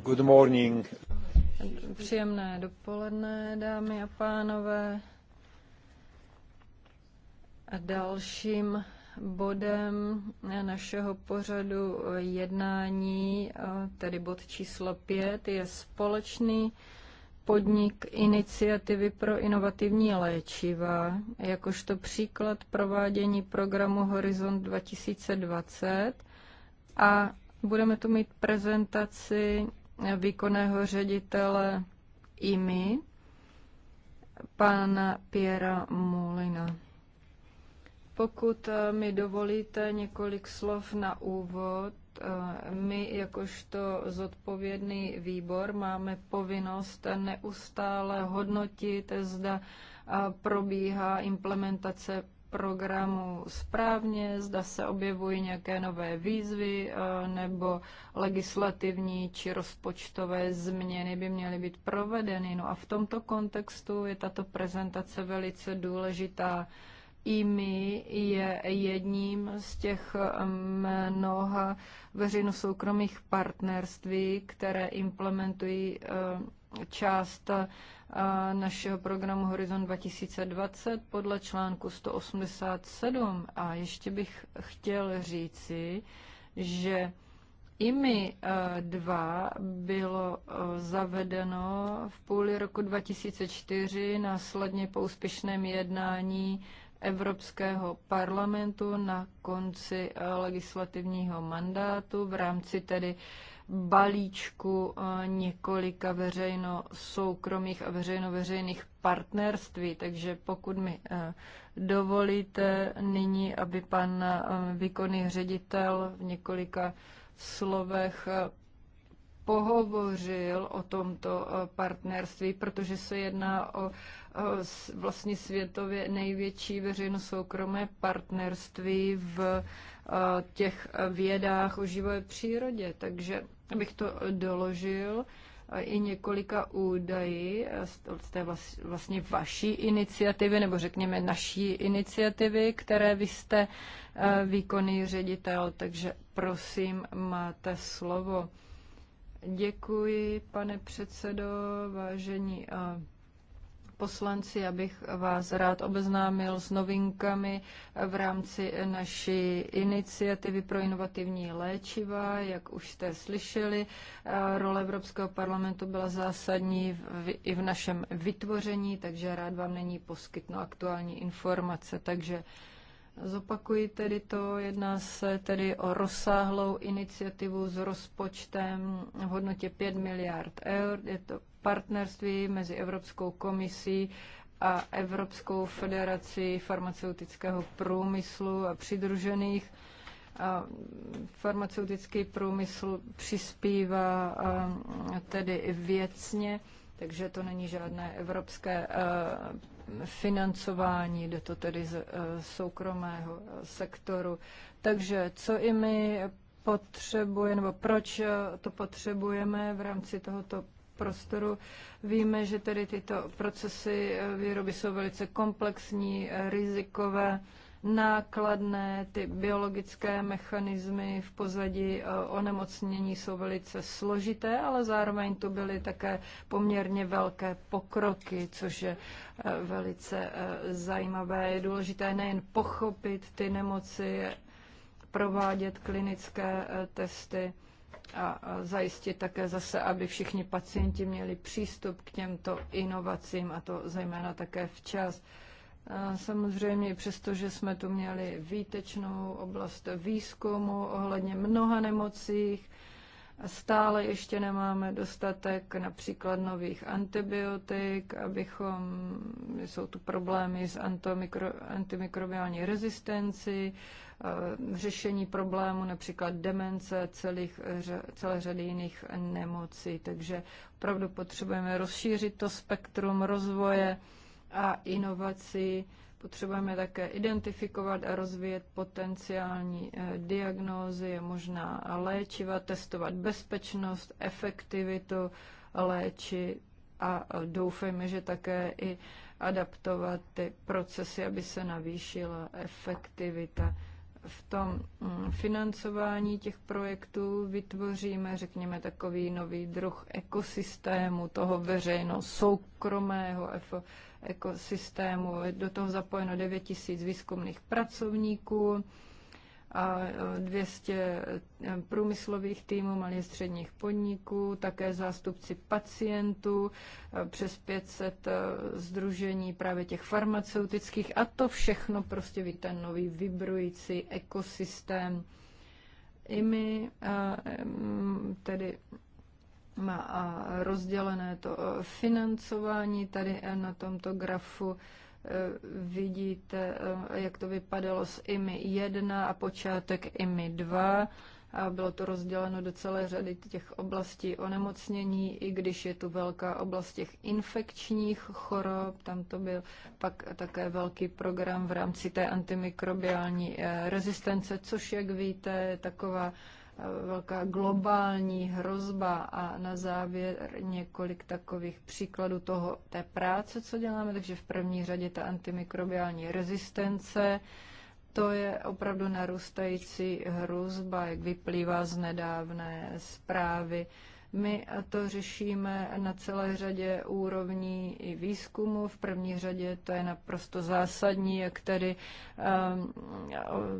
Good morning. Příjemné dopoledne, dámy a pánové. A dalším bodem našeho pořadu jednání, tedy bod číslo 5, je společný podnik iniciativy pro inovativní léčiva, jakožto příklad provádění programu Horizont 2020 a budeme tu mít prezentaci výkonného ředitele IMI, pana Piera Molina. Pokud eh, mi dovolíte několik slov na úvod, eh, my jakožto zodpovědný výbor máme povinnost neustále hodnotit, zda eh, probíhá implementace programu správně, zda se objevují nějaké nové výzvy nebo legislativní či rozpočtové změny by měly být provedeny. No a v tomto kontextu je tato prezentace velice důležitá. IMI je jedním z těch mnoha veřejno-soukromých partnerství, které implementují eh, část eh, našeho programu Horizon 2020 podle článku 187. A ještě bych chtěl říci, že IMI eh, dva bylo zavedeno v půli roku 2004, následně po úspěšném jednání Evropského parlamentu na konci eh, legislativního mandátu v rámci tedy balíčku eh, několika veřejno-soukromých a veřejno-veřejných partnerství. Takže pokud mi eh, dovolíte nyní, aby pan výkonný ředitel v několika slovech pohovořil o tomto eh, partnerství, protože se jedná o eh, vlastně světově největší veřejno-soukromé partnerství v eh, těch vědách o živé přírodě. Takže bych to doložil i několika údají z té vlastně vaší iniciativy, nebo řekněme naší iniciativy, které vy jste výkonný ředitel, takže prosím, máte slovo. Děkuji, pane předsedo, vážení eh, poslanci, abych vás rád obeznámil s novinkami eh, v rámci naší iniciativy pro inovativní léčiva. Jak už jste slyšeli, eh, role Evropského parlamentu byla zásadní v, i v našem vytvoření, takže rád vám není poskytnu aktuální informace. Takže Zopakuji tedy to, jedná se tedy o rozsáhlou iniciativu s rozpočtem v hodnotě 5 miliard eur. Je to partnerství mezi Evropskou komisí a Evropskou federací farmaceutického průmyslu a přidružených. A farmaceutický průmysl přispívá tedy věcně, takže to není žádné evropské financování, jde to tedy z eh, soukromého eh, sektoru. Takže co i my potřebujeme, nebo proč eh, to potřebujeme v rámci tohoto prostoru. Víme, že tedy tyto procesy výroby jsou velice komplexní, rizikové nákladné, ty biologické mechanismy v pozadí eh, onemocnění jsou velice složité, ale zároveň to byly také poměrně velké pokroky, což je eh, velice eh, zajímavé. Je důležité nejen pochopit ty nemoci, provádět klinické testy, a zajistit také zase, aby všichni pacienti měli přístup k těmto inovacím, a to zejména také včas samozřejmě přesto, že jsme tu měli výtečnou oblast výzkumu ohledně mnoha nemocích, stále ještě nemáme dostatek například nových antibiotik, abychom, jsou tu problémy s antimikrobiální rezistenci, řešení problému například demence, celých, celé řady jiných nemocí. Takže opravdu potřebujeme rozšířit to spektrum rozvoje a inovaci. Potřebujeme také identifikovat a rozvíjet potenciální eh, diagnózy, je možná léčiva, testovat bezpečnost, efektivitu léči a doufejme, že také i adaptovat ty procesy, aby se navýšila efektivita v tom mm, financování těch projektů vytvoříme, řekněme, takový nový druh ekosystému, toho veřejno-soukromého ekosystému. Do toho zapojeno 9 000 výzkumných pracovníků, a 200 e, e, průmyslových týmů malých středních podniků, také zástupci pacientů, e, přes 500 združení právě těch farmaceutických a to všechno prostě ví ten nový vibrující ekosystém. I my tedy má rozdělené to financování tady na tomto grafu Eh, vidíte, eh, jak to vypadalo s IMI 1 a počátek IMI 2. A bylo to rozděleno do celé řady těch oblastí onemocnění, i když je tu velká oblast těch infekčních chorob, tam to byl pak také velký program v rámci té antimikrobiální eh, rezistence, což, jak víte, je taková velká globální hrozba a na závěr několik takových příkladů toho, té práce, co děláme. Takže v první řadě ta antimikrobiální rezistence, to je opravdu narůstající hrozba, jak vyplývá z nedávné zprávy my to řešíme na celé řadě úrovní i výzkumu. V první řadě to je naprosto zásadní, jak tedy um,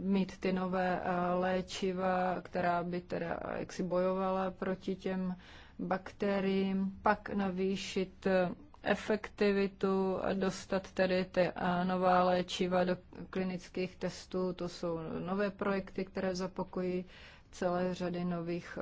mít ty nové uh, léčiva, která by teda jaksi bojovala proti těm bakteriím, pak navýšit uh, efektivitu dostat tedy ty uh, nová léčiva do klinických testů. To jsou nové projekty, které zapokojí celé řady nových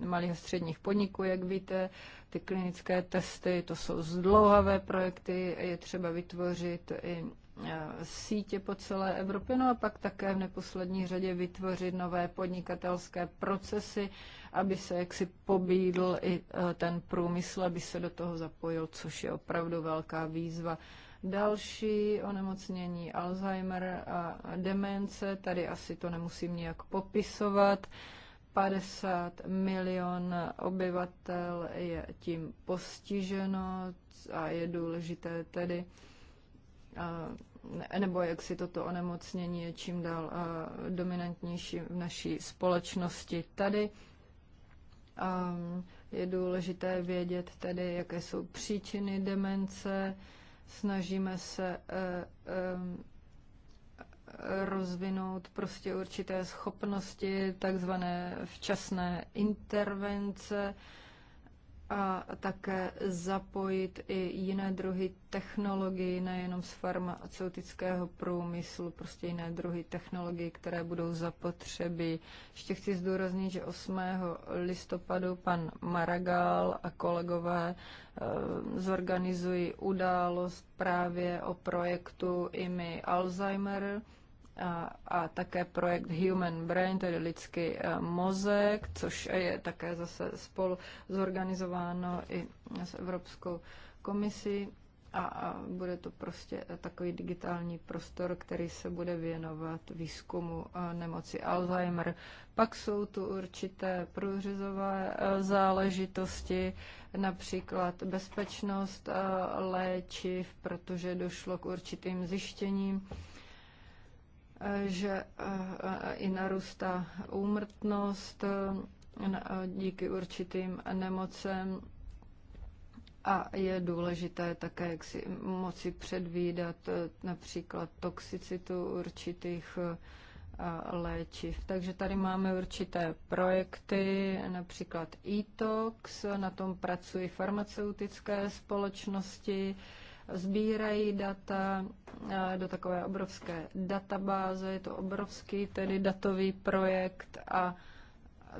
eh, malých a středních podniků, jak víte. Ty klinické testy, to jsou zdlouhavé projekty, je třeba vytvořit i eh, sítě po celé Evropě, no a pak také v neposlední řadě vytvořit nové podnikatelské procesy, aby se jaksi pobídl i eh, ten průmysl, aby se do toho zapojil, což je opravdu velká výzva. Další onemocnění Alzheimer a demence, tady asi to nemusím nějak popisovat. 50 milion obyvatel je tím postiženo a je důležité tedy, nebo jak si toto onemocnění je čím dál dominantnější v naší společnosti tady. Je důležité vědět tedy, jaké jsou příčiny demence, Snažíme se eh, eh, rozvinout prostě určité schopnosti, takzvané včasné intervence, a také zapojit i jiné druhy technologií, nejenom z farmaceutického průmyslu, prostě jiné druhy technologií, které budou zapotřeby. Ještě chci zdůraznit, že 8. listopadu pan Maragal a kolegové eh, zorganizují událost právě o projektu IMI Alzheimer, a, a také projekt Human Brain, tedy lidský e, mozek, což je také zase spolu zorganizováno i s Evropskou komisí a, a bude to prostě takový digitální prostor, který se bude věnovat výzkumu e, nemoci Alzheimer. Pak jsou tu určité průřezové e, záležitosti, například bezpečnost léčiv, protože došlo k určitým zjištěním že eh, eh, i narůstá úmrtnost eh, díky určitým nemocem a je důležité také jak si moci předvídat například toxicitu určitých léčiv. Takže tady máme určité projekty, například e-tox, na tom pracují farmaceutické společnosti, sbírají data eh, do takové obrovské databáze, je to obrovský tedy datový projekt a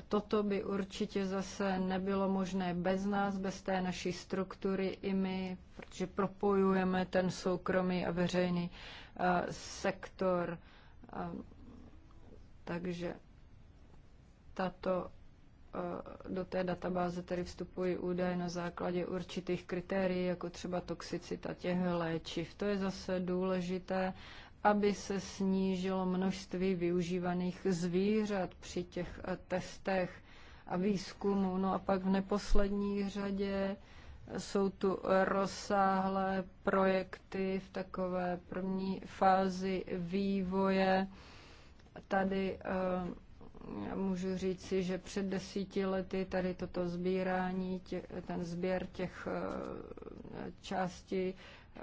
toto by určitě zase nebylo možné bez nás, bez té naší struktury i my, protože propojujeme ten soukromý a veřejný eh, sektor. Eh, takže tato do té databáze tedy vstupují údaje na základě určitých kritérií, jako třeba toxicita těch léčiv. To je zase důležité, aby se snížilo množství využívaných zvířat při těch eh, testech a výzkumu. No a pak v neposlední řadě eh, jsou tu rozsáhlé projekty v takové první fázi vývoje. Tady eh, já můžu říci, že před desíti lety tady toto sbírání, ten sběr těch eh, částí eh,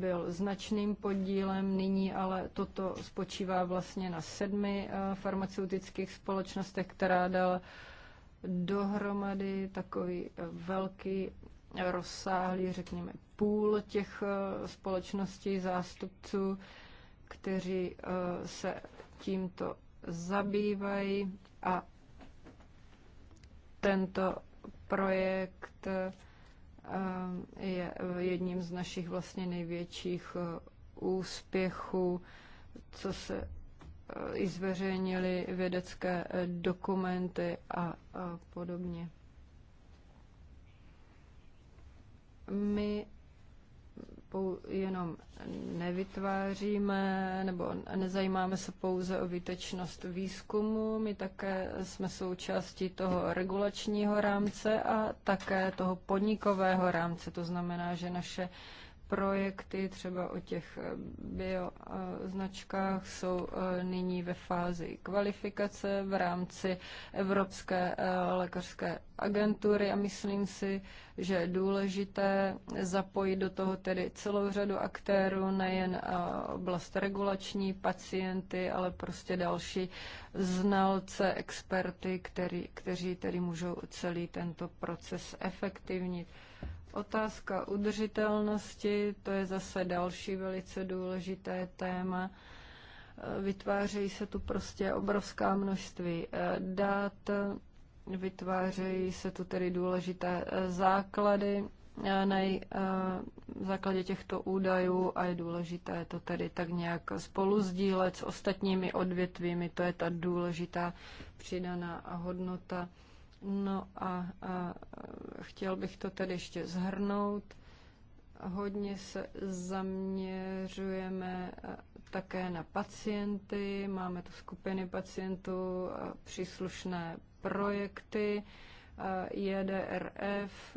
byl značným podílem, nyní ale toto spočívá vlastně na sedmi eh, farmaceutických společnostech, která dal dohromady takový velký rozsáhlý, řekněme, půl těch společností zástupců, kteří se tímto zabývají a tento projekt eh, je jedním z našich vlastně největších eh, úspěchů, co se eh, i zveřejnili vědecké dokumenty a, a podobně. My pou, jenom nevytváříme nebo nezajímáme se pouze o výtečnost výzkumu, my také jsme součástí toho regulačního rámce a také toho podnikového rámce. To znamená, že naše projekty, třeba o těch eh, bioznačkách, eh, jsou eh, nyní ve fázi kvalifikace v rámci Evropské lékařské agentury a myslím si, že je důležité zapojit do toho tedy celou řadu aktérů, nejen oblast regulační, pacienty, ale prostě další znalce, experty, který, kteří tedy můžou celý tento proces efektivnit. Otázka udržitelnosti, to je zase další velice důležité téma. Vytvářejí se tu prostě obrovská množství eh, dat, vytvářejí se tu tedy důležité eh, základy eh, na základě těchto údajů a je důležité to tedy tak nějak spolu sdílet s ostatními odvětvími. To je ta důležitá přidaná hodnota No a, a chtěl bych to tedy ještě zhrnout. Hodně se zaměřujeme také na pacienty, máme tu skupiny pacientů, příslušné projekty, JDRF,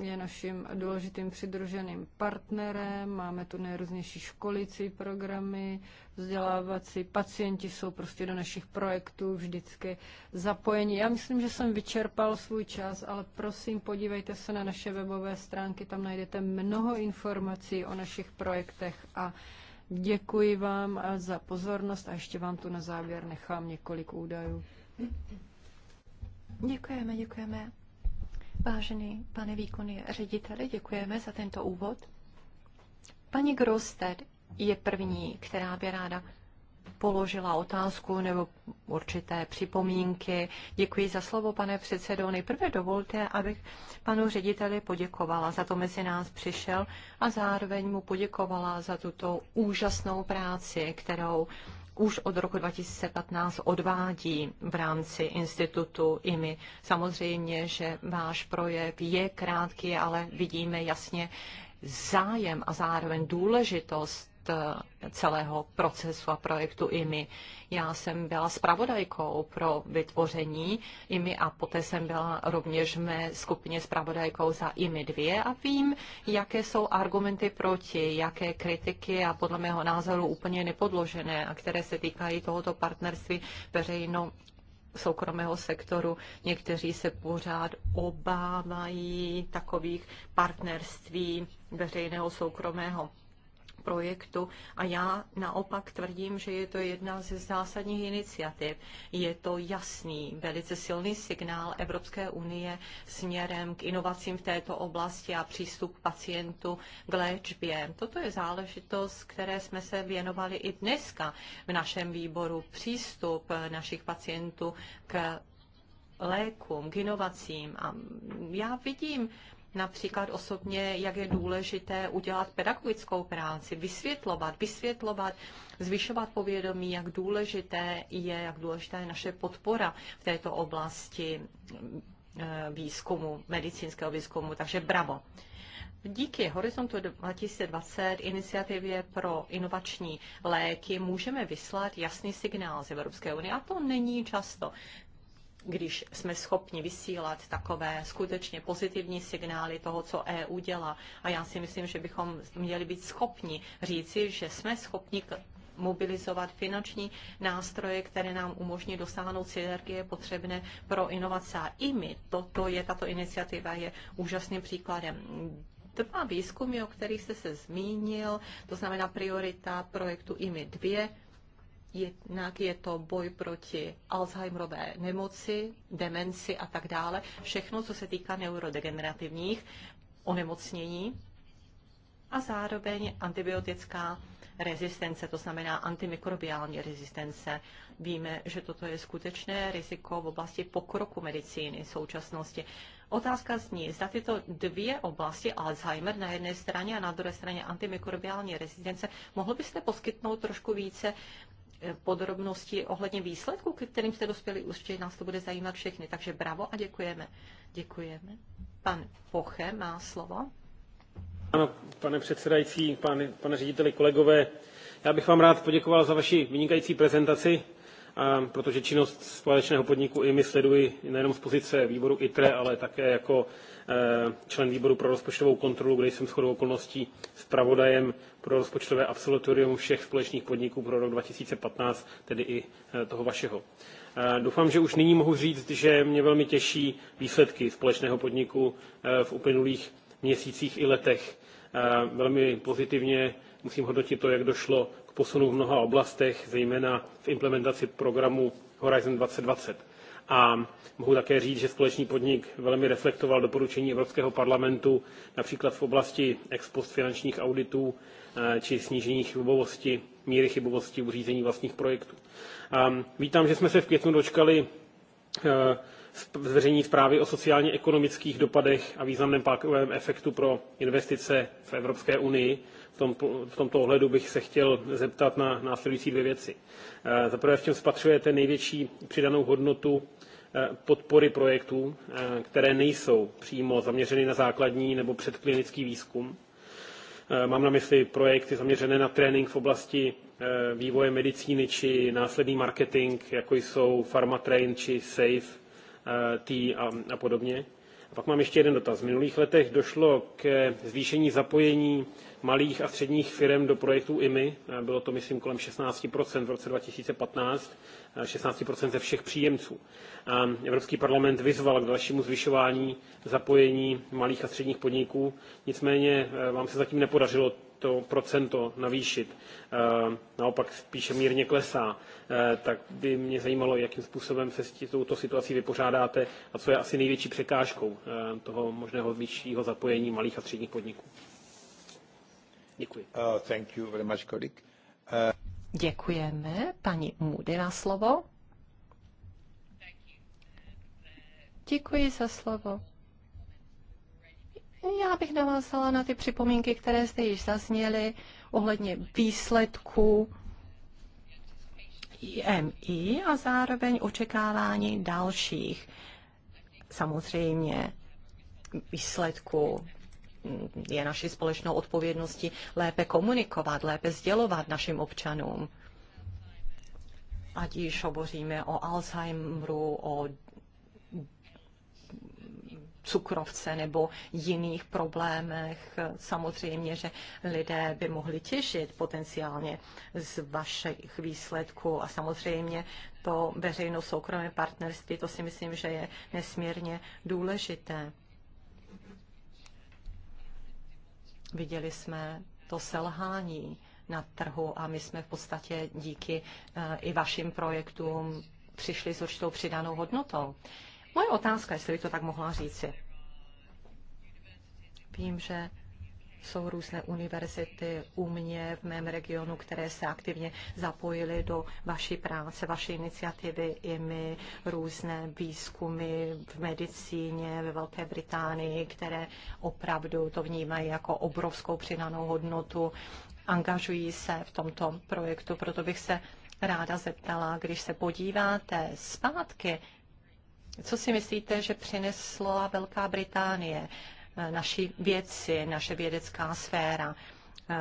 je naším důležitým přidruženým partnerem, máme tu nejrůznější školicí programy, vzdělávací, pacienti jsou prostě do našich projektů vždycky zapojeni. Já myslím, že jsem vyčerpal svůj čas, ale prosím, podívejte se na naše webové stránky, tam najdete mnoho informací o našich projektech a děkuji vám za pozornost a ještě vám tu na závěr nechám několik údajů. Děkujeme, děkujeme. Vážený pane výkonný řediteli, děkujeme za tento úvod. Paní Grosted je první, která by ráda položila otázku nebo určité připomínky. Děkuji za slovo, pane předsedo. Nejprve dovolte, abych panu řediteli poděkovala za to, mezi nás přišel a zároveň mu poděkovala za tuto úžasnou práci, kterou už od roku 2015 odvádí v rámci institutu IMI. Samozřejmě, že váš projev je krátký, ale vidíme jasně zájem a zároveň důležitost Eh, celého procesu a projektu IMI. Já jsem byla zpravodajkou pro vytvoření IMI a poté jsem byla rovněž v mé skupině zpravodajkou za IMI 2 a vím, jaké jsou argumenty proti, jaké kritiky a podle mého názoru úplně nepodložené a které se týkají tohoto partnerství veřejno soukromého sektoru. Někteří se pořád obávají takových partnerství veřejného soukromého projektu a já naopak tvrdím, že je to jedna ze zásadních iniciativ. Je to jasný, velice silný signál Evropské unie směrem k inovacím v této oblasti a přístup pacientů k léčbě. Toto je záležitost, které jsme se věnovali i dneska v našem výboru. Přístup našich pacientů k lékům, k inovacím. A já vidím například osobně, jak je důležité udělat pedagogickou práci, vysvětlovat, vysvětlovat, zvyšovat povědomí, jak důležité je, jak důležitá je naše podpora v této oblasti eh, výzkumu, medicínského výzkumu, takže bravo. Díky Horizontu 2020 iniciativě pro inovační léky můžeme vyslat jasný signál z Evropské unie a to není často když jsme schopni vysílat takové skutečně pozitivní signály toho, co EU dělá. A já si myslím, že bychom měli být schopni říci, že jsme schopni mobilizovat finanční nástroje, které nám umožní dosáhnout synergie potřebné pro inovace. A i my, toto je, tato iniciativa je úžasným příkladem dva výzkumy, o kterých jste se zmínil, to znamená priorita projektu IMI 2 Jednak je to boj proti Alzheimerové nemoci, demenci a tak dále. Všechno, co se týká neurodegenerativních onemocnění a zároveň antibiotická rezistence, to znamená antimikrobiální rezistence. Víme, že toto je skutečné riziko v oblasti pokroku medicíny v současnosti. Otázka zní, zda tyto dvě oblasti, Alzheimer na jedné straně a na druhé straně antimikrobiální rezistence, mohl byste poskytnout trošku více podrobnosti ohledně výsledků, k kterým jste dospěli. Určitě nás to bude zajímat všechny. Takže bravo a děkujeme. Děkujeme. Pan Poche má slovo. Ano, pane předsedající, pane, pane řediteli, kolegové, já bych vám rád poděkoval za vaši vynikající prezentaci protože činnost společného podniku i my sleduji nejenom z pozice výboru ITRE, ale také jako e, člen výboru pro rozpočtovou kontrolu, kde jsem shodou okolností s pravodajem pro rozpočtové absolutorium všech společných podniků pro rok 2015, tedy i e, toho vašeho. E, doufám, že už nyní mohu říct, že mě velmi těší výsledky společného podniku v uplynulých měsících i letech. Velmi pozitivně musím hodnotit to, jak došlo posunu v mnoha oblastech, zejména v implementaci programu Horizon 2020. A mohu také říct, že společný podnik velmi reflektoval doporučení Evropského parlamentu například v oblasti ex post finančních auditů eh, či snížení chybovosti, míry chybovosti v řízení vlastních projektů. A ehm, vítám, že jsme se v květnu dočkali eh, zveřejní zprávy o sociálně ekonomických dopadech a významném pákovém efektu pro investice v Evropské unii v, tomto ohledu bych se chtěl zeptat na následující dvě věci. Eh, za prvé, v čem spatřujete největší přidanou hodnotu eh, podpory projektů, eh, které nejsou přímo zaměřeny na základní nebo předklinický výzkum. Mám na mysli projekty zaměřené na trénink v oblasti vývoje medicíny či následný marketing, jako jsou PharmaTrain či SAFE, T a, a podobně. A pak mám ještě jeden dotaz. V minulých letech došlo k zvýšení zapojení malých a středních firm do projektů IMI. Bylo to, myslím, kolem 16% v roce 2015, 16% ze všech příjemců. A Evropský parlament vyzval k dalšímu zvyšování zapojení malých a středních podniků. Nicméně e, vám se zatím nepodařilo to procento navýšit. E, naopak spíše mírně klesá. Eh, tak by mě zajímalo, jakým způsobem se s touto situací vypořádáte a co je asi největší překážkou eh, toho možného většího zapojení malých a středních podniků. Děkuji. Uh, thank you very much, Uh... Děkujeme. pani Můdy na slovo. Děkuji za slovo. Já bych navázala na ty připomínky, které zde již zazněly ohledně výsledků IMI a zároveň očekávání dalších samozřejmě výsledků je naší společnou odpovědností lépe komunikovat, lépe sdělovat našim občanům. Ať již hovoříme o Alzheimeru, o cukrovce nebo jiných problémech. Samozřejmě, že lidé by mohli těžit potenciálně z vašich výsledků a samozřejmě to veřejno-soukromé partnerství, to si myslím, že je nesmírně důležité. Viděli jsme to selhání na trhu a my jsme v podstatě díky eh, i vašim projektům přišli s určitou přidanou hodnotou. Moje otázka, jestli bych to tak mohla říci. Vím, že jsou různé univerzity u mě v mém regionu, které se aktivně zapojily do vaší práce, vaší iniciativy, i my různé výzkumy v medicíně ve Velké Británii, které opravdu to vnímají jako obrovskou přidanou hodnotu, angažují se v tomto projektu. Proto bych se ráda zeptala, když se podíváte zpátky co si myslíte, že přinesla Velká Británie, eh, naši věci, naše vědecká sféra eh,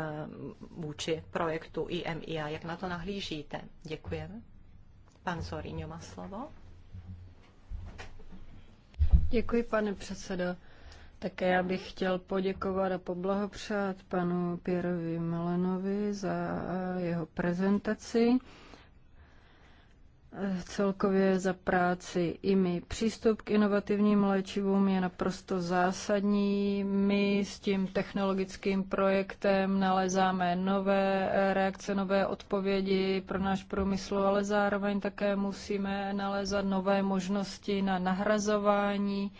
vůči projektu IMI a jak na to nahlížíte? Děkujeme. Pan Zoríňo má slovo. Děkuji, pane předsedo. Také já bych chtěl poděkovat a poblahopřát panu Pěrovi Melenovi za jeho prezentaci celkově za práci i my. Přístup k inovativním léčivům je naprosto zásadní. My s tím technologickým projektem nalezáme nové reakce, nové odpovědi pro náš průmysl, ale zároveň také musíme nalézat nové možnosti na nahrazování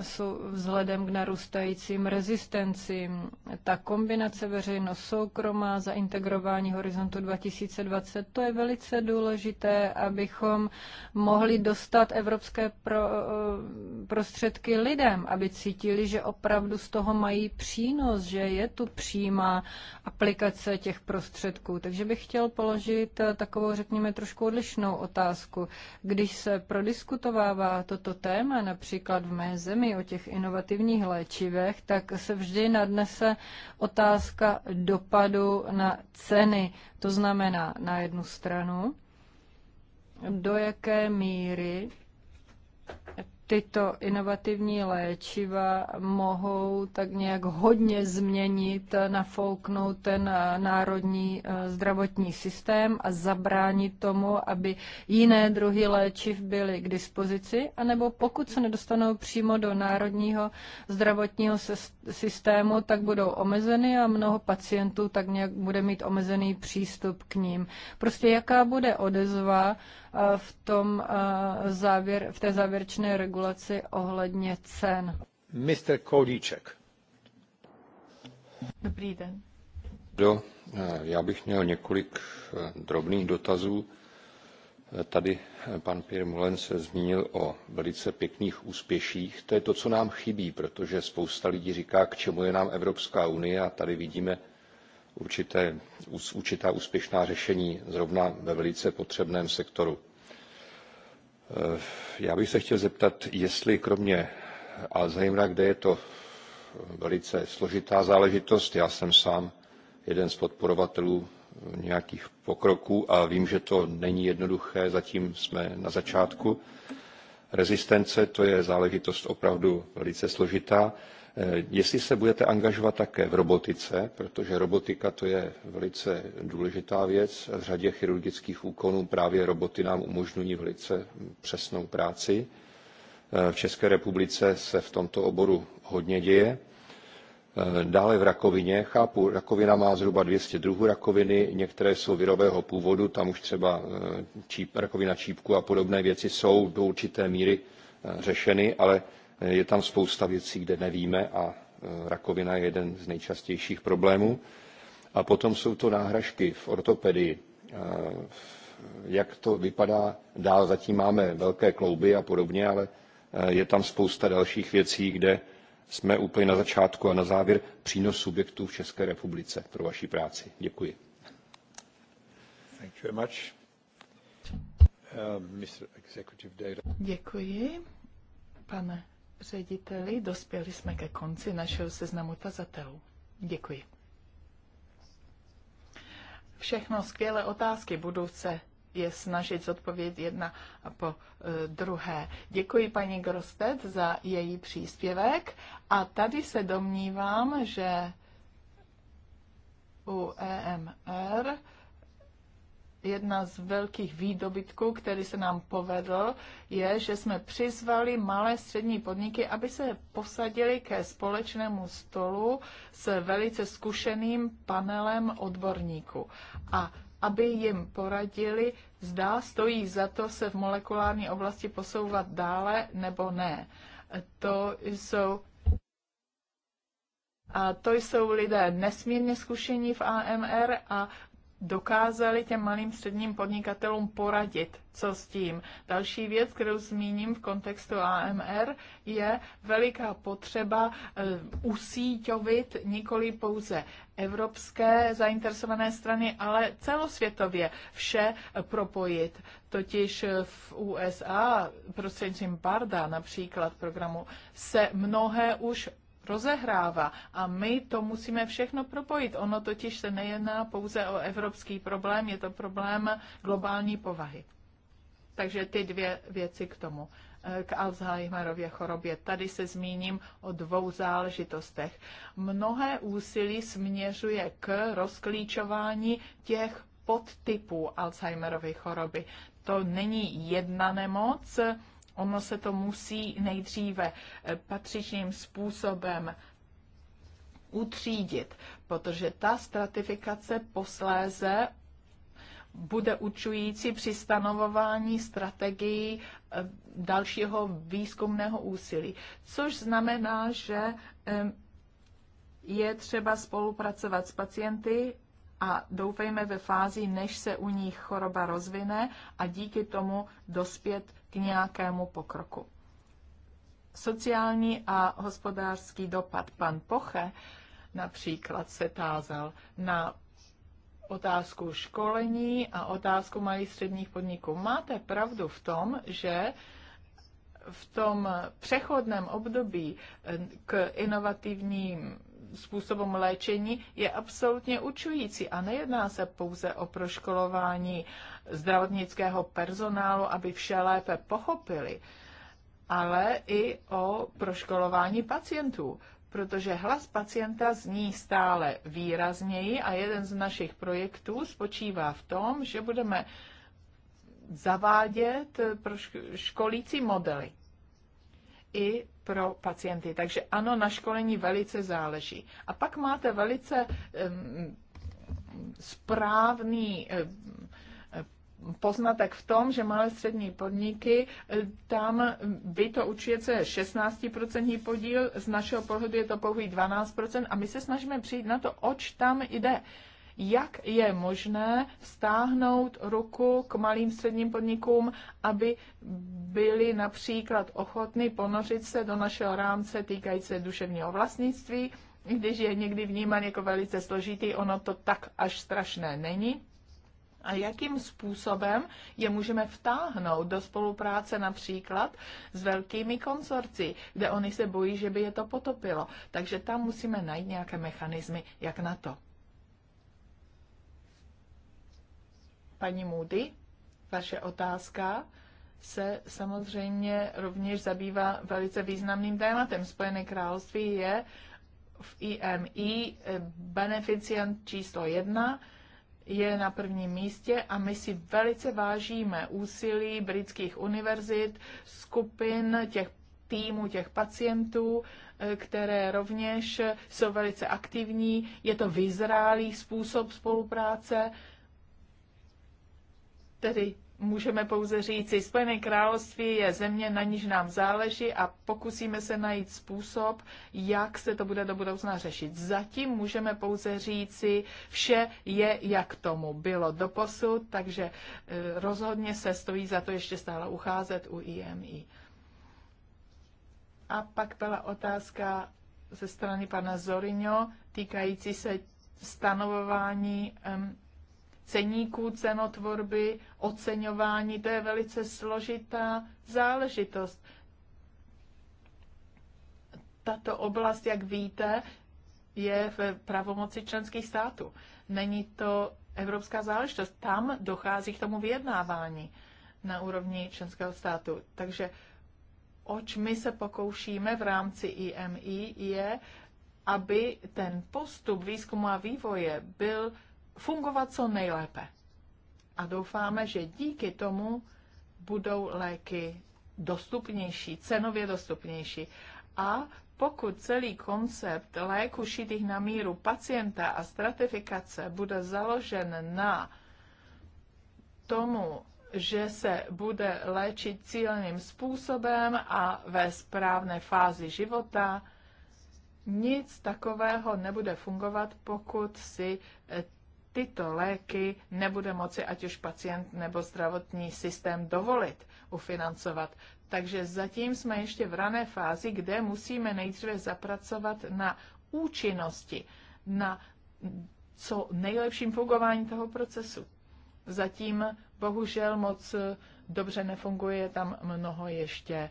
jsou vzhledem k narůstajícím rezistencím. Ta kombinace veřejno-soukromá, zaintegrování horizontu 2020, to je velice důležité, abychom mohli dostat evropské pro, eh, prostředky lidem, aby cítili, že opravdu z toho mají přínos, že je tu přímá aplikace těch prostředků. Takže bych chtěl položit eh, takovou, řekněme, trošku odlišnou otázku. Když se prodiskutovává toto téma, například například v mé zemi o těch inovativních léčivech, tak se vždy nadnese otázka dopadu na ceny. To znamená na jednu stranu, do jaké míry tyto inovativní léčiva mohou tak nějak hodně změnit, nafouknout ten eh, národní eh, zdravotní systém a zabránit tomu, aby jiné druhy léčiv byly k dispozici, anebo pokud se nedostanou přímo do národního zdravotního systému, tak budou omezeny a mnoho pacientů tak nějak bude mít omezený přístup k ním. Prostě jaká bude odezva Eh, v, tom eh, závěr, v té závěrečné regulaci ohledně cen. Mr. Kodíček. Dobrý den. Do, eh, já bych měl několik drobných dotazů. Tady pan Pierre Mullen se zmínil o velice pěkných úspěších. To je to, co nám chybí, protože spousta lidí říká, k čemu je nám Evropská unie a tady vidíme určité, určitá úspěšná řešení zrovna ve velice potřebném sektoru. Eh, já bych se chtěl zeptat, jestli kromě Alzheimera, kde je to velice složitá záležitost, já jsem sám jeden z podporovatelů nějakých pokroků a vím, že to není jednoduché, zatím jsme na začátku. Rezistence to je záležitost opravdu velice složitá. Eh, jestli se budete angažovat také v robotice, protože robotika to je velice důležitá věc, v řadě chirurgických úkonů právě roboty nám umožňují velice přesnou práci. Eh, v České republice se v tomto oboru hodně děje. Eh, dále v rakovině. Chápu, rakovina má zhruba 200 druhů rakoviny, některé jsou virového původu, tam už třeba číp, rakovina čípku a podobné věci jsou do určité míry řešeny, ale je tam spousta věcí, kde nevíme a e, rakovina je jeden z nejčastějších problémů. A potom jsou to náhražky v ortopedii. E, jak to vypadá dál, zatím máme velké klouby a podobně, ale e, je tam spousta dalších věcí, kde jsme úplně na začátku a na závěr přínos subjektů v České republice pro vaši práci. Děkuji. Uh, Děkuji, pane řediteli, dospěli jsme ke konci našeho seznamu tazatelů. Děkuji. Všechno skvělé otázky budou se je snažit zodpovědět jedna po e, druhé. Děkuji paní Grostet za její příspěvek a tady se domnívám, že u EMR jedna z velkých výdobytků, který se nám povedl, je, že jsme přizvali malé střední podniky, aby se posadili ke společnému stolu s velice zkušeným panelem odborníků a aby jim poradili, zda stojí za to se v molekulární oblasti posouvat dále nebo ne. To jsou a to jsou lidé nesmírně zkušení v AMR a dokázali těm malým středním podnikatelům poradit, co s tím. Další věc, kterou zmíním v kontextu AMR, je veliká potřeba eh, usíťovit nikoli pouze evropské zainteresované strany, ale celosvětově vše eh, propojit. Totiž eh, v USA prostřednictvím BARDA například programu se mnohé už rozehrává. A my to musíme všechno propojit. Ono totiž se nejedná pouze o evropský problém, je to problém globální povahy. Takže ty dvě věci k tomu eh, k Alzheimerově chorobě. Tady se zmíním o dvou záležitostech. Mnohé úsilí směřuje k rozklíčování těch podtypů Alzheimerovy choroby. To není jedna nemoc, Ono se to musí nejdříve eh, patřičným způsobem utřídit, protože ta stratifikace posléze bude učující při stanovování strategií eh, dalšího výzkumného úsilí. Což znamená, že eh, je třeba spolupracovat s pacienty a doufejme ve fázi, než se u nich choroba rozvine a díky tomu dospět nějakému pokroku. Sociální a hospodářský dopad. Pan Poche například se tázal na otázku školení a otázku malých středních podniků. Máte pravdu v tom, že v tom přechodném období eh, k inovativním způsobem léčení je absolutně učující a nejedná se pouze o proškolování zdravotnického personálu, aby vše lépe pochopili, ale i o proškolování pacientů, protože hlas pacienta zní stále výrazněji a jeden z našich projektů spočívá v tom, že budeme zavádět školící modely i pro pacienty. Takže ano, na školení velice záleží. A pak máte velice um, správný um, poznatek v tom, že malé střední podniky, e, tam by to určitě je 16% podíl, z našeho pohledu je to pouhý 12% a my se snažíme přijít na to, oč tam jde jak je možné stáhnout ruku k malým středním podnikům, aby byli například ochotní ponořit se do našeho rámce týkající se duševního vlastnictví, když je někdy vnímán jako velice složitý, ono to tak až strašné není. A jakým způsobem je můžeme vtáhnout do spolupráce například s velkými konzorci, kde oni se bojí, že by je to potopilo. Takže tam musíme najít nějaké mechanismy, jak na to. Paní Moody, vaše otázka se samozřejmě rovněž zabývá velice významným tématem. Spojené království je v IMI beneficient číslo jedna, je na prvním místě a my si velice vážíme úsilí britských univerzit, skupin těch týmu těch pacientů, eh, které rovněž jsou velice aktivní. Je to vyzrálý způsob spolupráce, Tedy můžeme pouze říci, Spojené království je země, na níž nám záleží a pokusíme se najít způsob, jak se to bude do budoucna řešit. Zatím můžeme pouze říci, vše je, jak tomu bylo doposud, takže e, rozhodně se stojí za to ještě stále ucházet u IMI. A pak byla otázka ze strany pana Zorino týkající se stanovování um, ceníků cenotvorby, oceňování, to je velice složitá záležitost. Tato oblast, jak víte, je v pravomoci členských států. Není to evropská záležitost. Tam dochází k tomu vyjednávání na úrovni členského státu. Takže oč my se pokoušíme v rámci IMI je, aby ten postup výzkumu a vývoje byl fungovat co nejlépe. A doufáme, že díky tomu budou léky dostupnější, cenově dostupnější. A pokud celý koncept léku šitých na míru pacienta a stratifikace bude založen na tomu, že se bude léčit cíleným způsobem a ve správné fázi života, nic takového nebude fungovat, pokud si tyto léky nebude moci ať už pacient nebo zdravotní systém dovolit ufinancovat. Takže zatím jsme ještě v rané fázi, kde musíme nejdříve zapracovat na účinnosti, na co nejlepším fungování toho procesu. Zatím bohužel moc dobře nefunguje, tam mnoho ještě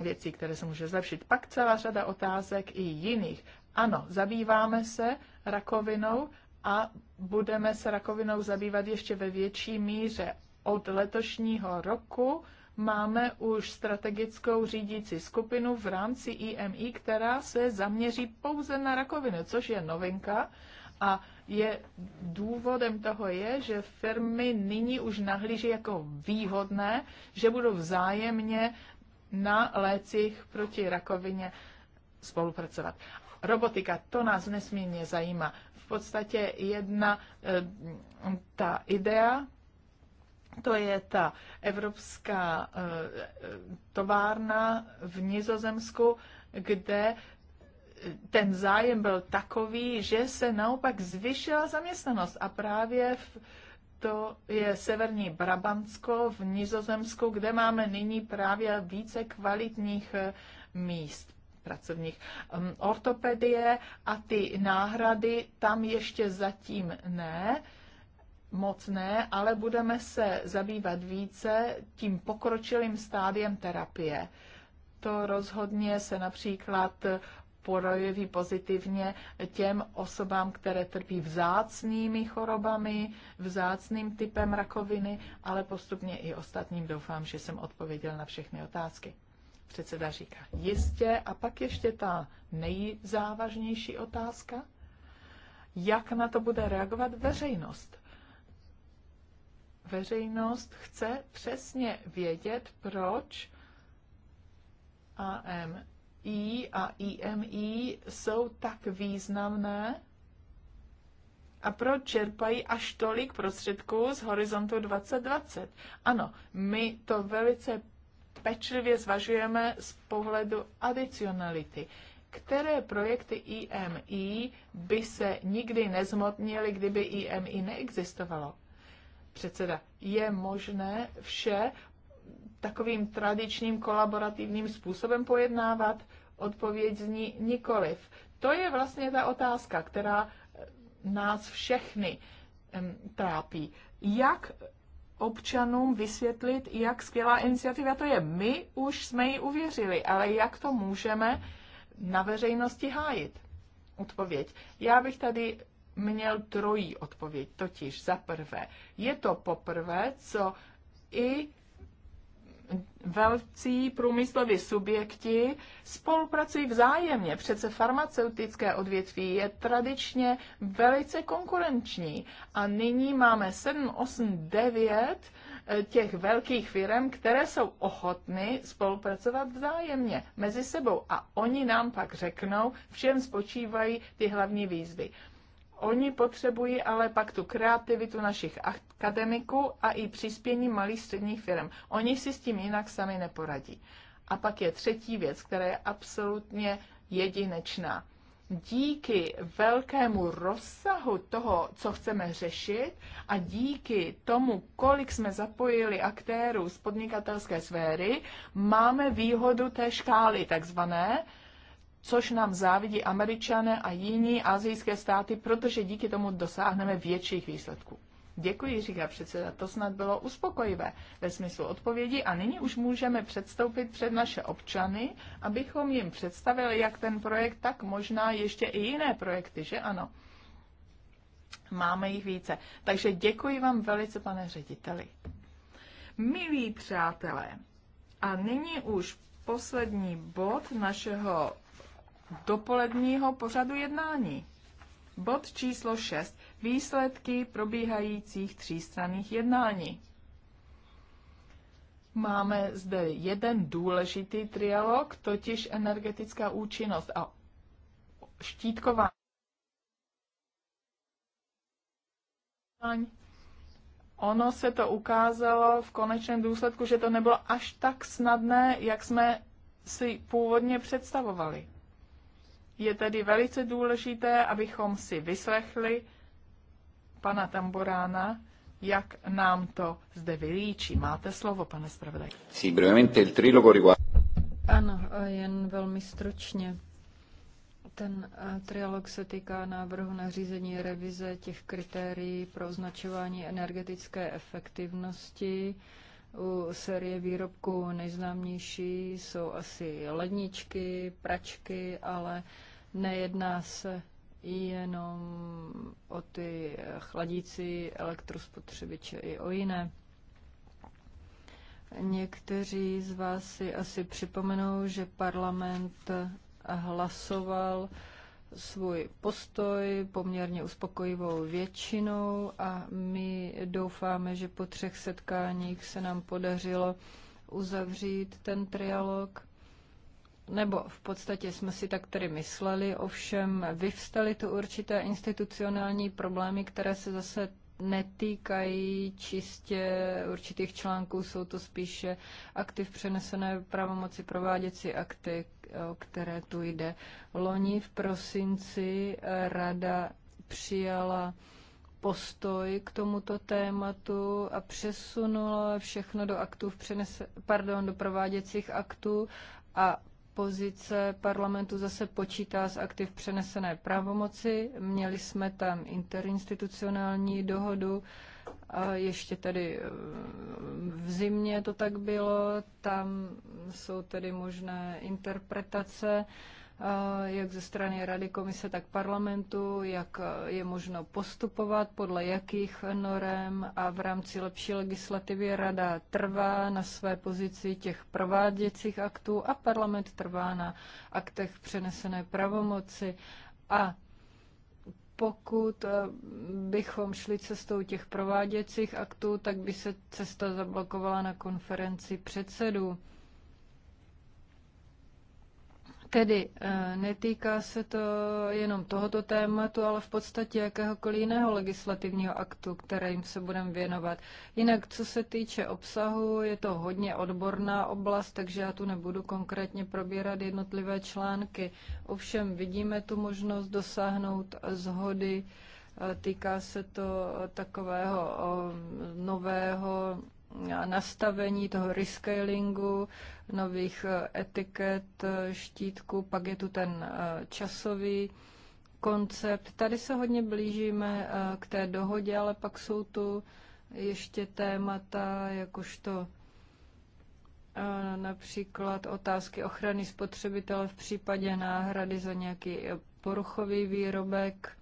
věcí, které se může zlepšit. Pak celá řada otázek i jiných. Ano, zabýváme se rakovinou, a budeme se rakovinou zabývat ještě ve větší míře. Od letošního roku máme už strategickou řídící skupinu v rámci IMI, která se zaměří pouze na rakovinu, což je novinka. A je důvodem toho je, že firmy nyní už nahlíží jako výhodné, že budou vzájemně na lécích proti rakovině spolupracovat. Robotika, to nás nesmírně zajímá v podstatě jedna eh, ta idea, to je ta evropská eh, továrna v Nizozemsku, kde eh, ten zájem byl takový, že se naopak zvyšila zaměstnanost a právě v, to je severní Brabantsko v Nizozemsku, kde máme nyní právě více kvalitních míst pracovních. Um, ortopedie a ty náhrady tam ještě zatím ne, moc ne, ale budeme se zabývat více tím pokročilým stádiem terapie. To rozhodně se například projeví pozitivně těm osobám, které trpí vzácnými chorobami, vzácným typem rakoviny, ale postupně i ostatním doufám, že jsem odpověděl na všechny otázky. Předseda říká, jistě. A pak ještě ta nejzávažnější otázka, jak na to bude reagovat veřejnost. Veřejnost chce přesně vědět, proč AMI a IMI jsou tak významné a proč čerpají až tolik prostředků z horizontu 2020. Ano, my to velice pečlivě zvažujeme z pohledu adicionality. Které projekty IMI by se nikdy nezmotnily, kdyby IMI neexistovalo? Předseda, je možné vše takovým tradičním kolaborativním způsobem pojednávat? Odpověď zní nikoliv. To je vlastně ta otázka, která nás všechny trápí. Jak občanům vysvětlit, jak skvělá iniciativa to je. My už jsme ji uvěřili, ale jak to můžeme na veřejnosti hájit? Odpověď. Já bych tady měl trojí odpověď, totiž za prvé. Je to poprvé, co i velcí průmysloví subjekti spolupracují vzájemně. Přece farmaceutické odvětví je tradičně velice konkurenční a nyní máme 7, 8, 9 těch velkých firm, které jsou ochotny spolupracovat vzájemně mezi sebou a oni nám pak řeknou, v čem spočívají ty hlavní výzvy. Oni potřebují ale pak tu kreativitu našich akademiků a i přispění malých středních firm. Oni si s tím jinak sami neporadí. A pak je třetí věc, která je absolutně jedinečná. Díky velkému rozsahu toho, co chceme řešit a díky tomu, kolik jsme zapojili aktérů z podnikatelské sféry, máme výhodu té škály takzvané, což nám závidí američané a jiní azijské státy, protože díky tomu dosáhneme větších výsledků. Děkuji, říká předseda, to snad bylo uspokojivé ve smyslu odpovědi a nyní už můžeme předstoupit před naše občany, abychom jim představili jak ten projekt, tak možná ještě i jiné projekty, že ano? Máme jich více. Takže děkuji vám velice, pane řediteli. Milí přátelé, a nyní už poslední bod našeho dopoledního pořadu jednání. Bod číslo 6. Výsledky probíhajících třístranných jednání. Máme zde jeden důležitý trialog, totiž energetická účinnost a štítková. Ono se to ukázalo v konečném důsledku, že to nebylo až tak snadné, jak jsme si původně představovali. Je tedy velice důležité, abychom si vyslechli pana Tamborána, jak nám to zde vylíčí. Máte slovo, pane zpravodaj. Ano, jen velmi stručně. Ten eh, trialog se týká návrhu na řízení revize těch kritérií pro označování energetické efektivnosti. U série výrobků nejznámější jsou asi ledničky, pračky, ale Nejedná se jenom o ty chladící elektrospotřebiče i o jiné. Někteří z vás si asi připomenou, že parlament hlasoval svůj postoj poměrně uspokojivou většinou a my doufáme, že po třech setkáních se nám podařilo uzavřít ten trialog nebo v podstatě jsme si tak tedy mysleli, ovšem vyvstaly tu určité institucionální problémy, které se zase netýkají čistě určitých článků, jsou to spíše aktiv přenesené pravomoci prováděcí akty, o které tu jde. Loni v prosinci rada přijala postoj k tomuto tématu a přesunula všechno do aktů v přenese, pardon, do prováděcích aktů a pozice parlamentu zase počítá s aktiv přenesené pravomoci. Měli jsme tam interinstitucionální dohodu, a ještě tedy eh, v zimě to tak bylo, tam jsou tedy možné interpretace Eh, jak ze strany Rady komise, tak parlamentu, jak eh, je možno postupovat, podle jakých norem a v rámci lepší legislativy Rada trvá na své pozici těch prováděcích aktů a parlament trvá na aktech přenesené pravomoci. A pokud eh, bychom šli cestou těch prováděcích aktů, tak by se cesta zablokovala na konferenci předsedů. Tedy eh, netýká se to jenom tohoto tématu, ale v podstatě jakéhokoliv jiného legislativního aktu, kterým se budeme věnovat. Jinak, co se týče obsahu, je to hodně odborná oblast, takže já tu nebudu konkrétně probírat jednotlivé články. Ovšem vidíme tu možnost dosáhnout zhody. Eh, týká se to takového eh, nového nastavení toho rescalingu, nových eh, etiket, eh, štítků, pak je tu ten eh, časový koncept. Tady se hodně blížíme k té dohodě, ale pak jsou tu ještě témata, jakožto například otázky ochrany spotřebitele v případě náhrady za nějaký poruchový výrobek,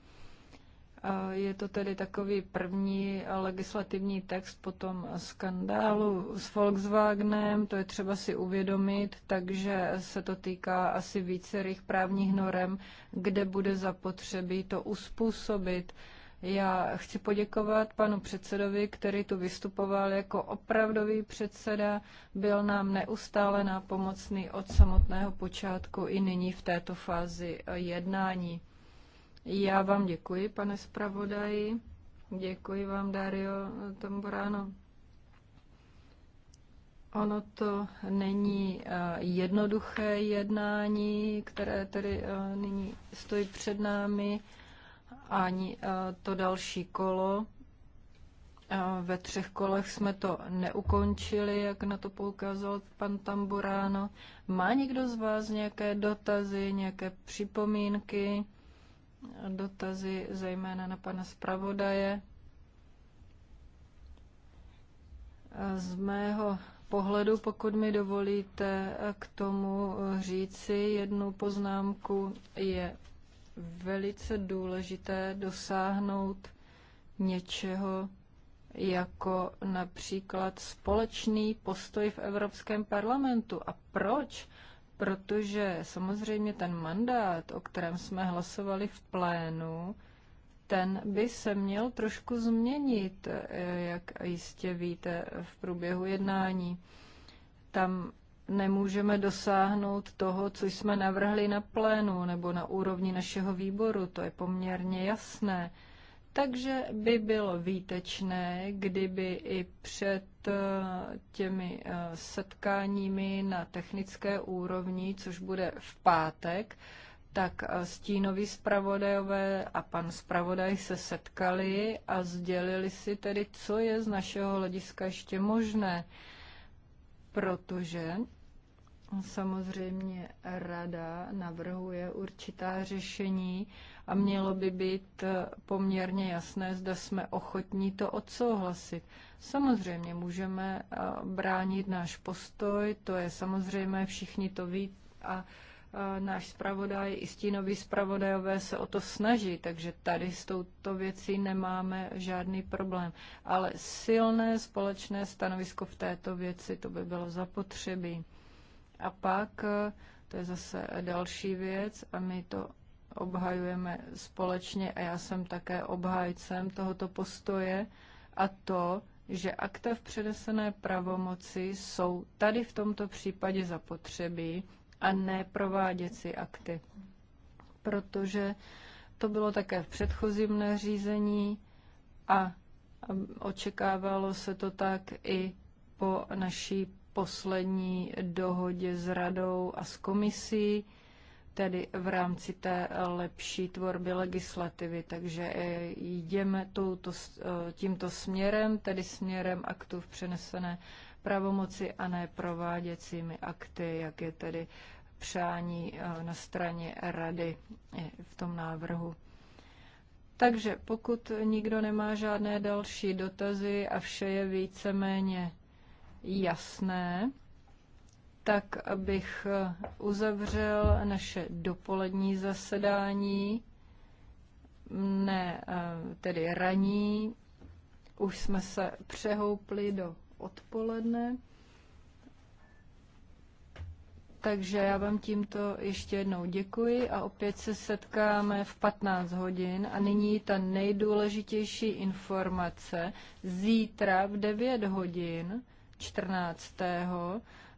je to tedy takový první legislativní text po tom skandálu s Volkswagenem, to je třeba si uvědomit, takže se to týká asi vícerých právních norem, kde bude zapotřebí to uspůsobit. Já chci poděkovat panu předsedovi, který tu vystupoval jako opravdový předseda, byl nám neustále nápomocný od samotného počátku i nyní v této fázi jednání. Já vám děkuji, pane zpravodaji. Děkuji vám, Dario Tamborano. Ono to není eh, jednoduché jednání, které tedy eh, nyní stojí před námi, ani eh, to další kolo. Ve třech kolech jsme to neukončili, jak na to poukázal pan Tamburáno. Má někdo z vás nějaké dotazy, nějaké připomínky? dotazy zejména na pana zpravodaje. Z mého pohledu, pokud mi dovolíte k tomu říci jednu poznámku, je velice důležité dosáhnout něčeho jako například společný postoj v Evropském parlamentu. A proč? protože samozřejmě ten mandát, o kterém jsme hlasovali v plénu, ten by se měl trošku změnit, jak jistě víte, v průběhu jednání. Tam nemůžeme dosáhnout toho, co jsme navrhli na plénu nebo na úrovni našeho výboru, to je poměrně jasné. Takže by bylo výtečné, kdyby i před eh, těmi eh, setkáními na technické úrovni, což bude v pátek, tak eh, stínoví zpravodajové a pan zpravodaj se setkali a sdělili si tedy, co je z našeho hlediska ještě možné, protože samozřejmě rada navrhuje určitá řešení, a mělo by být eh, poměrně jasné, zda jsme ochotní to odsouhlasit. Samozřejmě můžeme eh, bránit náš postoj, to je samozřejmé, všichni to ví a eh, náš zpravodaj i stínoví zpravodajové se o to snaží, takže tady s touto věcí nemáme žádný problém. Ale silné společné stanovisko v této věci, to by bylo zapotřebí. A pak, to je zase další věc, a my to obhajujeme společně a já jsem také obhájcem tohoto postoje a to, že akta v předesené pravomoci jsou tady v tomto případě zapotřebí a ne prováděcí akty. Protože to bylo také v předchozím nařízení a očekávalo se to tak i po naší poslední dohodě s radou a s komisí tedy v rámci té lepší tvorby legislativy. Takže eh, jdeme touto, eh, tímto směrem, tedy směrem aktů v přenesené pravomoci a ne prováděcími akty, jak je tedy přání eh, na straně rady v tom návrhu. Takže pokud nikdo nemá žádné další dotazy a vše je víceméně jasné, tak abych eh, uzavřel naše dopolední zasedání, ne eh, tedy raní, už jsme se přehoupli do odpoledne. Takže já vám tímto ještě jednou děkuji a opět se setkáme v 15 hodin. A nyní ta nejdůležitější informace. Zítra v 9 hodin 14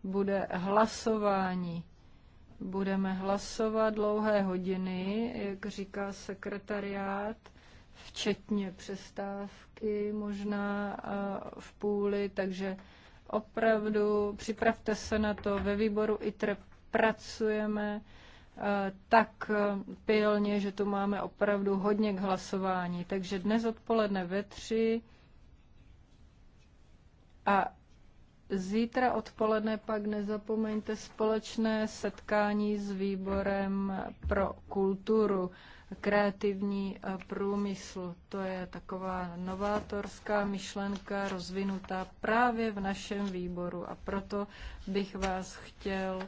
bude hlasování. Budeme hlasovat dlouhé hodiny, jak říká sekretariát, včetně přestávky možná v půli, takže opravdu připravte se na to. Ve výboru ITRE pracujeme tak pilně, že tu máme opravdu hodně k hlasování. Takže dnes odpoledne ve tři a Zítra odpoledne pak nezapomeňte společné setkání s výborem pro kulturu, kreativní eh, průmysl. To je taková novátorská myšlenka rozvinutá právě v našem výboru a proto bych vás chtěl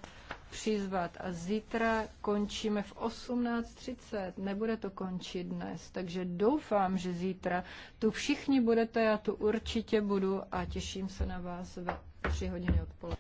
přizvat. A zítra končíme v 18.30, nebude to končit dnes, takže doufám, že zítra tu všichni budete, já tu určitě budu a těším se na vás ve tři hodiny odpoledne.